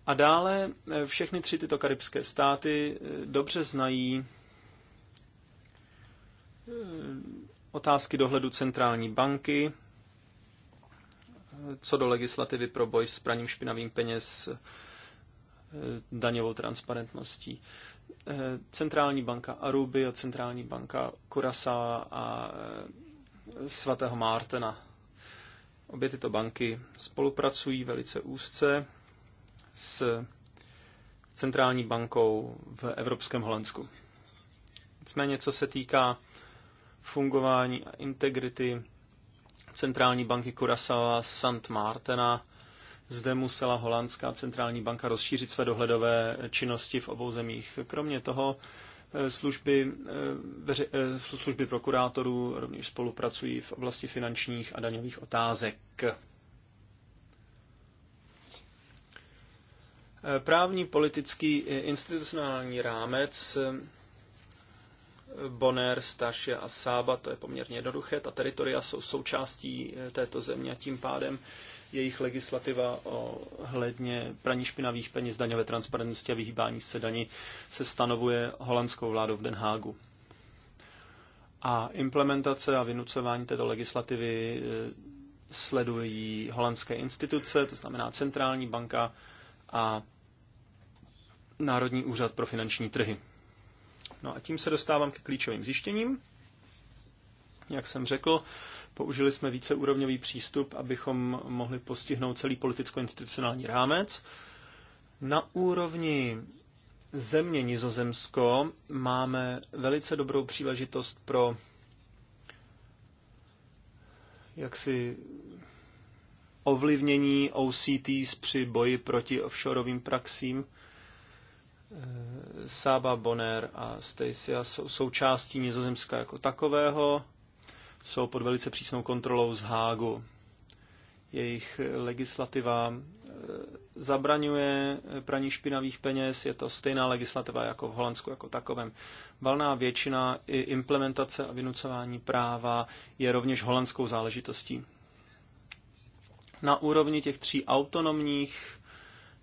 A dále eh, všechny tři tyto karibské státy eh, dobře znají otázky dohledu centrální banky co do legislativy pro boj s praním špinavým peněz, eh, daňovou transparentností. Eh, centrální banka Aruby a Centrální banka Kurasa a eh, svatého Mártena. Obě tyto banky spolupracují velice úzce s centrální bankou v Evropském Holandsku. Nicméně, co se týká fungování a integrity centrální banky Curaçao a Sant Martena. Zde musela holandská centrální banka rozšířit své dohledové činnosti v obou zemích. Kromě toho eh, služby, eh, eh, služby prokurátorů rovněž spolupracují v oblasti finančních a daňových otázek. Právní, politický, institucionální rámec Bonaire, Starše a Sába, to je poměrně jednoduché. Ta teritoria jsou součástí eh, této země a tím pádem jejich legislativa ohledně praní špinavých peněz, daňové transparentnosti a vyhýbání se daní se stanovuje holandskou vládou v Den Hágu. A implementace a vynucování této legislativy eh, sledují holandské instituce, to znamená Centrální banka a Národní úřad pro finanční trhy. No a tím se dostávám ke klíčovým zjištěním. Jak jsem řekl, použili jsme víceúrovňový přístup, abychom mohli postihnout celý politicko-institucionální rámec. Na úrovni země Nizozemsko máme velice dobrou příležitost pro jaksi ovlivnění OCTs při boji proti offshoreovým praxím Saba Bonner a Stacia jsou součástí Nizozemska jako takového, jsou pod velice přísnou kontrolou z Hágu. Jejich legislativa eh, zabraňuje praní špinavých peněz, je to stejná legislativa jako v Holandsku jako takovém. Valná většina i implementace a vynucování práva je rovněž holandskou záležitostí. Na úrovni těch tří autonomních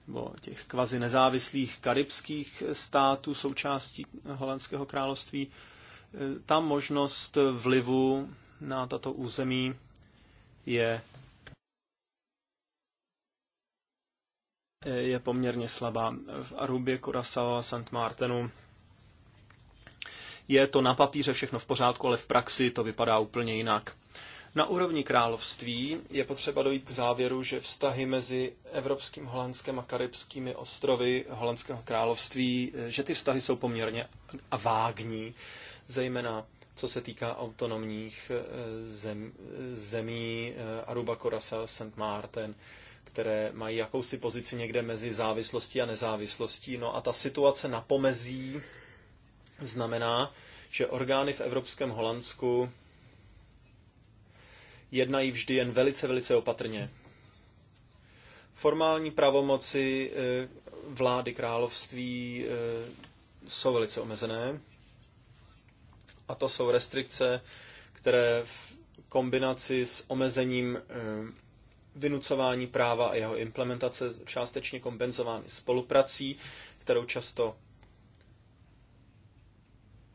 nebo těch kvazi nezávislých karibských států součástí holandského království, e, ta možnost vlivu na tato území je e, je poměrně slabá. V Arubě, Curaçao a St. Martinu je to na papíře všechno v pořádku, ale v praxi to vypadá úplně jinak. Na úrovni království je potřeba dojít k závěru, že vztahy mezi Evropským Holandskem a Karibskými ostrovy Holandského království, eh, že ty vztahy jsou poměrně vágní, zejména co se týká autonomních eh, zem, eh, zemí Aruba, Curaçao, St. Martin, které mají jakousi pozici někde mezi závislostí a nezávislostí. No a ta situace na pomezí znamená, že orgány v Evropském Holandsku jednají vždy jen velice, velice opatrně. Formální pravomoci eh, vlády království eh, jsou velice omezené a to jsou restrikce, které v kombinaci s omezením eh, vynucování práva a jeho implementace částečně kompenzovány spoluprací, kterou často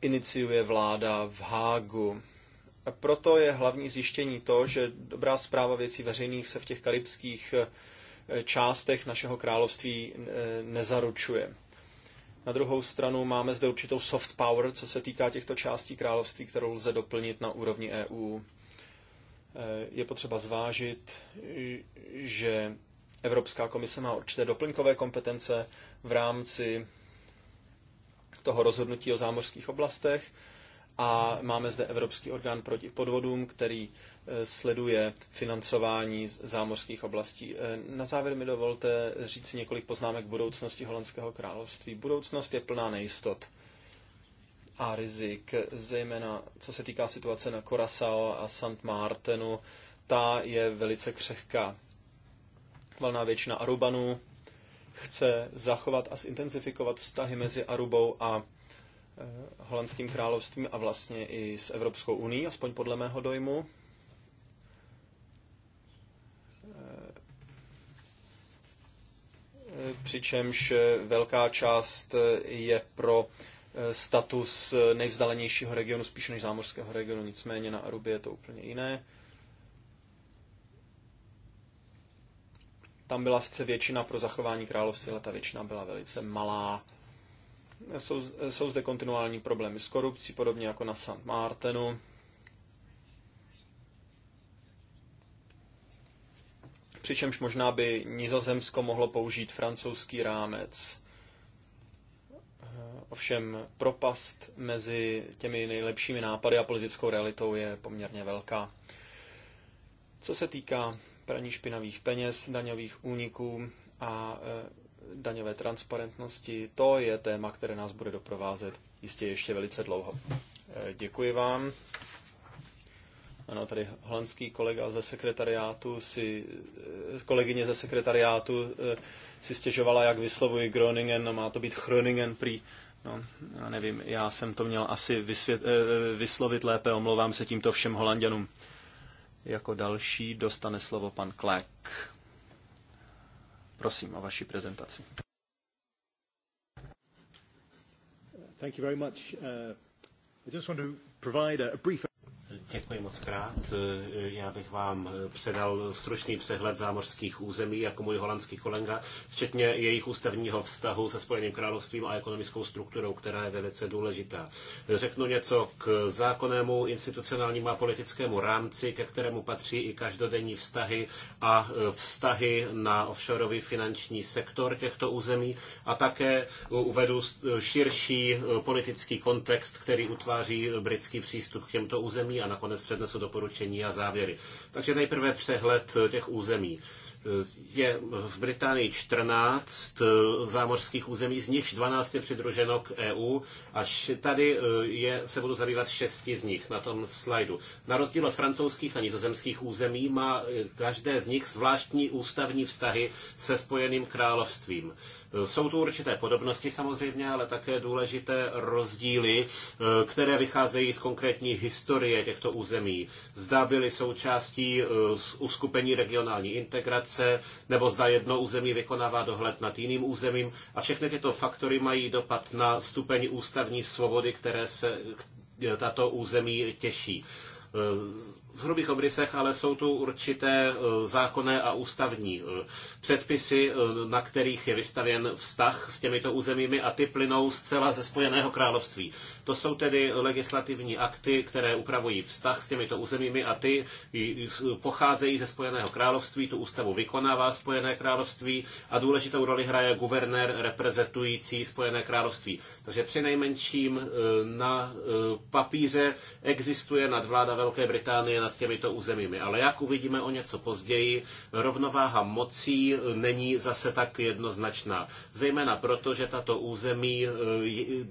iniciuje vláda v Hágu. Proto je hlavní zjištění to, že dobrá zpráva věcí veřejných se v těch karibských eh, částech našeho království eh, nezaručuje. Na druhou stranu máme zde určitou soft power, co se týká těchto částí království, kterou lze doplnit na úrovni EU. Eh, je potřeba zvážit, že Evropská komise má určité doplňkové kompetence v rámci toho rozhodnutí o zámořských oblastech a máme zde Evropský orgán proti podvodům, který eh, sleduje financování z zámořských oblastí. Eh, na závěr mi dovolte říct několik poznámek budoucnosti Holandského království. Budoucnost je plná nejistot a rizik, zejména co se týká situace na Curaçao a St. Martinu, ta je velice křehká. Valná většina Arubanů chce zachovat a zintenzifikovat vztahy mezi Arubou a Eh, holandským královstvím a vlastně i s Evropskou uní, aspoň podle mého dojmu. Eh, přičemž velká část je pro eh, status nejvzdalenějšího regionu, spíše než zámořského regionu, nicméně na Arubě je to úplně jiné. Tam byla sice většina pro zachování království, ale ta většina byla velice malá jsou, jsou zde kontinuální problémy s korupcí, podobně jako na St. Martinu. Přičemž možná by Nizozemsko mohlo použít francouzský rámec. Ovšem propast mezi těmi nejlepšími nápady a politickou realitou je poměrně velká. Co se týká praní špinavých peněz, daňových úniků a e, daňové transparentnosti, to je téma, které nás bude doprovázet jistě ještě velice dlouho. Eh, děkuji vám. Ano, tady holandský kolega ze sekretariátu si, eh, kolegyně ze sekretariátu eh, si stěžovala, jak vyslovuji Groningen, no má to být Groningen prý. No, já nevím, já jsem to měl asi vysvět, vyslovit lépe, omlouvám se tímto všem holanděnům. Jako další dostane slovo pan Klek. Prosím o vaši prezentaci. Thank you very much. Uh, I just want to provide a, a brief Děkuji moc krát. Já bych vám předal stručný přehled zámořských území, jako můj holandský kolega, včetně jejich ústavního vztahu se Spojeným královstvím a ekonomickou strukturou, která je velice důležitá. Řeknu něco k zákonnému, institucionálnímu a politickému rámci, ke kterému patří i každodenní vztahy a vztahy na offshoreový finanční sektor těchto území a také uvedu širší politický kontext, který utváří britský přístup k těmto území a na nakonec přednesu doporučení a závěry. Takže nejprve přehled těch území. Je v Británii 14 e, zámořských území, z nichž 12 je přidruženo k EU, až tady e, je, se budu zabývat šesti z nich na tom slajdu. Na rozdíl od francouzských a nizozemských území má e, každé z nich zvláštní ústavní vztahy se Spojeným královstvím. Jsou tu určité podobnosti samozřejmě, ale také důležité rozdíly, e, které vycházejí z konkrétní historie těchto území. Zda byly součástí e, uskupení regionální integrace, nebo zda jedno území vykonává dohled nad jiným územím. A všechny tyto faktory mají dopad na stupeň ústavní svobody, které se tato území těší e, v hrubých obrysech, ale jsou tu určité e, zákonné a ústavní e, předpisy, e, na kterých je vystavěn vztah s těmito územími a ty plynou zcela ze Spojeného království. To jsou tedy legislativní akty, které upravují vztah s těmito územími a ty pocházejí ze Spojeného království, tu ústavu vykonává Spojené království a důležitou roli hraje guvernér reprezentující Spojené království. Takže při nejmenším na papíře existuje nadvláda Velké Británie na nad těmito územími. Ale jak uvidíme o něco později, rovnováha mocí není zase tak jednoznačná. Zejména proto, že tato území eh,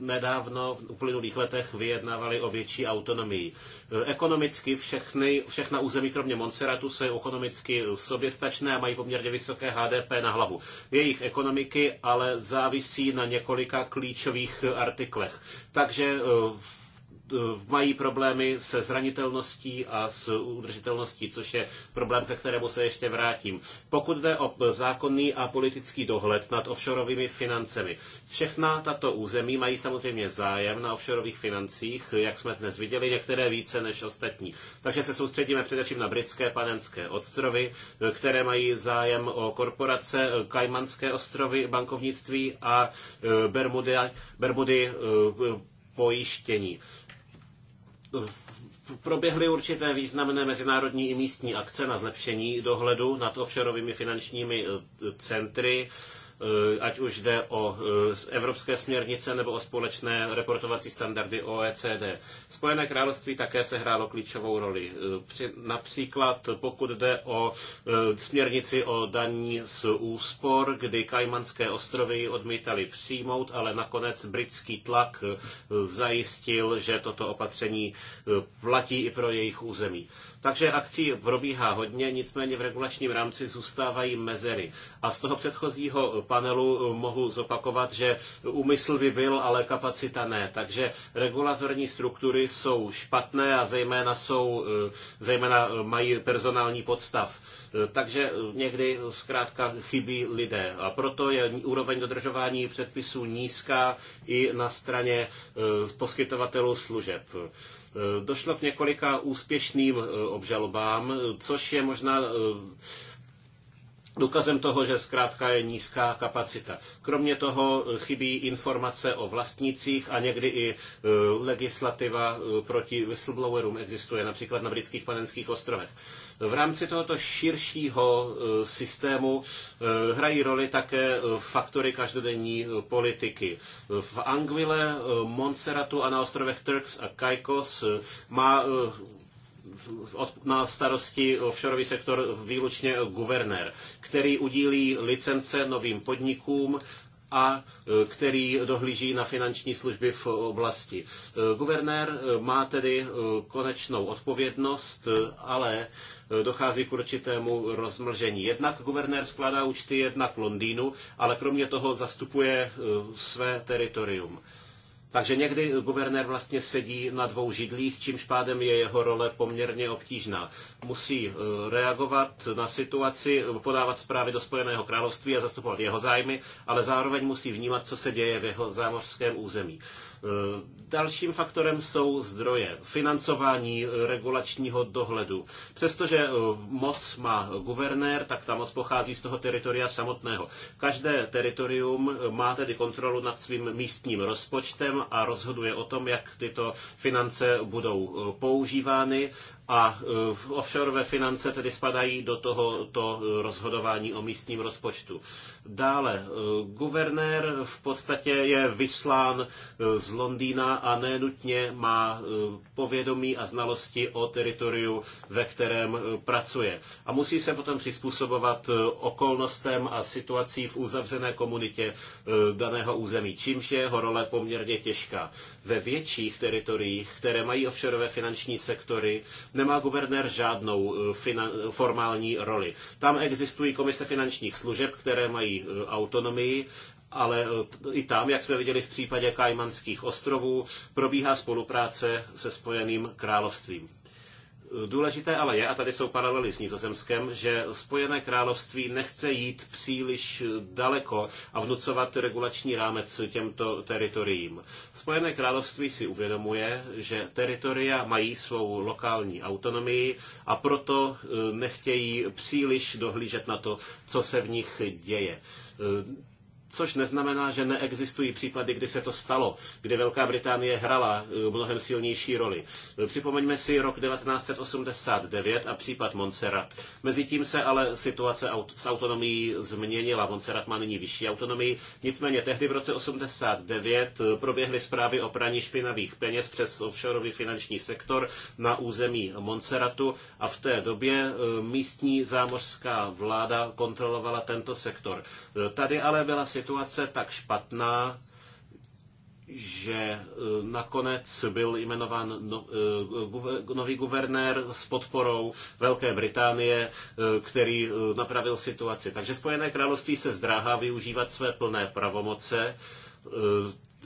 nedávno v uplynulých letech vyjednávali o větší autonomii. Eh, ekonomicky všechny, všechna území, kromě Monseratu, jsou ekonomicky soběstačné a mají poměrně vysoké HDP na hlavu. Jejich ekonomiky ale závisí na několika klíčových eh, artiklech. Takže v Eh, mají problémy se zranitelností a s udržitelností, což je problém, ke kterému se ještě vrátím. Pokud jde o zákonný a politický dohled nad offshoreovými financemi, všechna tato území mají samozřejmě zájem na offshoreových financích, jak jsme dnes viděli, některé více než ostatní. Takže se soustředíme především na britské panenské ostrovy, eh, které mají zájem o korporace, eh, Kajmanské ostrovy, bankovnictví a Bermudy, Bermudy pojištění proběhly určité významné mezinárodní i místní akce na zlepšení dohledu nad offshoreovými finančními eh, centry. Eh, ať už jde o eh, evropské směrnice nebo o společné reportovací standardy OECD. Spojené království také sehrálo klíčovou roli. Eh, například pokud jde o směrnici o daní z úspor, kdy Kajmanské ostrovy ji odmítali přijmout, ale nakonec britský tlak zajistil, že toto opatření platí i pro jejich území. Takže akcí probíhá hodně, nicméně v regulačním rámci zůstávají mezery. A z toho předchozího panelu eh, mohu zopakovat, že úmysl by byl, ale kapacita ne. Takže regulatorní struktury jsou špatné a zejména, jsou, eh, zejména eh, mají personální podstav. Takže někdy zkrátka chybí lidé. A proto je úroveň dodržování předpisů nízká i na straně poskytovatelů služeb. Došlo k několika úspěšným obžalobám, což je možná důkazem toho, že zkrátka je nízká kapacita. Kromě toho eh, chybí informace o vlastnících a někdy i eh, legislativa eh, proti whistleblowerům existuje, například na britských panenských ostrovech. V rámci tohoto širšího systému hrají roli také faktory každodenní politiky. V Anguille, Montserratu a na ostrovech Turks a Caicos má na starosti offshoreový sektor výlučně guvernér, který udílí licence novým podnikům a e, který dohlíží na finanční služby v oblasti. E, guvernér e, má tedy konečnou odpovědnost, ale dochází k určitému rozmlžení. Jednak guvernér skládá účty jednak Londýnu, ale kromě toho zastupuje své teritorium. Takže někdy guvernér vlastně sedí na dvou židlích, čímž pádem je jeho role poměrně obtížná. Musí eh, reagovat na situaci, podávat zprávy do Spojeného království a zastupovat jeho zájmy, ale zároveň musí vnímat, co se děje v jeho zámořském území. Eh, dalším faktorem jsou zdroje, financování eh, regulačního dohledu. Přestože eh, moc má guvernér, tak ta moc pochází z toho teritoria samotného. Každé teritorium má tedy kontrolu nad svým místním rozpočtem a rozhoduje o tom, jak tyto finance budou používány a e, offshoreové finance tedy spadají do tohoto e, rozhodování o místním rozpočtu. Dále, e, guvernér v podstatě je vyslán z Londýna a nenutně má povědomí a znalosti o teritoriu, ve kterém pracuje. A musí se potom přizpůsobovat okolnostem a situací v uzavřené komunitě daného území, čímž je jeho role poměrně těžká. Ve větších teritoriích, které mají offshoreové finanční sektory, nemá guvernér žádnou eh, formální roli. Tam existují komise finančních služeb, které mají eh, autonomii ale eh, i tam, jak jsme viděli v případě Kajmanských ostrovů, probíhá spolupráce se Spojeným královstvím. Důležité ale je, a tady jsou paralely s Nizozemskem, že Spojené království nechce jít příliš daleko a vnucovat regulační rámec těmto teritoriím. Spojené království si uvědomuje, že teritoria mají svou lokální autonomii a proto eh, nechtějí příliš dohlížet na to, co se v nich děje. Což neznamená, že neexistují případy, kdy se to stalo, kdy Velká Británie hrala eh, mnohem silnější roli. Připomeňme si rok 1989 a případ Montserrat. Mezitím se ale situace s autonomií změnila. Montserrat má nyní vyšší autonomii. Nicméně tehdy v roce 1989 eh, proběhly zprávy o praní špinavých peněz přes offshoreový finanční sektor na území Montserratu a v té době eh, místní zámořská vláda kontrolovala tento sektor. Tady ale byla situace tak špatná, že e, nakonec byl jmenován no, e, nový guvernér s podporou Velké Británie, e, který napravil situaci. Takže Spojené království se zdráhá využívat své plné pravomoce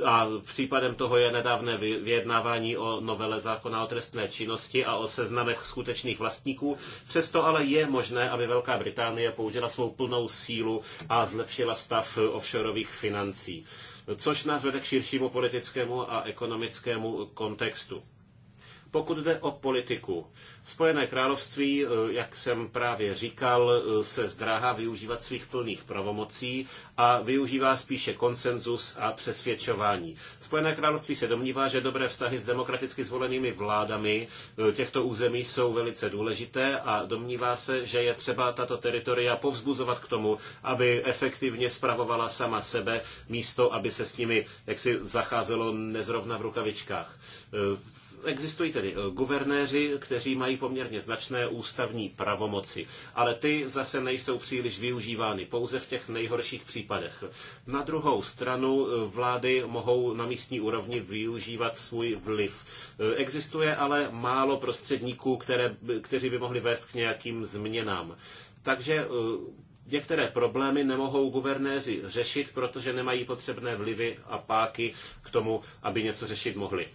a případem toho je nedávné vyjednávání o novele zákona o trestné činnosti a o seznamech skutečných vlastníků. Přesto ale je možné, aby Velká Británie použila svou plnou sílu a zlepšila stav offshoreových financí. Což nás vede k širšímu politickému a ekonomickému kontextu. Pokud jde o politiku, Spojené království, eh, jak jsem právě říkal, eh, se zdráhá využívat svých plných pravomocí a využívá spíše konsenzus a přesvědčování. Spojené království se domnívá, že dobré vztahy s demokraticky zvolenými vládami eh, těchto území jsou velice důležité a domnívá se, že je třeba tato teritoria povzbuzovat k tomu, aby efektivně spravovala sama sebe, místo aby se s nimi jaksi zacházelo nezrovna v rukavičkách Existují tedy eh, guvernéři, kteří mají poměrně značné ústavní pravomoci, ale ty zase nejsou příliš využívány, pouze v těch nejhorších případech. Na druhou stranu eh, vlády mohou na místní úrovni využívat svůj vliv. Eh, existuje ale málo prostředníků, které, kteří by mohli vést k nějakým změnám. Takže Některé problémy nemohou guvernéři řešit, protože nemají potřebné vlivy a páky k tomu, aby něco řešit mohli.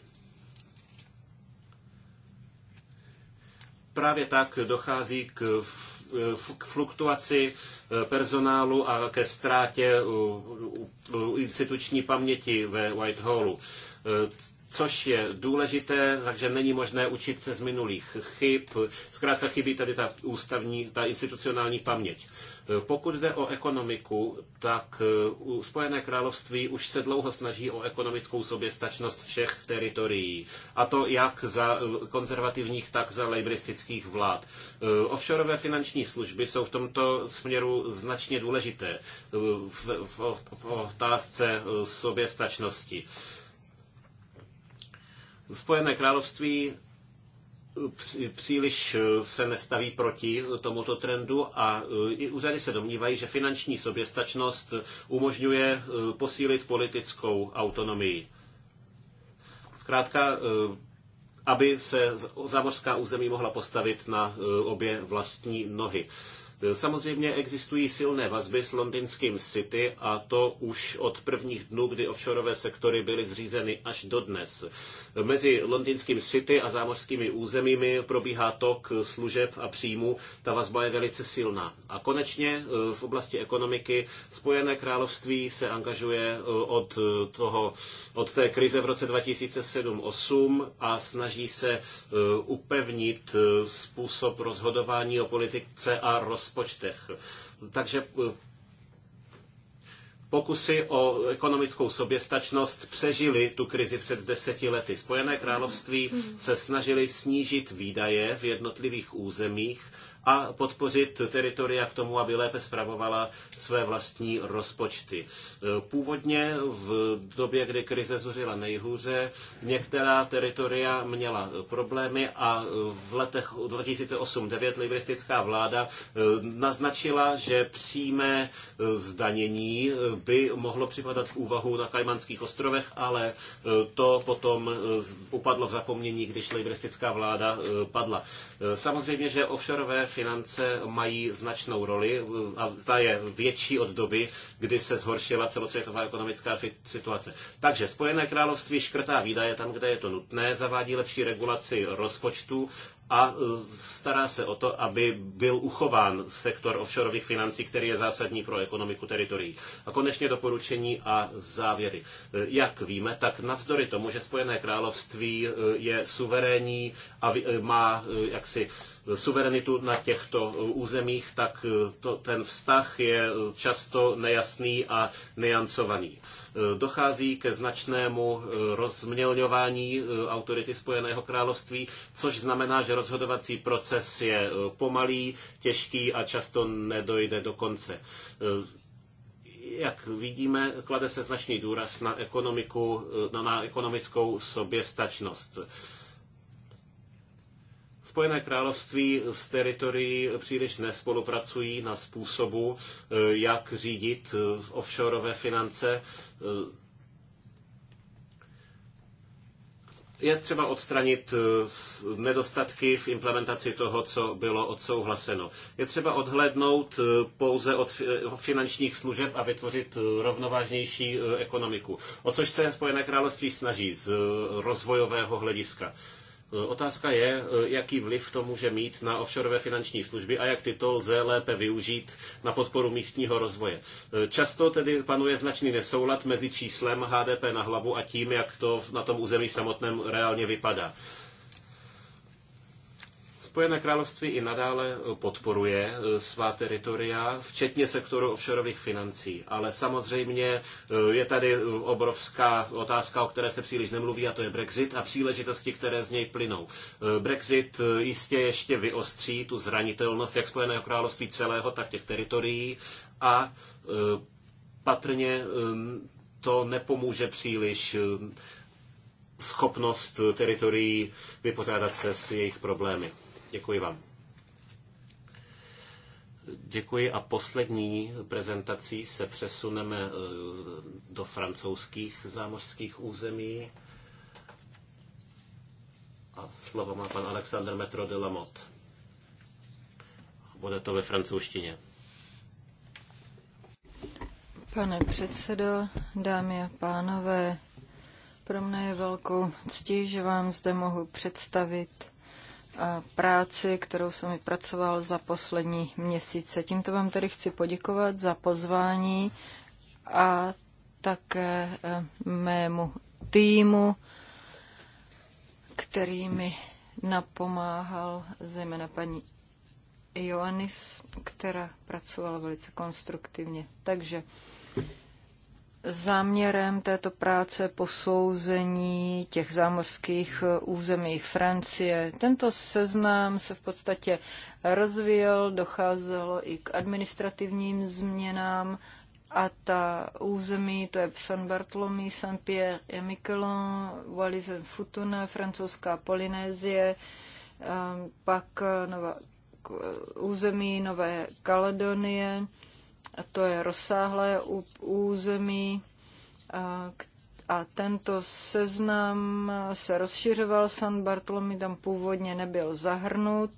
právě tak dochází k k fluktuaci eh, personálu a ke ztrátě instituční paměti ve Whitehallu. Eh, což je důležité, takže není možné učit se z minulých chyb. Zkrátka chybí tady ta ústavní, ta institucionální paměť. Pokud jde o ekonomiku, tak eh, Spojené království už se dlouho snaží o ekonomickou soběstačnost všech teritorií. A to jak za konzervativních, tak za lejbristických vlád. Eh, offshoreové finanční služby jsou v tomto směru značně důležité eh, v, v, v otázce soběstačnosti. Spojené království eh, příliš eh, se nestaví proti eh, tomuto trendu a i úřady se domnívají, že finanční soběstačnost umožňuje posílit politickou autonomii. Zkrátka, aby se zamořská území mohla postavit na obě vlastní nohy. Samozřejmě existují silné vazby s londýnským City a to už od prvních dnů, kdy offshoreové sektory byly zřízeny až do dnes. Mezi londýnským City a zámořskými územími probíhá tok služeb a příjmů. Ta vazba je velice silná. A konečně eh, v oblasti ekonomiky Spojené království se angažuje eh, od, eh, toho, od té krize v roce 2007-2008 a snaží se upevnit způsob rozhodování o politice a roz rozpočtech. Takže eh, pokusy o ekonomickou soběstačnost přežily tu krizi před deseti lety. Spojené království se snažili snížit výdaje v jednotlivých územích a podpořit teritoria k tomu, aby lépe spravovala své vlastní rozpočty. Původně v době, kdy krize zuřila nejhůře, některá teritoria měla problémy a v letech 2008-2009 liberistická vláda eh, naznačila, že přímé eh, zdanění eh, by mohlo připadat v úvahu na Kajmanských ostrovech, ale to potom upadlo v zapomnění, když liberistická vláda padla. Samozřejmě, že offshore finance mají značnou roli a ta je větší od doby, kdy se zhoršila celosvětová ekonomická situace. Takže Spojené království škrtá výdaje tam, kde je to nutné, zavádí lepší regulaci rozpočtu a e, stará se o to, aby byl uchován sektor offshoreových financí, který je zásadní pro ekonomiku teritorií. A konečně doporučení a závěry. E, jak víme, tak navzdory tomu, že Spojené království e, je suverénní a má jaksi suverenitu na těchto uh, územích, tak uh, to, ten vztah je uh, často nejasný a nejancovaný. Dochází ke značnému rozmělňování autority Spojeného království, což znamená, že rozhodovací proces je pomalý, těžký a často nedojde do konce jak vidíme, klade se značný důraz na ekonomiku, na ekonomickou soběstačnost. Spojené království s teritorií příliš nespolupracují na způsobu, eh, jak řídit eh, offshoreové finance. Eh, je třeba odstranit nedostatky v implementaci toho, co bylo odsouhlaseno. Je třeba odhlednout pouze od finančních služeb a vytvořit rovnovážnější ekonomiku, o což se Spojené království snaží z rozvojového hlediska. Eh, otázka je, eh, jaký vliv to může mít na offshoreové finanční služby a jak tyto lze lépe využít na podporu místního rozvoje. Eh, často tedy panuje značný nesoulad mezi číslem HDP na hlavu a tím, jak to na tom území samotném reálně vypadá. Spojené království i nadále eh, podporuje eh, svá teritoria, včetně sektoru offshoreových financí. Ale samozřejmě eh, je tady obrovská otázka, o které se příliš nemluví, a to je Brexit a příležitosti, které z něj plynou. Brexit jistě ještě vyostří tu zranitelnost jak Spojeného království celého, tak těch teritorií a patrně to nepomůže příliš schopnost teritorií vypořádat se s jejich problémy. Děkuji vám. Děkuji a poslední prezentací se přesuneme eh, do francouzských zámořských území. A slovo má pan Alexander Metro de Motte. Bude to ve francouzštině. Pane předsedo, dámy a pánové, pro mne je velkou ctí, že vám zde mohu představit práci, kterou jsem vypracoval za poslední měsíce. Tímto vám tedy chci poděkovat za pozvání a také eh, mému týmu, který mi napomáhal, zejména paní Ioannis, která pracovala velice konstruktivně. Takže Záměrem této práce posouzení těch zámořských eh, území Francie. Tento seznam se v podstatě rozvíjel, docházelo i k administrativním změnám a ta území, to je San Bartolomé, San Pierre et Miquelon, Wallis and Futuna, francouzská Polynésie, eh, pak eh, nová, území Nové Kaledonie, a to je rozsáhlé území a, a tento seznam se rozšiřoval. San Bartolomé tam původně nebyl zahrnut.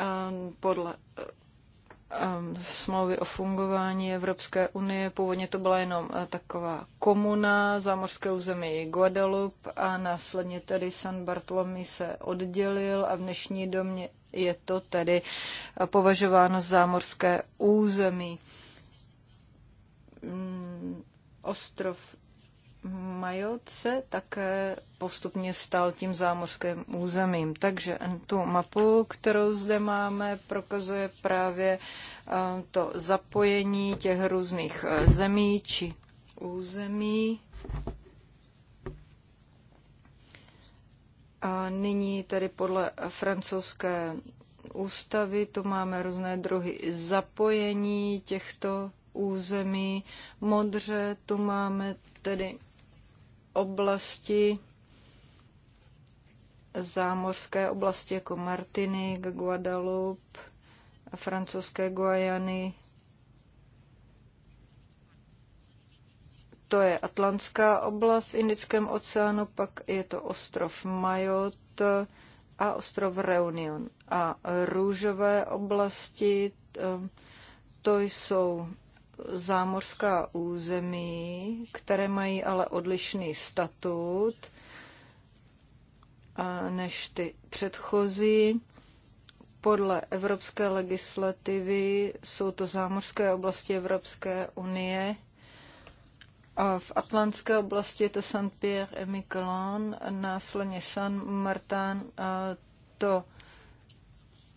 A podle smlouvy o fungování Evropské unie. Původně to byla jenom taková komuna zámořské území Guadeloupe a následně tedy San Bartolomé se oddělil a v dnešní domě, je to tedy považováno za morské území. Mm, ostrov Majot se také postupně stal tím zámořským územím. Takže tu mapu, kterou zde máme, prokazuje právě eh, to zapojení těch různých eh, zemí či území. A nyní tedy podle francouzské ústavy tu máme různé druhy zapojení těchto území. Modře tu máme tedy oblasti, zámořské oblasti jako Martinique, Guadeloupe, francouzské Guajany, To je Atlantská oblast v Indickém oceánu, pak je to ostrov Majot a ostrov Reunion. A růžové oblasti, eh, to jsou zámořská území, které mají ale odlišný statut eh, než ty předchozí. Podle evropské legislativy jsou to zámořské oblasti Evropské unie v atlantské oblasti je to Saint-Pierre et Miquelon, následně San Martin, to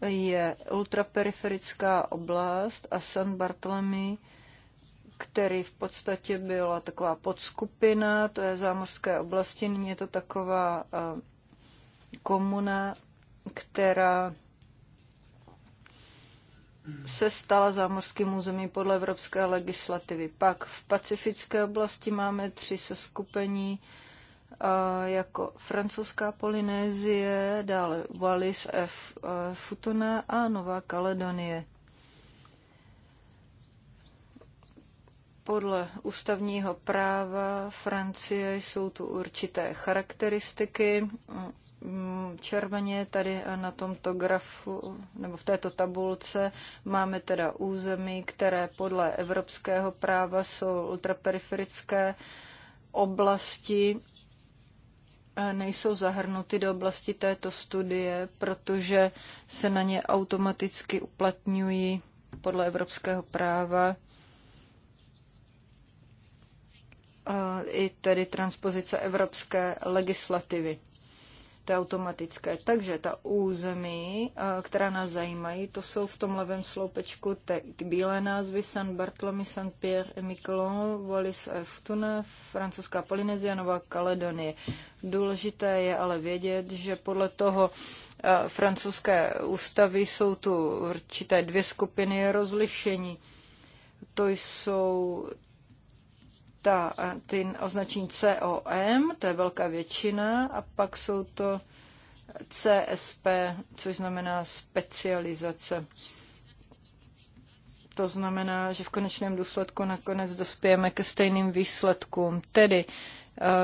je ultraperiferická oblast a San Bartolomé, který v podstatě byla taková podskupina je zámořské oblasti, nyní je to taková komuna, která se stala zámořským územím podle evropské legislativy. Pak v pacifické oblasti máme tři seskupení jako francouzská Polynésie, dále Wallis, F, Futuna a Nová Kaledonie. Podle ústavního práva Francie jsou tu určité charakteristiky Mm, červeně tady eh, na tomto grafu nebo v této tabulce máme teda území, které podle evropského práva jsou ultraperiferické oblasti eh, nejsou zahrnuty do oblasti této studie, protože se na ně automaticky uplatňují podle evropského práva eh, i tedy transpozice evropské legislativy. To je automatické. Takže ta území, eh, která nás zajímají, to jsou v tom levém sloupečku ty bílé názvy San Bartolomé, San Pierre et Miquelon, Wallis et Futuna, francouzská Polynesia, Nová Kaledonie. Důležité je ale vědět, že podle toho eh, francouzské ústavy jsou tu určité dvě skupiny rozlišení. To jsou ta, ty označení COM, to je velká většina, a pak jsou to CSP, což znamená specializace. To znamená, že v konečném důsledku nakonec dospějeme ke stejným výsledkům. Tedy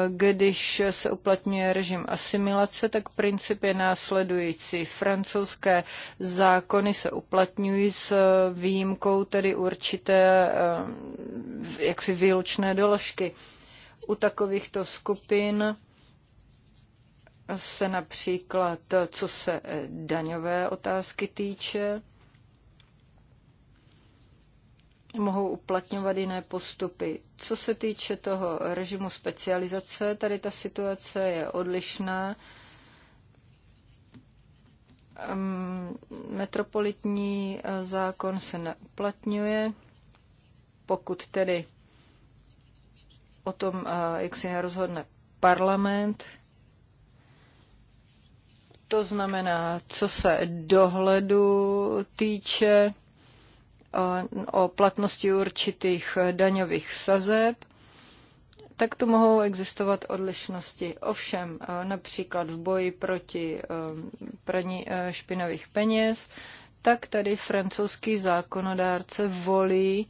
když se uplatňuje režim asimilace, tak princip je následující. Francouzské zákony se uplatňují s výjimkou tedy určité eh, jaksi výlučné doložky. U takovýchto skupin se například, co se daňové otázky týče, mohou uplatňovat jiné postupy. Co se týče toho režimu specializace, tady ta situace je odlišná. Metropolitní eh, zákon se neuplatňuje, pokud tedy o tom, eh, jak se rozhodne parlament, to znamená, co se dohledu týče, o platnosti určitých daňových sazeb, tak tu mohou existovat odlišnosti. Ovšem, e, například v boji proti e, praní e, špinavých peněz, tak tady francouzský zákonodárce volí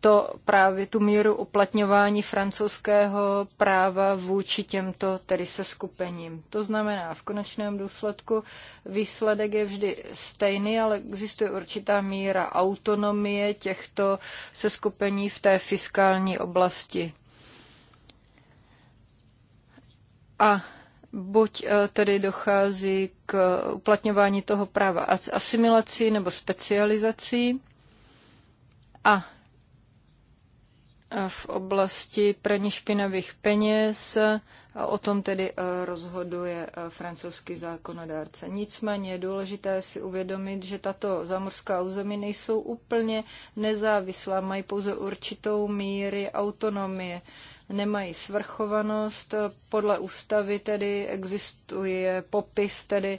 to právě tu míru uplatňování francouzského práva vůči těmto tedy se skupením. To znamená, v konečném důsledku výsledek je vždy stejný, ale existuje určitá míra autonomie těchto se skupení v té fiskální oblasti. A buď eh, tedy dochází k uplatňování toho práva asimilací nebo specializací, a v oblasti praní špinavých peněz. A o tom tedy e, rozhoduje e, francouzský zákonodárce. Nicméně je důležité si uvědomit, že tato zamorská území nejsou úplně nezávislá, mají pouze určitou míry autonomie, nemají svrchovanost. Podle ústavy tedy existuje popis tedy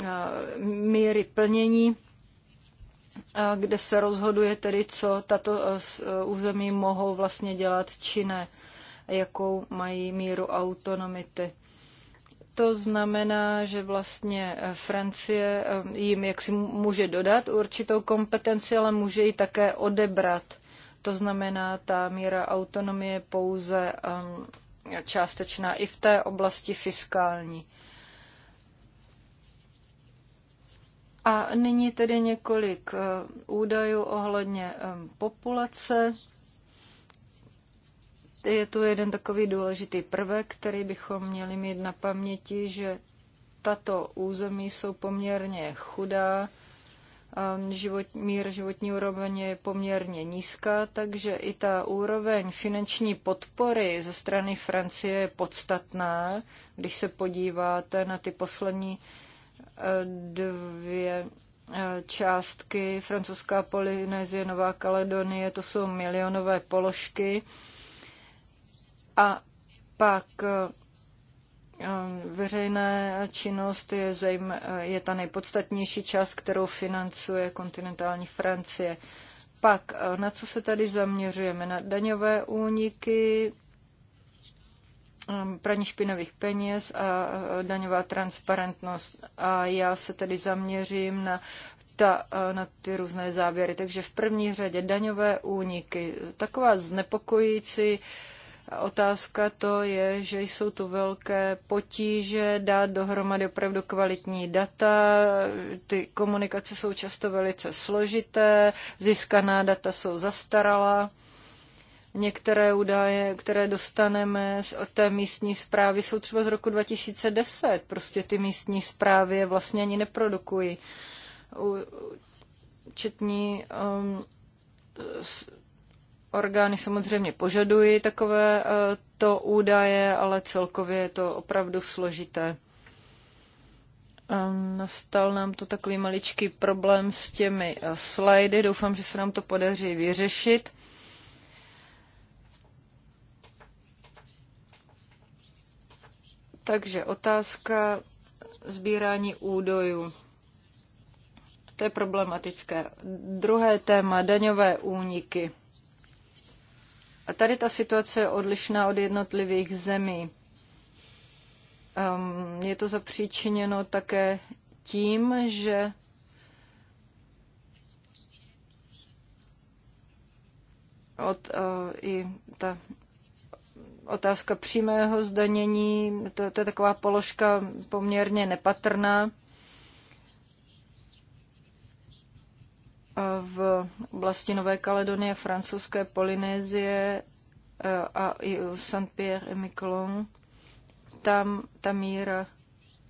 e, míry plnění kde se rozhoduje tedy, co tato eh, eh, území mohou vlastně dělat či ne, jakou mají míru autonomity. To znamená, že vlastně eh, Francie jim jaksi může dodat určitou kompetenci, ale může ji také odebrat. To znamená, ta míra autonomie je pouze um, částečná i v té oblasti fiskální. A nyní tedy několik eh, údajů ohledně populace. Je tu jeden takový důležitý prvek, který bychom měli mít na paměti, že tato území jsou poměrně chudá, život, mír životní úroveň je poměrně nízká, takže i ta úroveň finanční podpory ze strany Francie je podstatná. Když se podíváte na ty poslední dvě eh, částky, francouzská Polynézie, Nová Kaledonie, to jsou milionové položky. A pak eh, eh, veřejná činnost je, zejm je ta nejpodstatnější část, kterou financuje kontinentální Francie. Pak, na co se tady zaměřujeme? Na daňové úniky, Ehm, praní špinavých peněz a daňová transparentnost. A já se tedy zaměřím na ta, na ty různé závěry. Takže v první řadě daňové úniky. Taková znepokojící otázka to je, že jsou tu velké potíže dát dohromady opravdu kvalitní data, ty komunikace jsou často velice složité, získaná data jsou zastaralá Některé údaje, které dostaneme z té místní zprávy, jsou třeba z roku 2010. Prostě ty místní zprávy vlastně ani neprodukují. Četní um, orgány samozřejmě požadují takové uh, to údaje, ale celkově je to opravdu složité. A um, nastal nám to takový maličký problém s těmi uh, slajdy. Doufám, že se nám to podaří vyřešit. Takže otázka sbírání údajů. To je problematické. Druhé téma, daňové úniky. A tady ta situace je odlišná od jednotlivých zemí. Um, je to zapříčiněno také tím, že od, uh, i ta otázka přímého zdanění, to, to je taková položka poměrně nepatrná. v oblasti Nové Kaledonie, francouzské Polynézie eh, a i u Saint-Pierre et Miquelon, tam ta míra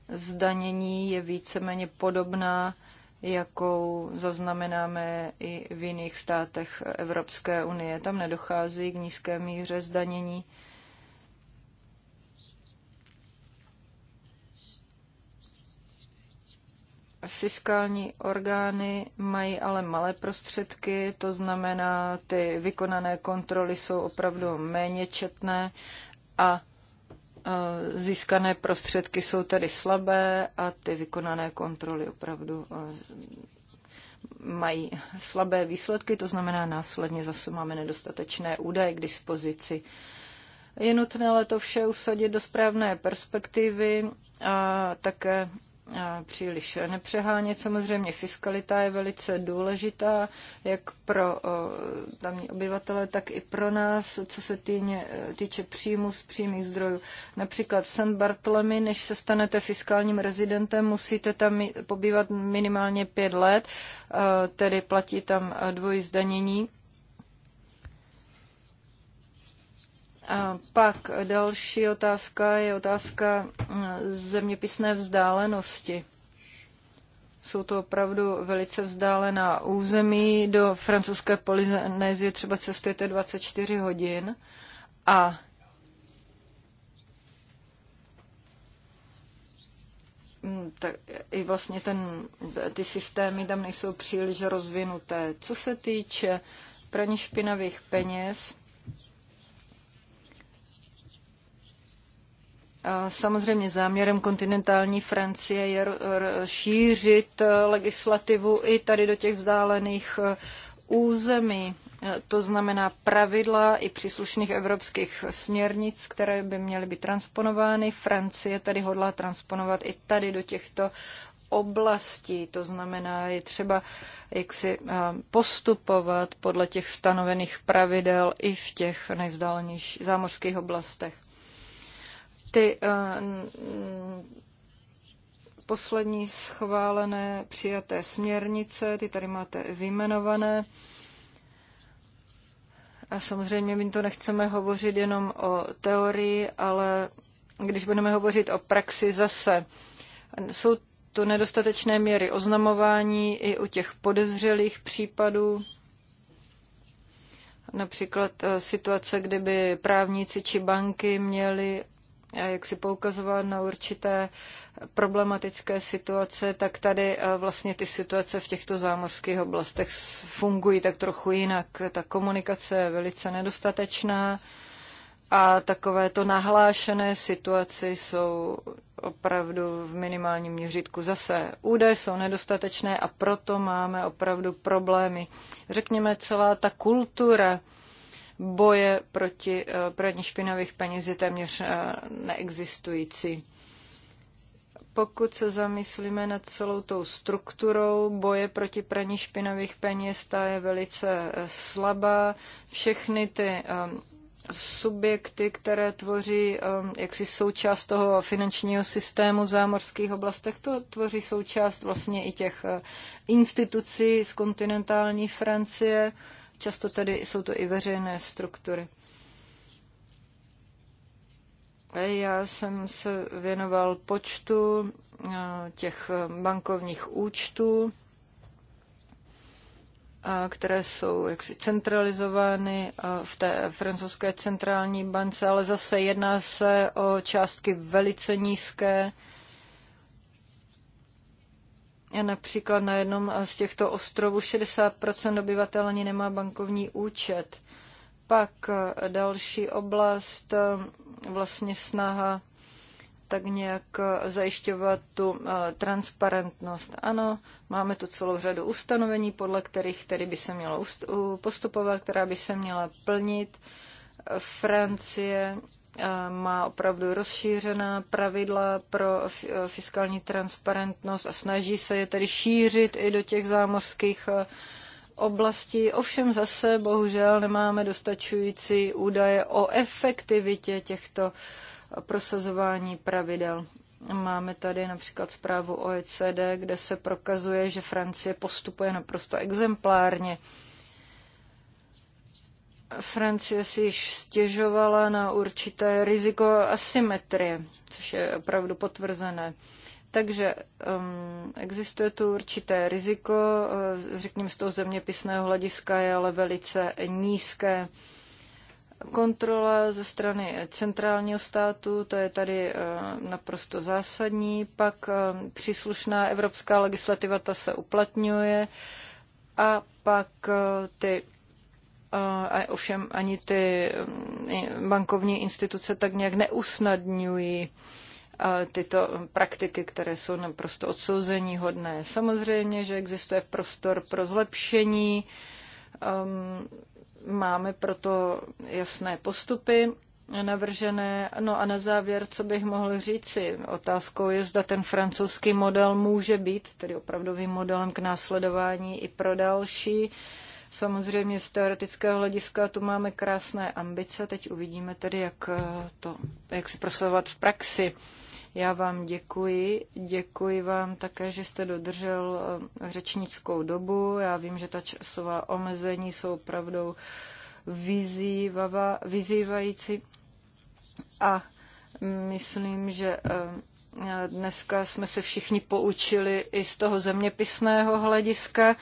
zdanění je víceméně podobná, jakou zaznamenáme i v jiných státech Evropské unie. Tam nedochází k nízké míře zdanění Fiskální orgány mají ale malé prostředky, to znamená, ty vykonané kontroly jsou opravdu méně četné a e, získané prostředky jsou tedy slabé a ty vykonané kontroly opravdu e, mají slabé výsledky, to znamená následně zase máme nedostatečné údaje k dispozici. Je nutné ale to vše usadit do správné perspektivy a také příliš nepřehánět. Samozřejmě fiskalita je velice důležitá, jak pro tamní obyvatele, tak i pro nás, co se týně, týče příjmu z přímých zdrojů. Například v St. Bartlemy, než se stanete fiskálním rezidentem, musíte tam pobývat minimálně pět let, tedy platí tam dvojí zdanění A pak další otázka je otázka mm, zeměpisné vzdálenosti. Jsou to opravdu velice vzdálená území. Do francouzské Polynézie třeba cestujete 24 hodin a mm, tak i vlastně ten, ty systémy tam nejsou příliš rozvinuté. Co se týče praní špinavých peněz, Samozřejmě záměrem kontinentální Francie je šířit eh, legislativu i tady do těch vzdálených eh, území. Eh, to znamená pravidla i příslušných evropských směrnic, které by měly být transponovány. Francie tady hodlá transponovat i tady do těchto oblastí. To znamená, je třeba jak postupovat podle těch stanovených pravidel i v těch nejvzdálenějších zámořských oblastech ty eh, poslední schválené přijaté směrnice, ty tady máte vyjmenované. A samozřejmě my to nechceme hovořit jenom o teorii, ale když budeme hovořit o praxi zase, jsou to nedostatečné měry oznamování i u těch podezřelých případů, například eh, situace, kdyby právníci či banky měli jak si poukazoval na určité problematické situace, tak tady e, vlastně ty situace v těchto zámořských oblastech fungují tak trochu jinak. Ta komunikace je velice nedostatečná a takovéto nahlášené situace jsou opravdu v minimálním měřítku. Zase údaje jsou nedostatečné a proto máme opravdu problémy. Řekněme, celá ta kultura boje proti eh, praní špinavých peněz je téměř eh, neexistující. Pokud se zamyslíme nad celou tou strukturou boje proti praní špinavých peněz, ta je velice eh, slabá. Všechny ty ehm, subjekty, které tvoří ehm, jaksi součást toho finančního systému v zámořských oblastech, to tvoří součást vlastně i těch institucí z kontinentální Francie. Často tady jsou to i veřejné struktury. Já jsem se věnoval počtu eh, těch bankovních účtů, eh, které jsou jaksi centralizovány eh, v té francouzské centrální bance, ale zase jedná se o částky velice nízké. Například na jednom z těchto ostrovů 60 obyvatel ani nemá bankovní účet. Pak eh, další oblast, eh, vlastně snaha tak nějak eh, zajišťovat tu transparentnost. Ano, máme tu celou řadu ustanovení, podle kterých tedy by se mělo postupovat, která by se měla plnit. Francie má opravdu rozšířená pravidla pro e, fiskální transparentnost a snaží se je tedy šířit i do těch zámořských e, oblastí. Ovšem zase bohužel nemáme dostačující údaje o efektivitě těchto prosazování pravidel. Máme tady například zprávu OECD, kde se prokazuje, že Francie postupuje naprosto exemplárně Francie si již stěžovala na určité riziko asymetrie, což je opravdu potvrzené. Takže um, existuje tu určité riziko, eh, řekněme z toho zeměpisného hlediska je ale velice nízké. Kontrola ze strany centrálního státu, to je tady eh, naprosto zásadní. Pak eh, příslušná evropská legislativa, ta se uplatňuje. A pak ty a ovšem ani ty mm, bankovní instituce tak nějak neusnadňují tyto praktiky, které jsou naprosto odsouzení hodné. Samozřejmě, že existuje prostor pro zlepšení, um, máme proto jasné postupy navržené. No a na závěr, co bych mohl říci, otázkou je, zda ten francouzský model může být, tedy opravdovým modelem k následování i pro další Samozřejmě z teoretického hlediska tu máme krásné ambice, teď uvidíme tedy, jak, eh, to, jak se v praxi. Já vám děkuji. Děkuji vám také, že jste dodržel eh, řečnickou dobu. Já vím, že ta časová omezení jsou opravdu vyzývající. A myslím, že eh, dneska jsme se všichni poučili i z toho zeměpisného hlediska.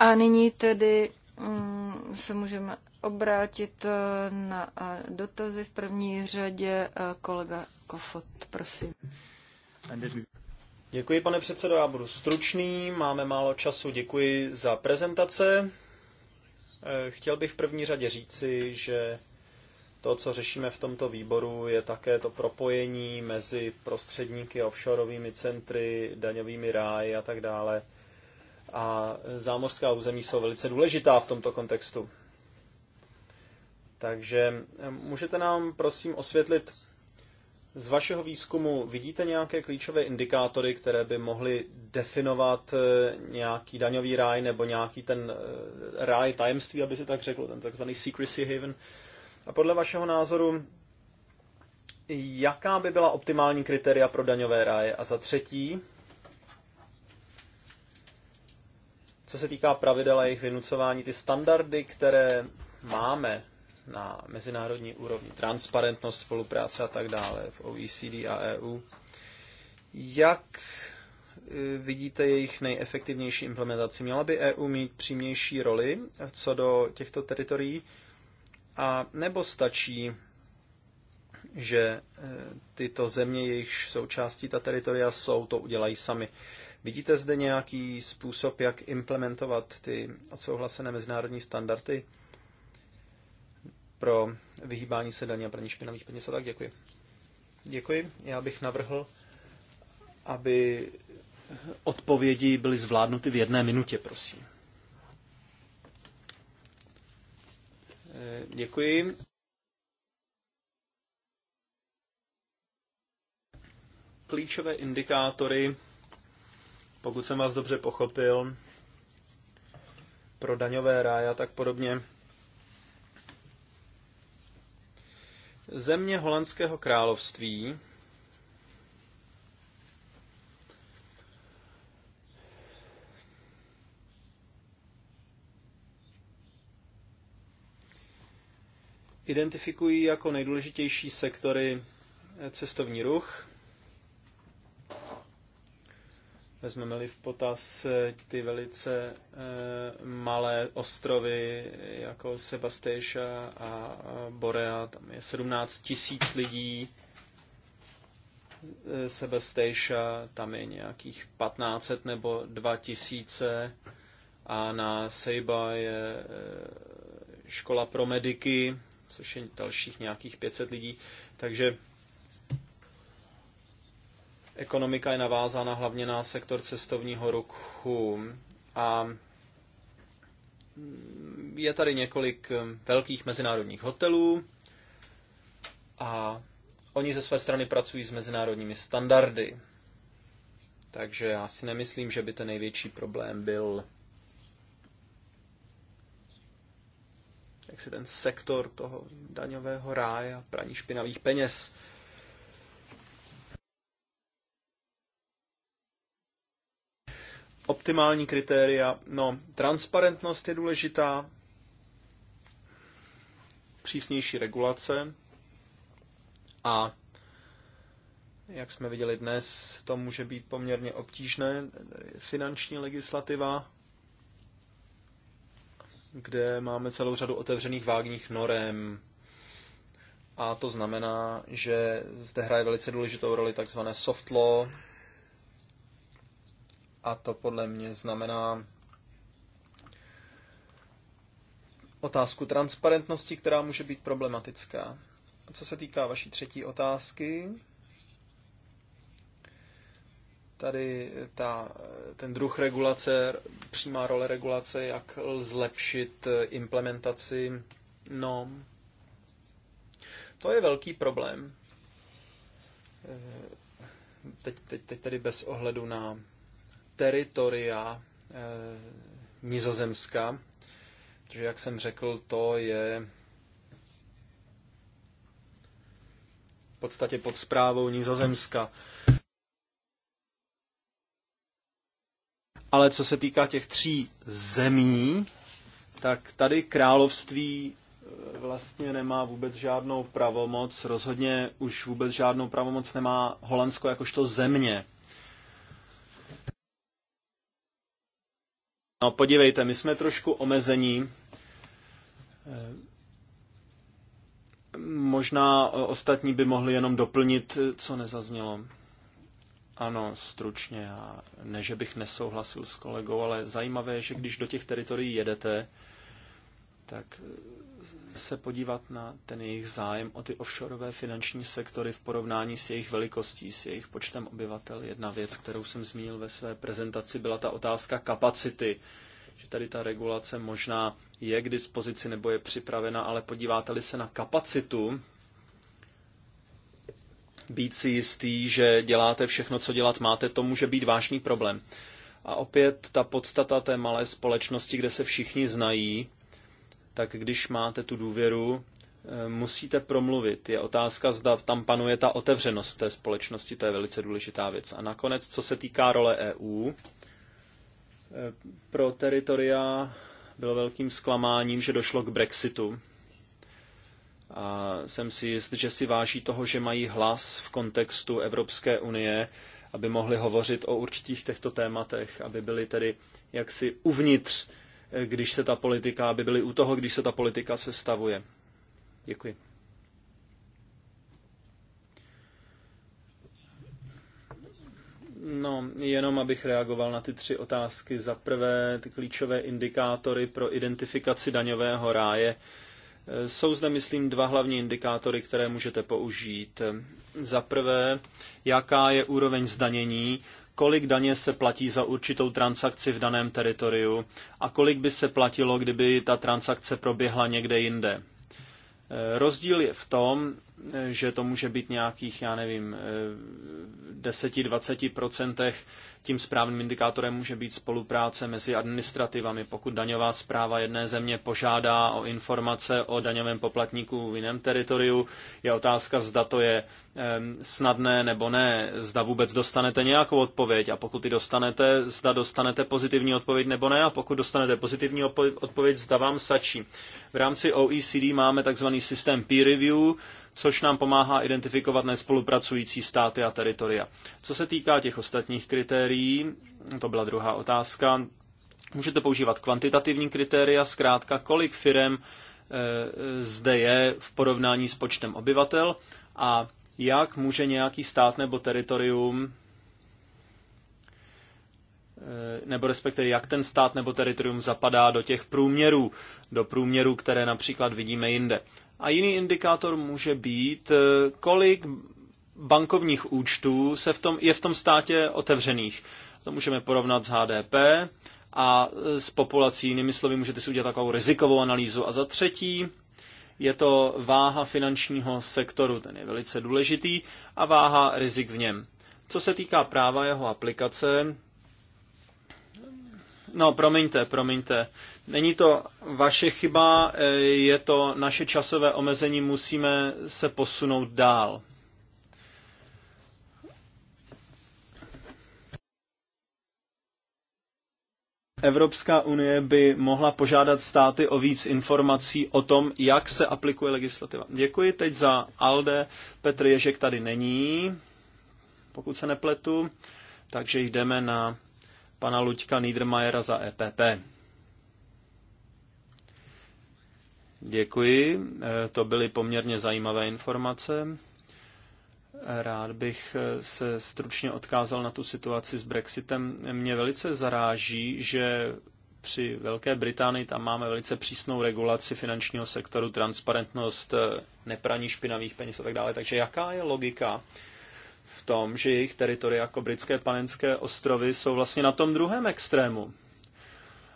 A nyní tedy mm, se můžeme obrátit eh, na eh, dotazy. V první řadě eh, kolega Kofot, prosím. Děkuji, pane předsedo, já budu stručný, máme málo času, děkuji za prezentace. Chtěl bych v první řadě říci, že to, co řešíme v tomto výboru, je také to propojení mezi prostředníky, offshoreovými centry, daňovými ráji a tak dále a zámořská území jsou velice důležitá v tomto kontextu. Takže můžete nám prosím osvětlit, z vašeho výzkumu vidíte nějaké klíčové indikátory, které by mohly definovat e, nějaký daňový ráj nebo nějaký ten e, ráj tajemství, aby se tak řeklo, ten takzvaný secrecy haven? A podle vašeho názoru, jaká by byla optimální kritéria pro daňové ráje? A za třetí, Co se týká pravidel a jejich vynucování, ty standardy, které máme na mezinárodní úrovni, transparentnost, spolupráce a tak dále v OECD a EU, jak e, vidíte jejich nejefektivnější implementaci? Měla by EU mít přímější roli co do těchto teritorií? A nebo stačí, že e, tyto země, jejichž součástí ta teritoria jsou, to udělají sami? Vidíte zde nějaký způsob, jak implementovat ty odsouhlasené mezinárodní standardy pro vyhýbání se daní a praní špinavých peněz a tak? Děkuji. Děkuji. Já bych navrhl, aby odpovědi byly zvládnuty v jedné minutě, prosím. Eh, děkuji. Klíčové indikátory pokud jsem vás dobře pochopil, pro daňové ráje a tak podobně. Země holandského království identifikují jako nejdůležitější sektory cestovní ruch, vezmeme-li v potaz eh, ty velice eh, malé ostrovy jako Sebastéša a Borea, tam je 17 tisíc lidí, eh, Sebastéša, tam je nějakých 1500 nebo 2000 a na Seiba je škola pro mediky, což je dalších nějakých 500 lidí, takže Ekonomika je navázána hlavně na sektor cestovního ruchu a je tady několik eh, velkých mezinárodních hotelů a oni ze své strany pracují s mezinárodními standardy. Takže já si nemyslím, že by ten největší problém byl jak si ten sektor toho daňového ráje a praní špinavých peněz. Optimální kritéria. No, transparentnost je důležitá, přísnější regulace a jak jsme viděli dnes, to může být poměrně obtížné. Finanční legislativa, kde máme celou řadu otevřených vágních norem. A to znamená, že zde hraje velice důležitou roli takzvané soft law, a to podle mě znamená otázku transparentnosti, která může být problematická. A co se týká vaší třetí otázky, tady ta, ten druh regulace, přímá role regulace, jak zlepšit implementaci norm, to je velký problém. Teď, teď, teď tedy bez ohledu na teritoria eh, Nizozemska, protože, jak jsem řekl, to je v podstatě pod zprávou Nizozemska. Ale co se týká těch tří zemí, tak tady království eh, vlastně nemá vůbec žádnou pravomoc, rozhodně už vůbec žádnou pravomoc nemá Holandsko jakožto země. No podívejte, my jsme trošku omezení. Eh, možná eh, ostatní by mohli jenom doplnit, co nezaznělo. Ano, stručně. A ne, že bych nesouhlasil s kolegou, ale zajímavé je, že když do těch teritorií jedete, tak eh, se podívat na ten jejich zájem o ty offshoreové finanční sektory v porovnání s jejich velikostí, s jejich počtem obyvatel. Jedna věc, kterou jsem zmínil ve své prezentaci, byla ta otázka kapacity, že tady ta regulace možná je k dispozici nebo je připravena, ale podíváte-li se na kapacitu, být si jistý, že děláte všechno, co dělat máte, to může být vážný problém. A opět ta podstata té malé společnosti, kde se všichni znají, tak když máte tu důvěru, eh, musíte promluvit. Je otázka, zda tam panuje ta otevřenost té společnosti, to je velice důležitá věc. A nakonec, co se týká role EU, eh, pro teritoria bylo velkým zklamáním, že došlo k Brexitu. A jsem si jist, že si váží toho, že mají hlas v kontextu Evropské unie, aby mohli hovořit o určitých těchto tématech, aby byli tedy jaksi uvnitř když se ta politika, aby byli u toho, když se ta politika sestavuje. Děkuji. No, jenom abych reagoval na ty tři otázky. Za prvé, ty klíčové indikátory pro identifikaci daňového ráje. Jsou zde, myslím, dva hlavní indikátory, které můžete použít. Za prvé, jaká je úroveň zdanění kolik daně se platí za určitou transakci v daném teritoriu a kolik by se platilo, kdyby ta transakce proběhla někde jinde. Rozdíl je v tom, že to může být nějakých, já nevím, 10-20% tím správným indikátorem může být spolupráce mezi administrativami. Pokud daňová zpráva jedné země požádá o informace o daňovém poplatníku v jiném teritoriu, je otázka, zda to je snadné nebo ne, zda vůbec dostanete nějakou odpověď a pokud ji dostanete, zda dostanete pozitivní odpověď nebo ne a pokud dostanete pozitivní odpověď, zda vám sačí. V rámci OECD máme tzv. systém peer review, což nám pomáhá identifikovat nespolupracující státy a teritoria. Co se týká těch ostatních kritérií, to byla druhá otázka, můžete používat kvantitativní kritéria, zkrátka kolik firem eh, zde je v porovnání s počtem obyvatel a jak může nějaký stát nebo teritorium Eh, nebo respektive jak ten stát nebo teritorium zapadá do těch průměrů, do průměrů, které například vidíme jinde. A jiný indikátor může být, eh, kolik bankovních účtů se v tom, je v tom státě otevřených. To můžeme porovnat s HDP a eh, s populací. Jinými slovy, můžete si udělat takovou rizikovou analýzu. A za třetí, je to váha finančního sektoru, ten je velice důležitý, a váha rizik v něm. Co se týká práva jeho aplikace, No, promiňte, promiňte. Není to vaše chyba, eh, je to naše časové omezení, musíme se posunout dál. Evropská unie by mohla požádat státy o víc informací o tom, jak se aplikuje legislativa. Děkuji teď za Alde. Petr Ježek tady není, pokud se nepletu, takže jdeme na pana Luďka Niedermayera za EPP. Děkuji, eh, to byly poměrně zajímavé informace. Rád bych eh, se stručně odkázal na tu situaci s Brexitem. Mě velice zaráží, že při Velké Británii tam máme velice přísnou regulaci finančního sektoru, transparentnost, eh, nepraní špinavých peněz a tak dále. Takže jaká je logika v tom, že jejich teritoria jako britské panenské ostrovy jsou vlastně na tom druhém extrému.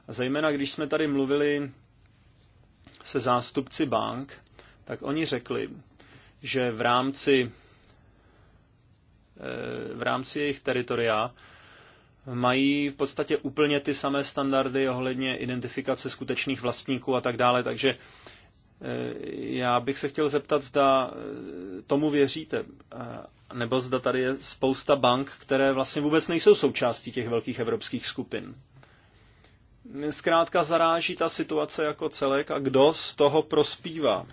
A zejména když jsme tady mluvili se zástupci bank, tak oni řekli, že v rámci, eh, v rámci jejich teritoria mají v podstatě úplně ty samé standardy ohledně identifikace skutečných vlastníků a tak dále, takže eh, já bych se chtěl zeptat, zda eh, tomu věříte nebo zda tady je spousta bank, které vlastně vůbec nejsou součástí těch velkých evropských skupin. Zkrátka zaráží ta situace jako celek a kdo z toho prospívá.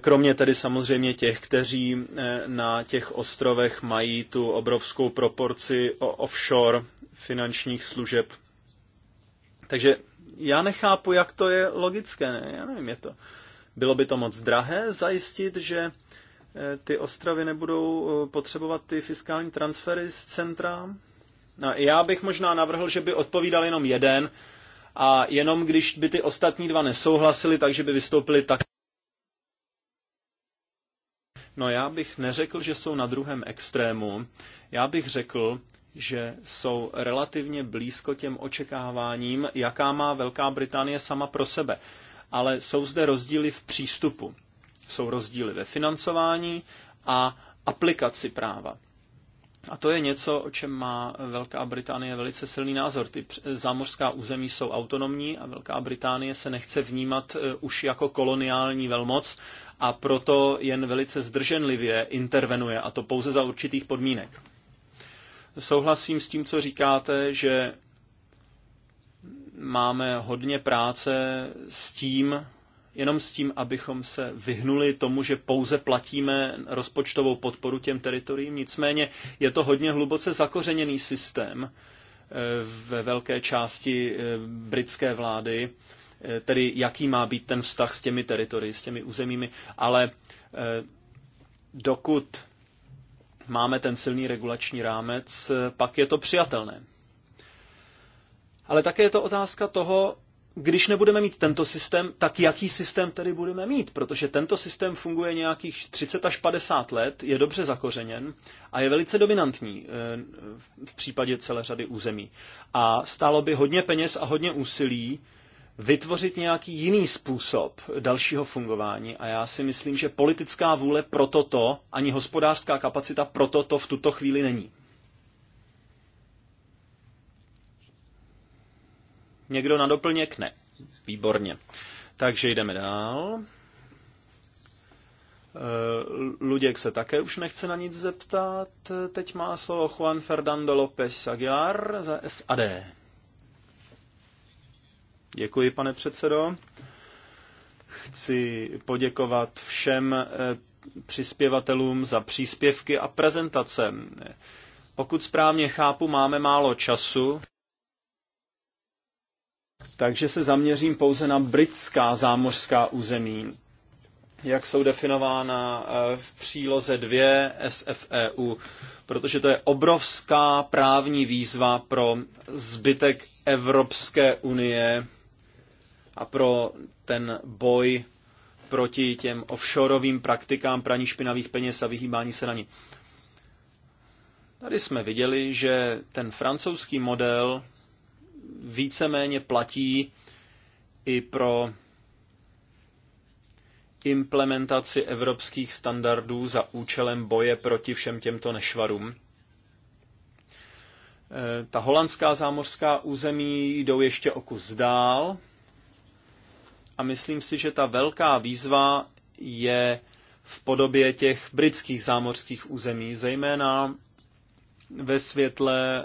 Kromě tedy samozřejmě těch, kteří eh, na těch ostrovech mají tu obrovskou proporci offshore finančních služeb. Takže já nechápu, jak to je logické. Ne? Já nevím, je to. Bylo by to moc drahé zajistit, že ty ostrovy nebudou eh, potřebovat ty fiskální transfery z centra? No, já bych možná navrhl, že by odpovídal jenom jeden a jenom když by ty ostatní dva nesouhlasili, takže by vystoupili tak. No já bych neřekl, že jsou na druhém extrému. Já bych řekl, že jsou relativně blízko těm očekáváním, jaká má Velká Británie sama pro sebe. Ale jsou zde rozdíly v přístupu. Jsou rozdíly ve financování a aplikaci práva. A to je něco, o čem má Velká Británie velice silný názor. Ty zámořská území jsou autonomní a Velká Británie se nechce vnímat e, už jako koloniální velmoc a proto jen velice zdrženlivě intervenuje a to pouze za určitých podmínek. Souhlasím s tím, co říkáte, že máme hodně práce s tím, jenom s tím, abychom se vyhnuli tomu, že pouze platíme rozpočtovou podporu těm teritoriím. Nicméně je to hodně hluboce zakořeněný systém eh, ve velké části eh, britské vlády, eh, tedy jaký má být ten vztah s těmi teritorii, s těmi územími, ale dokud máme ten silný regulační rámec, pak je to přijatelné. Ale také je to otázka toho, když nebudeme mít tento systém, tak jaký systém tedy budeme mít? Protože tento systém funguje nějakých 30 až 50 let, je dobře zakořeněn a je velice dominantní eh, v případě celé řady území. A stálo by hodně peněz a hodně úsilí vytvořit nějaký jiný způsob dalšího fungování a já si myslím, že politická vůle pro toto ani hospodářská kapacita pro toto v tuto chvíli není. Někdo na doplněk? Ne. Výborně. Takže jdeme dál. Eh, Luděk se také už nechce na nic zeptat. Teď má slovo Juan Fernando López Aguilar za SAD. Děkuji, pane předsedo. Chci poděkovat všem eh, přispěvatelům za příspěvky a prezentace. Pokud správně chápu, máme málo času takže se zaměřím pouze na britská zámořská území, jak jsou definována eh, v příloze 2 SFEU, protože to je obrovská právní výzva pro zbytek Evropské unie a pro ten boj proti těm offshoreovým praktikám praní špinavých peněz a vyhýbání se na ní. Tady jsme viděli, že ten francouzský model víceméně platí i pro implementaci evropských standardů za účelem boje proti všem těmto nešvarům. E, ta holandská zámořská území jdou ještě o kus dál a myslím si, že ta velká výzva je v podobě těch britských zámořských území, zejména ve světle e,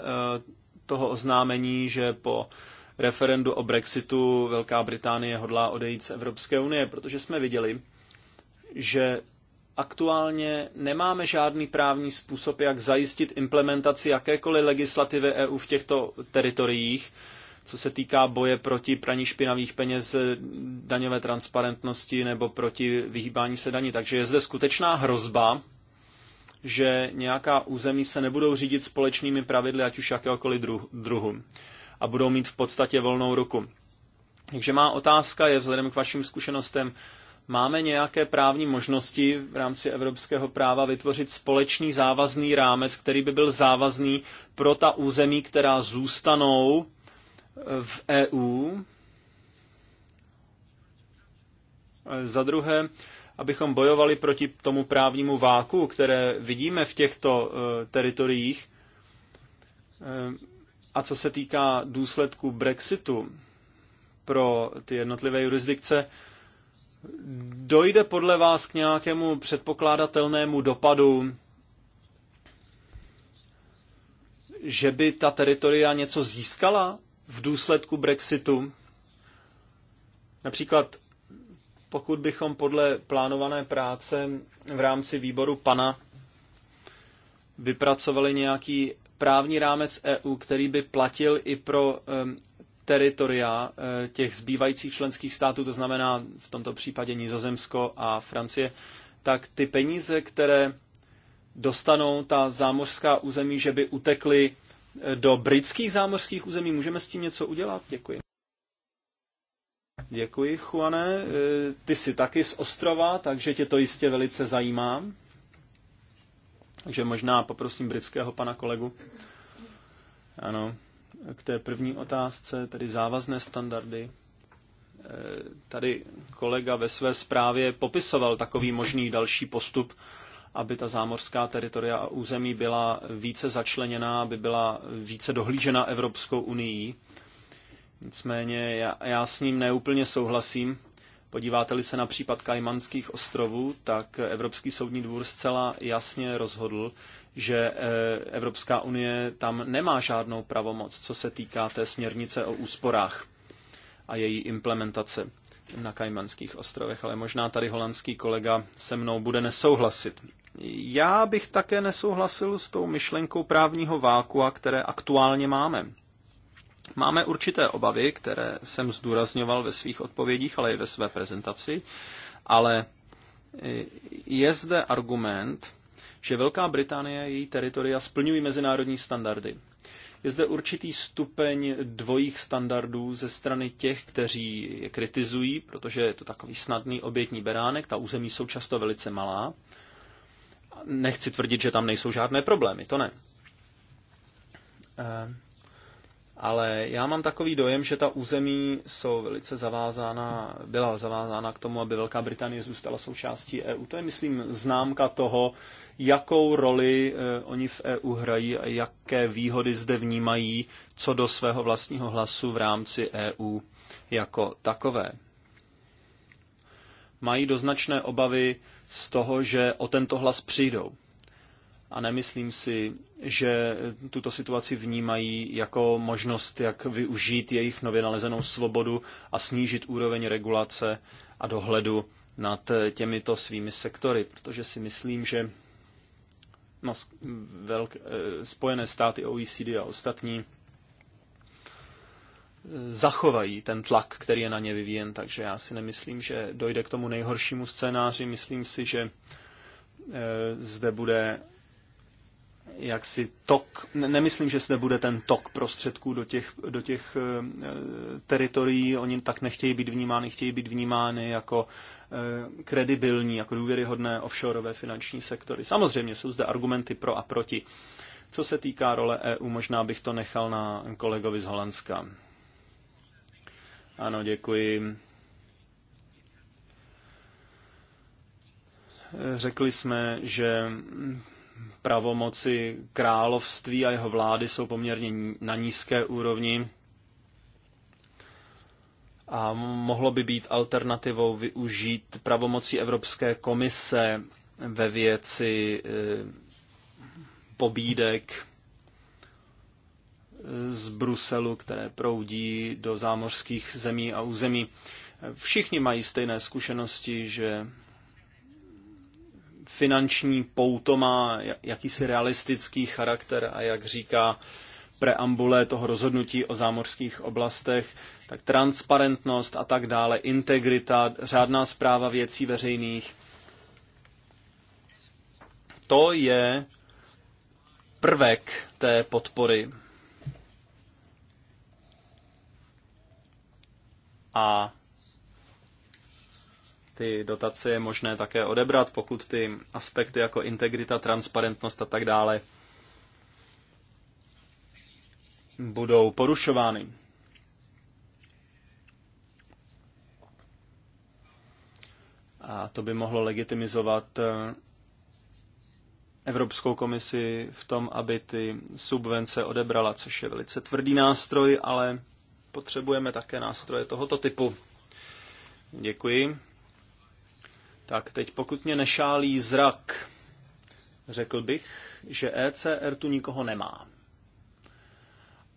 toho oznámení, že po referendu o Brexitu Velká Británie hodlá odejít z Evropské unie, protože jsme viděli, že aktuálně nemáme žádný právní způsob, jak zajistit implementaci jakékoliv legislativy EU v těchto teritoriích, co se týká boje proti praní špinavých peněz, daňové transparentnosti nebo proti vyhýbání se daní. Takže je zde skutečná hrozba, že nějaká území se nebudou řídit společnými pravidly, ať už jakéhokoliv druhu, a budou mít v podstatě volnou ruku. Takže má otázka je vzhledem k vašim zkušenostem, máme nějaké právní možnosti v rámci evropského práva vytvořit společný závazný rámec, který by byl závazný pro ta území, která zůstanou e, v EU. E, za druhé, abychom bojovali proti tomu právnímu váku, které vidíme v těchto eh, teritoriích. Eh, a co se týká důsledků Brexitu pro ty jednotlivé jurisdikce, dojde podle vás k nějakému předpokládatelnému dopadu, že by ta teritoria něco získala v důsledku Brexitu? Například pokud bychom podle plánované práce v rámci výboru PANA vypracovali nějaký právní rámec EU, který by platil i pro teritoria eh, těch zbývajících členských států, to znamená v tomto případě Nizozemsko a Francie, tak ty peníze, které dostanou ta zámořská území, že by utekly eh, do britských zámořských území, můžeme s tím něco udělat? Děkuji. Děkuji, Juane. E, ty jsi taky z ostrova, takže tě to jistě velice zajímá. Takže možná poprosím britského pana kolegu. Ano, k té první otázce, tedy závazné standardy. E, tady kolega ve své zprávě popisoval takový možný další postup, aby ta zámořská teritoria a území byla více začleněná, aby byla více dohlížena Evropskou unii Nicméně já, já s ním neúplně souhlasím. Podíváte-li se na případ Kajmanských ostrovů, tak Evropský soudní dvůr zcela jasně rozhodl, že eh, Evropská unie tam nemá žádnou pravomoc, co se týká té směrnice o úsporách a její implementace na Kajmanských ostrovech, ale možná tady holandský kolega se mnou bude nesouhlasit. Já bych také nesouhlasil s tou myšlenkou právního vákua, které aktuálně máme. Máme určité obavy, které jsem zdůrazňoval ve svých odpovědích, ale i ve své prezentaci, ale e, je zde argument, že Velká Británie a její teritoria splňují mezinárodní standardy. Je zde určitý stupeň dvojích standardů ze strany těch, kteří je kritizují, protože je to takový snadný obětní beránek, ta území jsou často velice malá. Nechci tvrdit, že tam nejsou žádné problémy, to ne. E, ale já mám takový dojem, že ta území jsou velice zavázána, byla zavázána k tomu, aby Velká Británie zůstala součástí EU. To je, myslím, známka toho, jakou roli eh, oni v EU hrají a jaké výhody zde vnímají co do svého vlastního hlasu v rámci EU jako takové. Mají doznačné obavy z toho, že o tento hlas přijdou a nemyslím si, že tuto situaci vnímají jako možnost, jak využít jejich nově nalezenou svobodu a snížit úroveň regulace a dohledu nad těmito svými sektory, protože si myslím, že no, velk, eh, Spojené státy OECD a ostatní eh, zachovají ten tlak, který je na ně vyvíjen, takže já si nemyslím, že dojde k tomu nejhoršímu scénáři. Myslím si, že eh, zde bude jaksi tok, nemyslím, že zde bude ten tok prostředků do těch, do těch eh, teritorií, oni tak nechtějí být vnímány, chtějí být vnímány jako eh, kredibilní, jako důvěryhodné offshoreové finanční sektory. Samozřejmě jsou zde argumenty pro a proti. Co se týká role EU, možná bych to nechal na kolegovi z Holandska. Ano, děkuji. Eh, řekli jsme, že pravomoci království a jeho vlády jsou poměrně na nízké úrovni a mohlo by být alternativou využít pravomocí Evropské komise ve věci eh, pobídek eh, z Bruselu, které proudí do zámořských zemí a území. Všichni mají stejné zkušenosti, že finanční pouto má jakýsi realistický charakter a jak říká preambule toho rozhodnutí o zámořských oblastech, tak transparentnost a tak dále, integrita, řádná zpráva věcí veřejných. To je prvek té podpory. A ty dotace je možné také odebrat, pokud ty aspekty jako integrita, transparentnost a tak dále budou porušovány. A to by mohlo legitimizovat eh, Evropskou komisi v tom, aby ty subvence odebrala, což je velice tvrdý nástroj, ale potřebujeme také nástroje tohoto typu. Děkuji. Tak teď pokud mě nešálí zrak, řekl bych, že ECR tu nikoho nemá.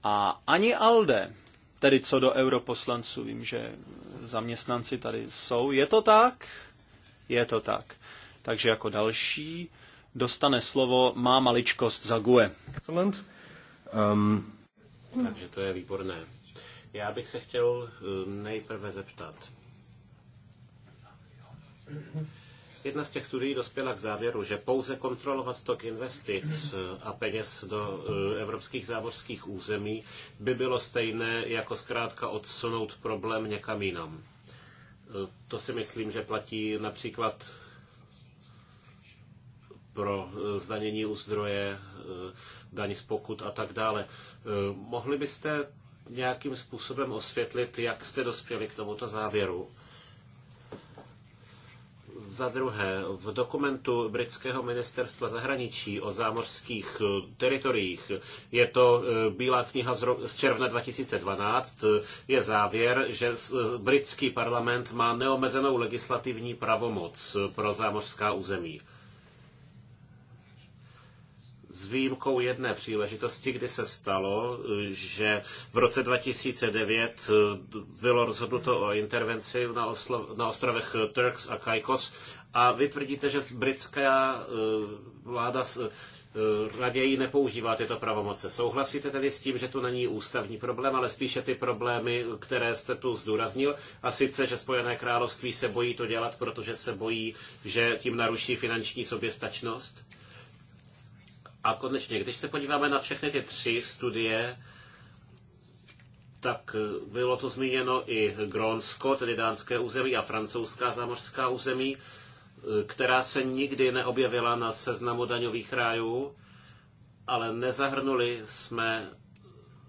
A ani ALDE, tedy co do europoslanců, vím, že zaměstnanci tady jsou. Je to tak? Je to tak. Takže jako další dostane slovo má maličkost za GUE. Excellent. Um... Takže to je výborné. Já bych se chtěl um, nejprve zeptat. Jedna z těch studií dospěla k závěru, že pouze kontrolovat tok investic a peněz do eh, evropských zámořských území by bylo stejné jako zkrátka odsunout problém někam jinam. Eh, to si myslím, že platí například pro eh, zdanění u zdroje, daň z pokut a tak dále. Mohli byste nějakým způsobem osvětlit, jak jste dospěli k tomuto závěru? Za druhé, v dokumentu britského ministerstva zahraničí o zámořských eh, teritoriích je to eh, Bílá kniha z června 2012, eh, je závěr, že britský parlament má neomezenou legislativní pravomoc pro zámořská území s výjimkou jedné příležitosti, kdy se stalo, že v roce 2009 eh, bylo rozhodnuto o intervenci na, oslo, na ostrovech Turks a Caicos a vy tvrdíte, že britská eh, vláda eh, raději nepoužívá tyto pravomoce. Souhlasíte tedy s tím, že tu není ústavní problém, ale spíše ty problémy, které jste tu zdůraznil, a sice, že Spojené království se bojí to dělat, protože se bojí, že tím naruší finanční soběstačnost? A konečně, když se podíváme na všechny ty tři studie, tak eh, bylo to zmíněno i Grónsko, tedy dánské území, a francouzská zámořská území, eh, která se nikdy neobjevila na seznamu daňových rájů, ale nezahrnuli jsme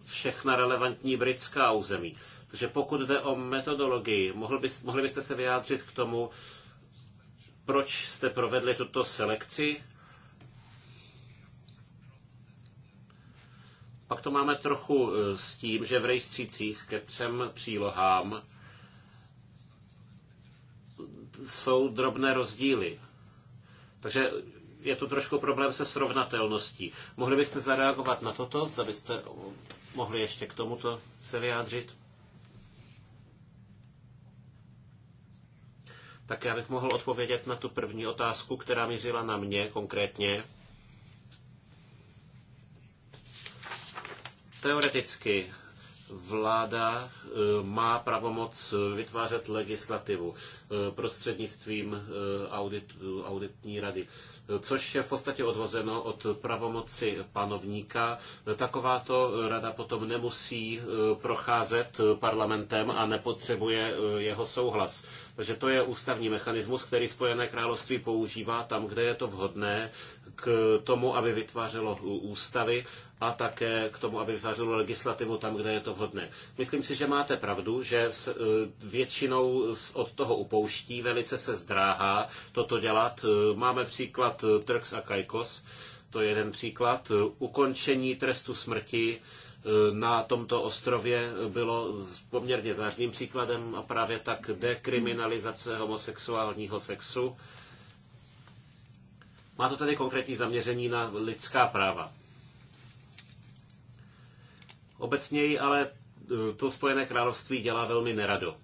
všechna relevantní britská území. Takže pokud jde o metodologii, mohli, bys, mohli byste se vyjádřit k tomu, proč jste provedli tuto selekci Pak to máme trochu e, s tím, že v rejstřících ke třem přílohám jsou drobné rozdíly. Takže je to trošku problém se srovnatelností. Mohli byste zareagovat na toto? Zda byste mohli ještě k tomuto se vyjádřit? Tak já bych mohl odpovědět na tu první otázku, která mířila na mě konkrétně. Teoreticky vláda eh, má pravomoc vytvářet legislativu eh, prostřednictvím eh, audit, auditní rady, což je v podstatě odvozeno od pravomoci panovníka. Takováto rada potom nemusí procházet parlamentem a nepotřebuje jeho souhlas. Takže to je ústavní mechanismus, který Spojené království používá tam, kde je to vhodné, k tomu, aby vytvářelo ústavy a také k tomu, aby vytvářelo legislativu tam, kde je to vhodné. Myslím si, že máte pravdu, že e, většinou od toho upouští, velice se zdráhá toto dělat. E, máme příklad e, Turks a Kaikos, to je jeden příklad. Ukončení trestu smrti na tomto ostrově bylo poměrně zářným příkladem a právě tak dekriminalizace homosexuálního sexu má to tedy konkrétní zaměření na lidská práva. Obecněji ale eh, to Spojené království dělá velmi nerado.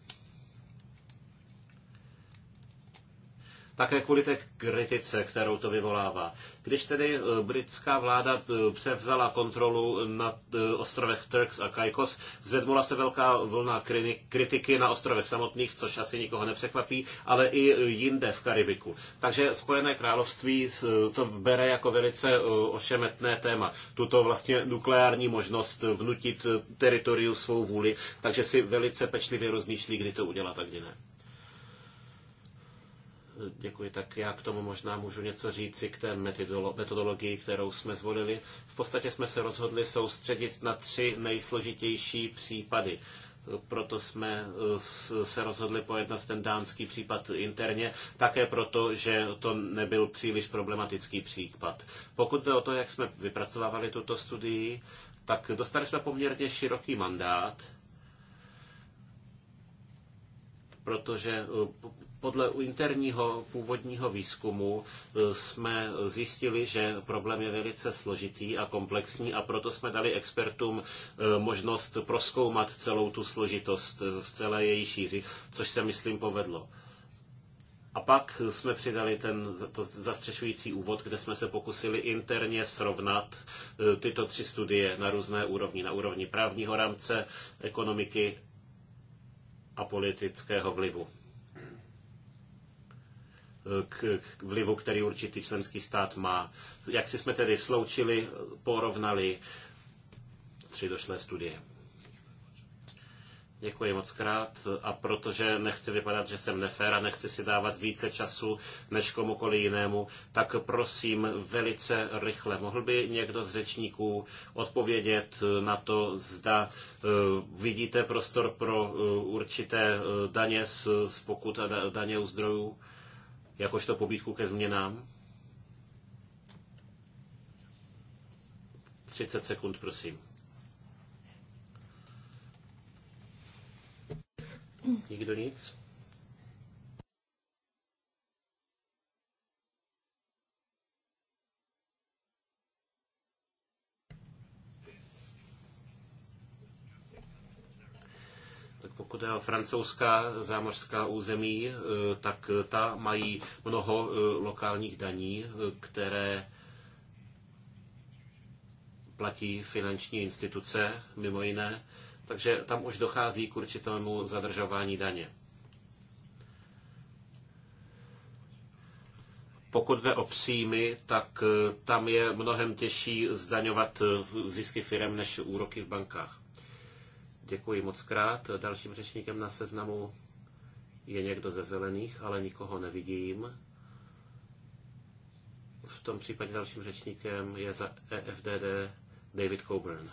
také kvůli té kritice, kterou to vyvolává. Když tedy eh, britská vláda eh, převzala kontrolu nad eh, ostrovech Turks a Caicos, vzedmula se velká vlna kritiky na ostrovech samotných, což asi nikoho nepřekvapí, ale i jinde v Karibiku. Takže Spojené království to bere jako velice ošemetné téma. Tuto vlastně nukleární možnost vnutit teritoriu svou vůli, takže si velice pečlivě rozmýšlí, kdy to udělat a kdy ne. Děkuji, tak já k tomu možná můžu něco říci k té metodologii, kterou jsme zvolili. V podstatě jsme se rozhodli soustředit na tři nejsložitější případy proto jsme eh, se rozhodli pojednat ten dánský případ interně, také proto, že to nebyl příliš problematický případ. Pokud jde o to, jak jsme vypracovávali tuto studii, tak dostali jsme poměrně široký mandát, protože eh, podle interního původního výzkumu e, jsme zjistili, že problém je velice složitý a komplexní a proto jsme dali expertům e, možnost proskoumat celou tu složitost e, v celé její šíři, což se myslím povedlo. A pak jsme přidali ten to zastřešující úvod, kde jsme se pokusili interně srovnat tyto tři studie na různé úrovni. Na úrovni právního rámce, ekonomiky a politického vlivu k, k vlivu, který určitý členský stát má. Jak si jsme tedy sloučili, porovnali tři došlé studie. Děkuji moc krát a protože nechci vypadat, že jsem nefér a nechci si dávat více času než komukoli jinému, tak prosím velice rychle. Mohl by někdo z řečníků odpovědět na to, zda e, vidíte prostor pro e, určité e, daně z, z pokut a daně u zdrojů? jakožto pobídku ke změnám? 30 sekund, prosím. Nikdo nic? Pokud je o francouzská zámořská území, eh, tak ta mají mnoho eh, lokálních daní, eh, které platí finanční instituce, mimo jiné, takže tam už dochází k určitému zadržování daně. Pokud jde o příjmy, tak tam je mnohem těžší zdaňovat zisky firm než úroky v bankách. Děkuji moc krát. Dalším řečníkem na seznamu je někdo ze zelených, ale nikoho nevidím. V tom případě dalším řečníkem je za EFDD David Coburn.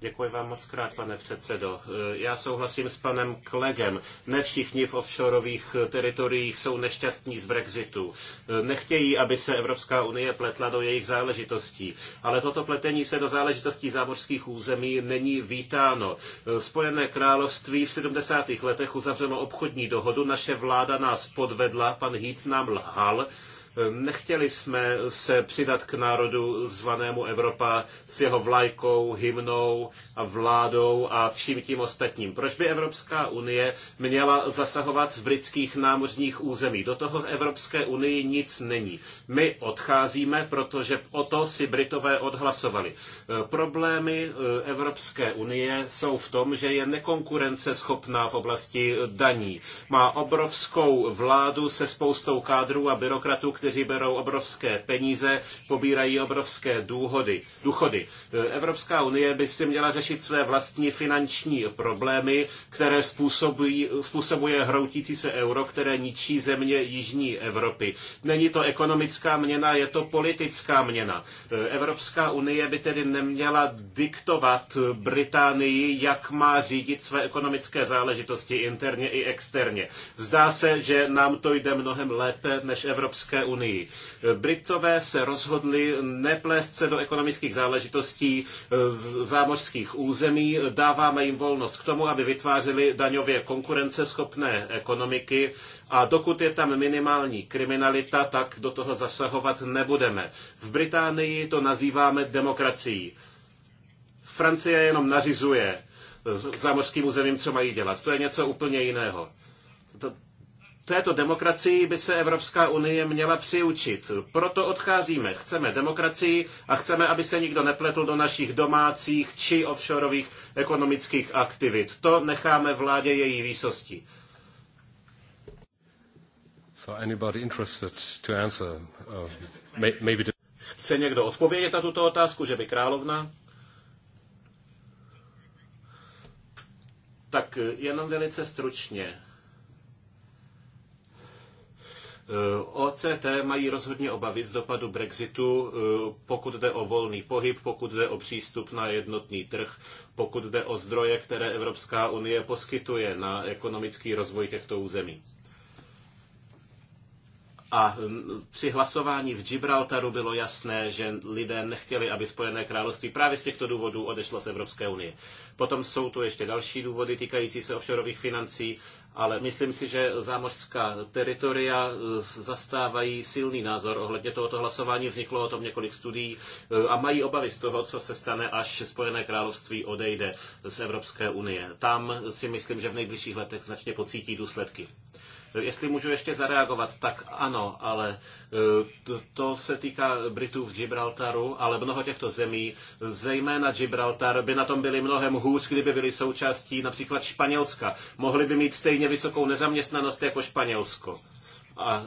Děkuji vám moc krát, pane předsedo. Já souhlasím s panem Klegem. Ne všichni v offshoreových teritoriích jsou nešťastní z Brexitu. Nechtějí, aby se Evropská unie pletla do jejich záležitostí. Ale toto pletení se do záležitostí zámořských území není vítáno. Spojené království v 70. letech uzavřelo obchodní dohodu, naše vláda nás podvedla, pan Heath nám lhal. Nechtěli jsme se přidat k národu zvanému Evropa s jeho vlajkou, hymnou a vládou a vším tím ostatním. Proč by Evropská unie měla zasahovat v britských námořních území? Do toho v Evropské unii nic není. My odcházíme, protože o to si Britové odhlasovali. Problémy eh, Evropské unie jsou v tom, že je nekonkurenceschopná v oblasti daní. Má obrovskou vládu se spoustou kádrů a byrokratů, kteří berou obrovské peníze, pobírají obrovské důhody, důchody. Evropská unie by si měla řešit své vlastní finanční problémy, které způsobují, způsobuje hroutící se euro, které ničí země Jižní Evropy. Není to ekonomická měna, je to politická měna. Evropská unie by tedy neměla diktovat Británii, jak má řídit své ekonomické záležitosti interně i externě. Zdá se, že nám to jde mnohem lépe než Evropské unii unii. Britové se rozhodli neplést se do ekonomických záležitostí zámořských území, dáváme jim volnost k tomu, aby vytvářeli daňově konkurenceschopné ekonomiky a dokud je tam minimální kriminalita, tak do toho zasahovat nebudeme. V Británii to nazýváme demokracií. Francie jenom nařizuje zámořským územím, co mají dělat. To je něco úplně jiného. Této demokracii by se Evropská unie měla přiučit. Proto odcházíme. Chceme demokracii a chceme, aby se nikdo nepletl do našich domácích či offshoreových ekonomických aktivit. To necháme vládě její výsosti. So anybody interested to answer, uh, maybe... Chce někdo odpovědět na tuto otázku, že by královna? Tak eh, jenom velice stručně. Eh, OCT mají rozhodně obavy z dopadu Brexitu, eh, pokud jde o volný pohyb, pokud jde o přístup na jednotný trh, pokud jde o zdroje, které Evropská unie poskytuje na ekonomický rozvoj těchto území. A hm, při hlasování v Gibraltaru bylo jasné, že lidé nechtěli, aby Spojené království právě z těchto důvodů odešlo z Evropské unie. Potom jsou tu ještě další důvody týkající se offshoreových financí, ale myslím si, že zámořská teritoria hm, zastávají silný názor ohledně tohoto hlasování. Vzniklo o tom několik studií hm, a mají obavy z toho, co se stane, až Spojené království odejde z Evropské unie. Tam si myslím, že v nejbližších letech značně pocítí důsledky. Jestli můžu ještě zareagovat, tak ano, ale e, to se týká Britů v Gibraltaru, ale mnoho těchto zemí, zejména Gibraltar, by na tom byli mnohem hůř, kdyby byli součástí například Španělska. Mohli by mít stejně vysokou nezaměstnanost jako Španělsko. A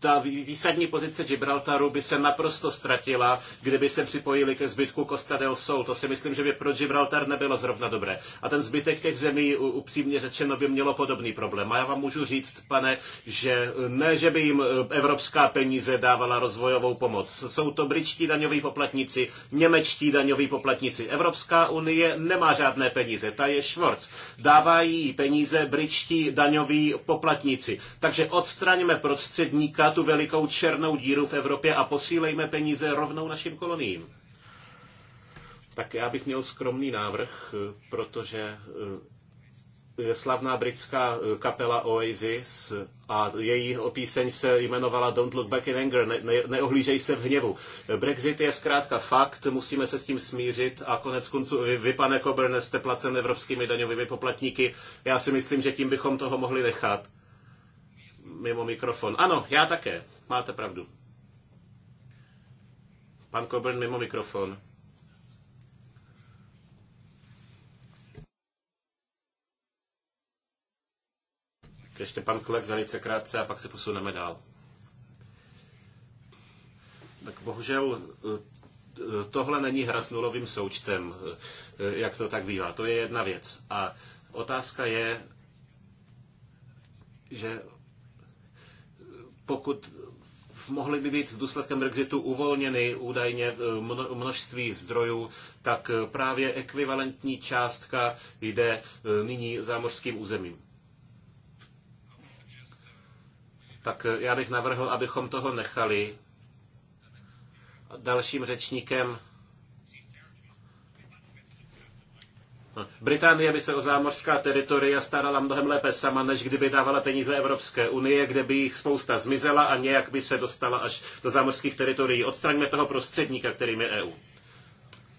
ta výsadní pozice Gibraltaru by se naprosto ztratila, kdyby se připojili ke zbytku Costa del Sol. To si myslím, že by pro Gibraltar nebylo zrovna dobré. A ten zbytek těch zemí, upřímně řečeno, by mělo podobný problém. A já vám můžu říct, pane, že ne, že by jim eh, evropská peníze dávala rozvojovou pomoc. Jsou to britští daňoví poplatníci, němečtí daňoví poplatníci. Evropská unie nemá žádné peníze, ta je švorc. Dávají peníze britští daňoví poplatníci. Takže odstraňme prostředníka za tu velikou černou díru v Evropě a posílejme peníze rovnou našim koloniím. Tak já bych měl skromný návrh, protože eh, slavná britská eh, kapela Oasis a její píseň se jmenovala Don't Look Back in Anger, ne, ne, neohlížej se v hněvu. Brexit je zkrátka fakt, musíme se s tím smířit a konec konců vy, vy pane Coburn, jste placen evropskými daňovými poplatníky. Já si myslím, že tím bychom toho mohli nechat mimo mikrofon. Ano, já také. Máte pravdu. Pan Coburn mimo mikrofon. Ještě pan Klek velice krátce a pak se posuneme dál. Tak bohužel eh, tohle není hra s nulovým součtem, eh, jak to tak bývá. To je jedna věc. A otázka je, že pokud mohly by být důsledkem Brexitu uvolněny údajně eh, množství zdrojů, tak eh, právě ekvivalentní částka jde eh, nyní zámořským územím. Tak já bych navrhl, abychom toho nechali. Dalším řečníkem Británie by se o zámořská teritoria starala mnohem lépe sama, než kdyby dávala peníze Evropské unie, kde by jich spousta zmizela a nějak by se dostala až do zámořských teritorií. Odstraňme toho prostředníka, kterým je EU.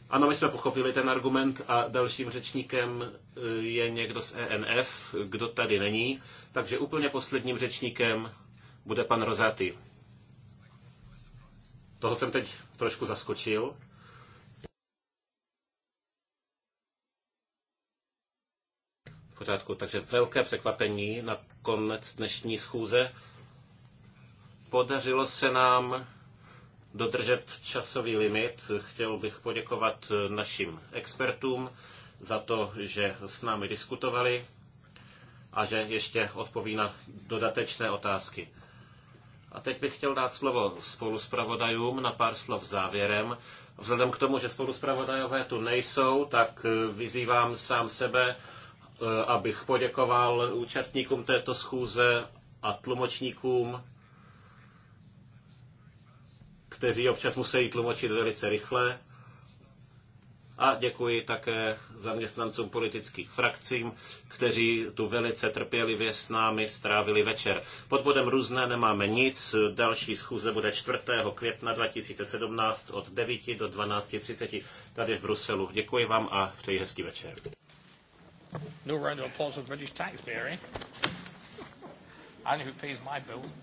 Ano, my jsme pochopili ten argument a dalším řečníkem eh, je někdo z ENF, kdo tady není. Takže úplně posledním řečníkem bude pan Rozaty. Toho jsem teď trošku zaskočil. pořádku, takže velké překvapení na konec dnešní schůze. Podařilo se nám dodržet časový limit. Chtěl bych poděkovat našim expertům za to, že s námi diskutovali a že ještě odpoví na dodatečné otázky. A teď bych chtěl dát slovo spoluspravodajům na pár slov závěrem. Vzhledem k tomu, že spoluspravodajové tu nejsou, tak vyzývám sám sebe, Eh, abych poděkoval účastníkům této schůze a tlumočníkům, kteří občas musí tlumočit velice rychle. A děkuji také zaměstnancům politických frakcím, kteří tu velice trpělivě s námi strávili večer. Pod bodem různé nemáme nic. Další schůze bude 4. května 2017 od 9 do 12.30 tady v Bruselu. Děkuji vám a přeji hezký večer. No round of applause for the British taxpayer, eh? I know who pays my bills.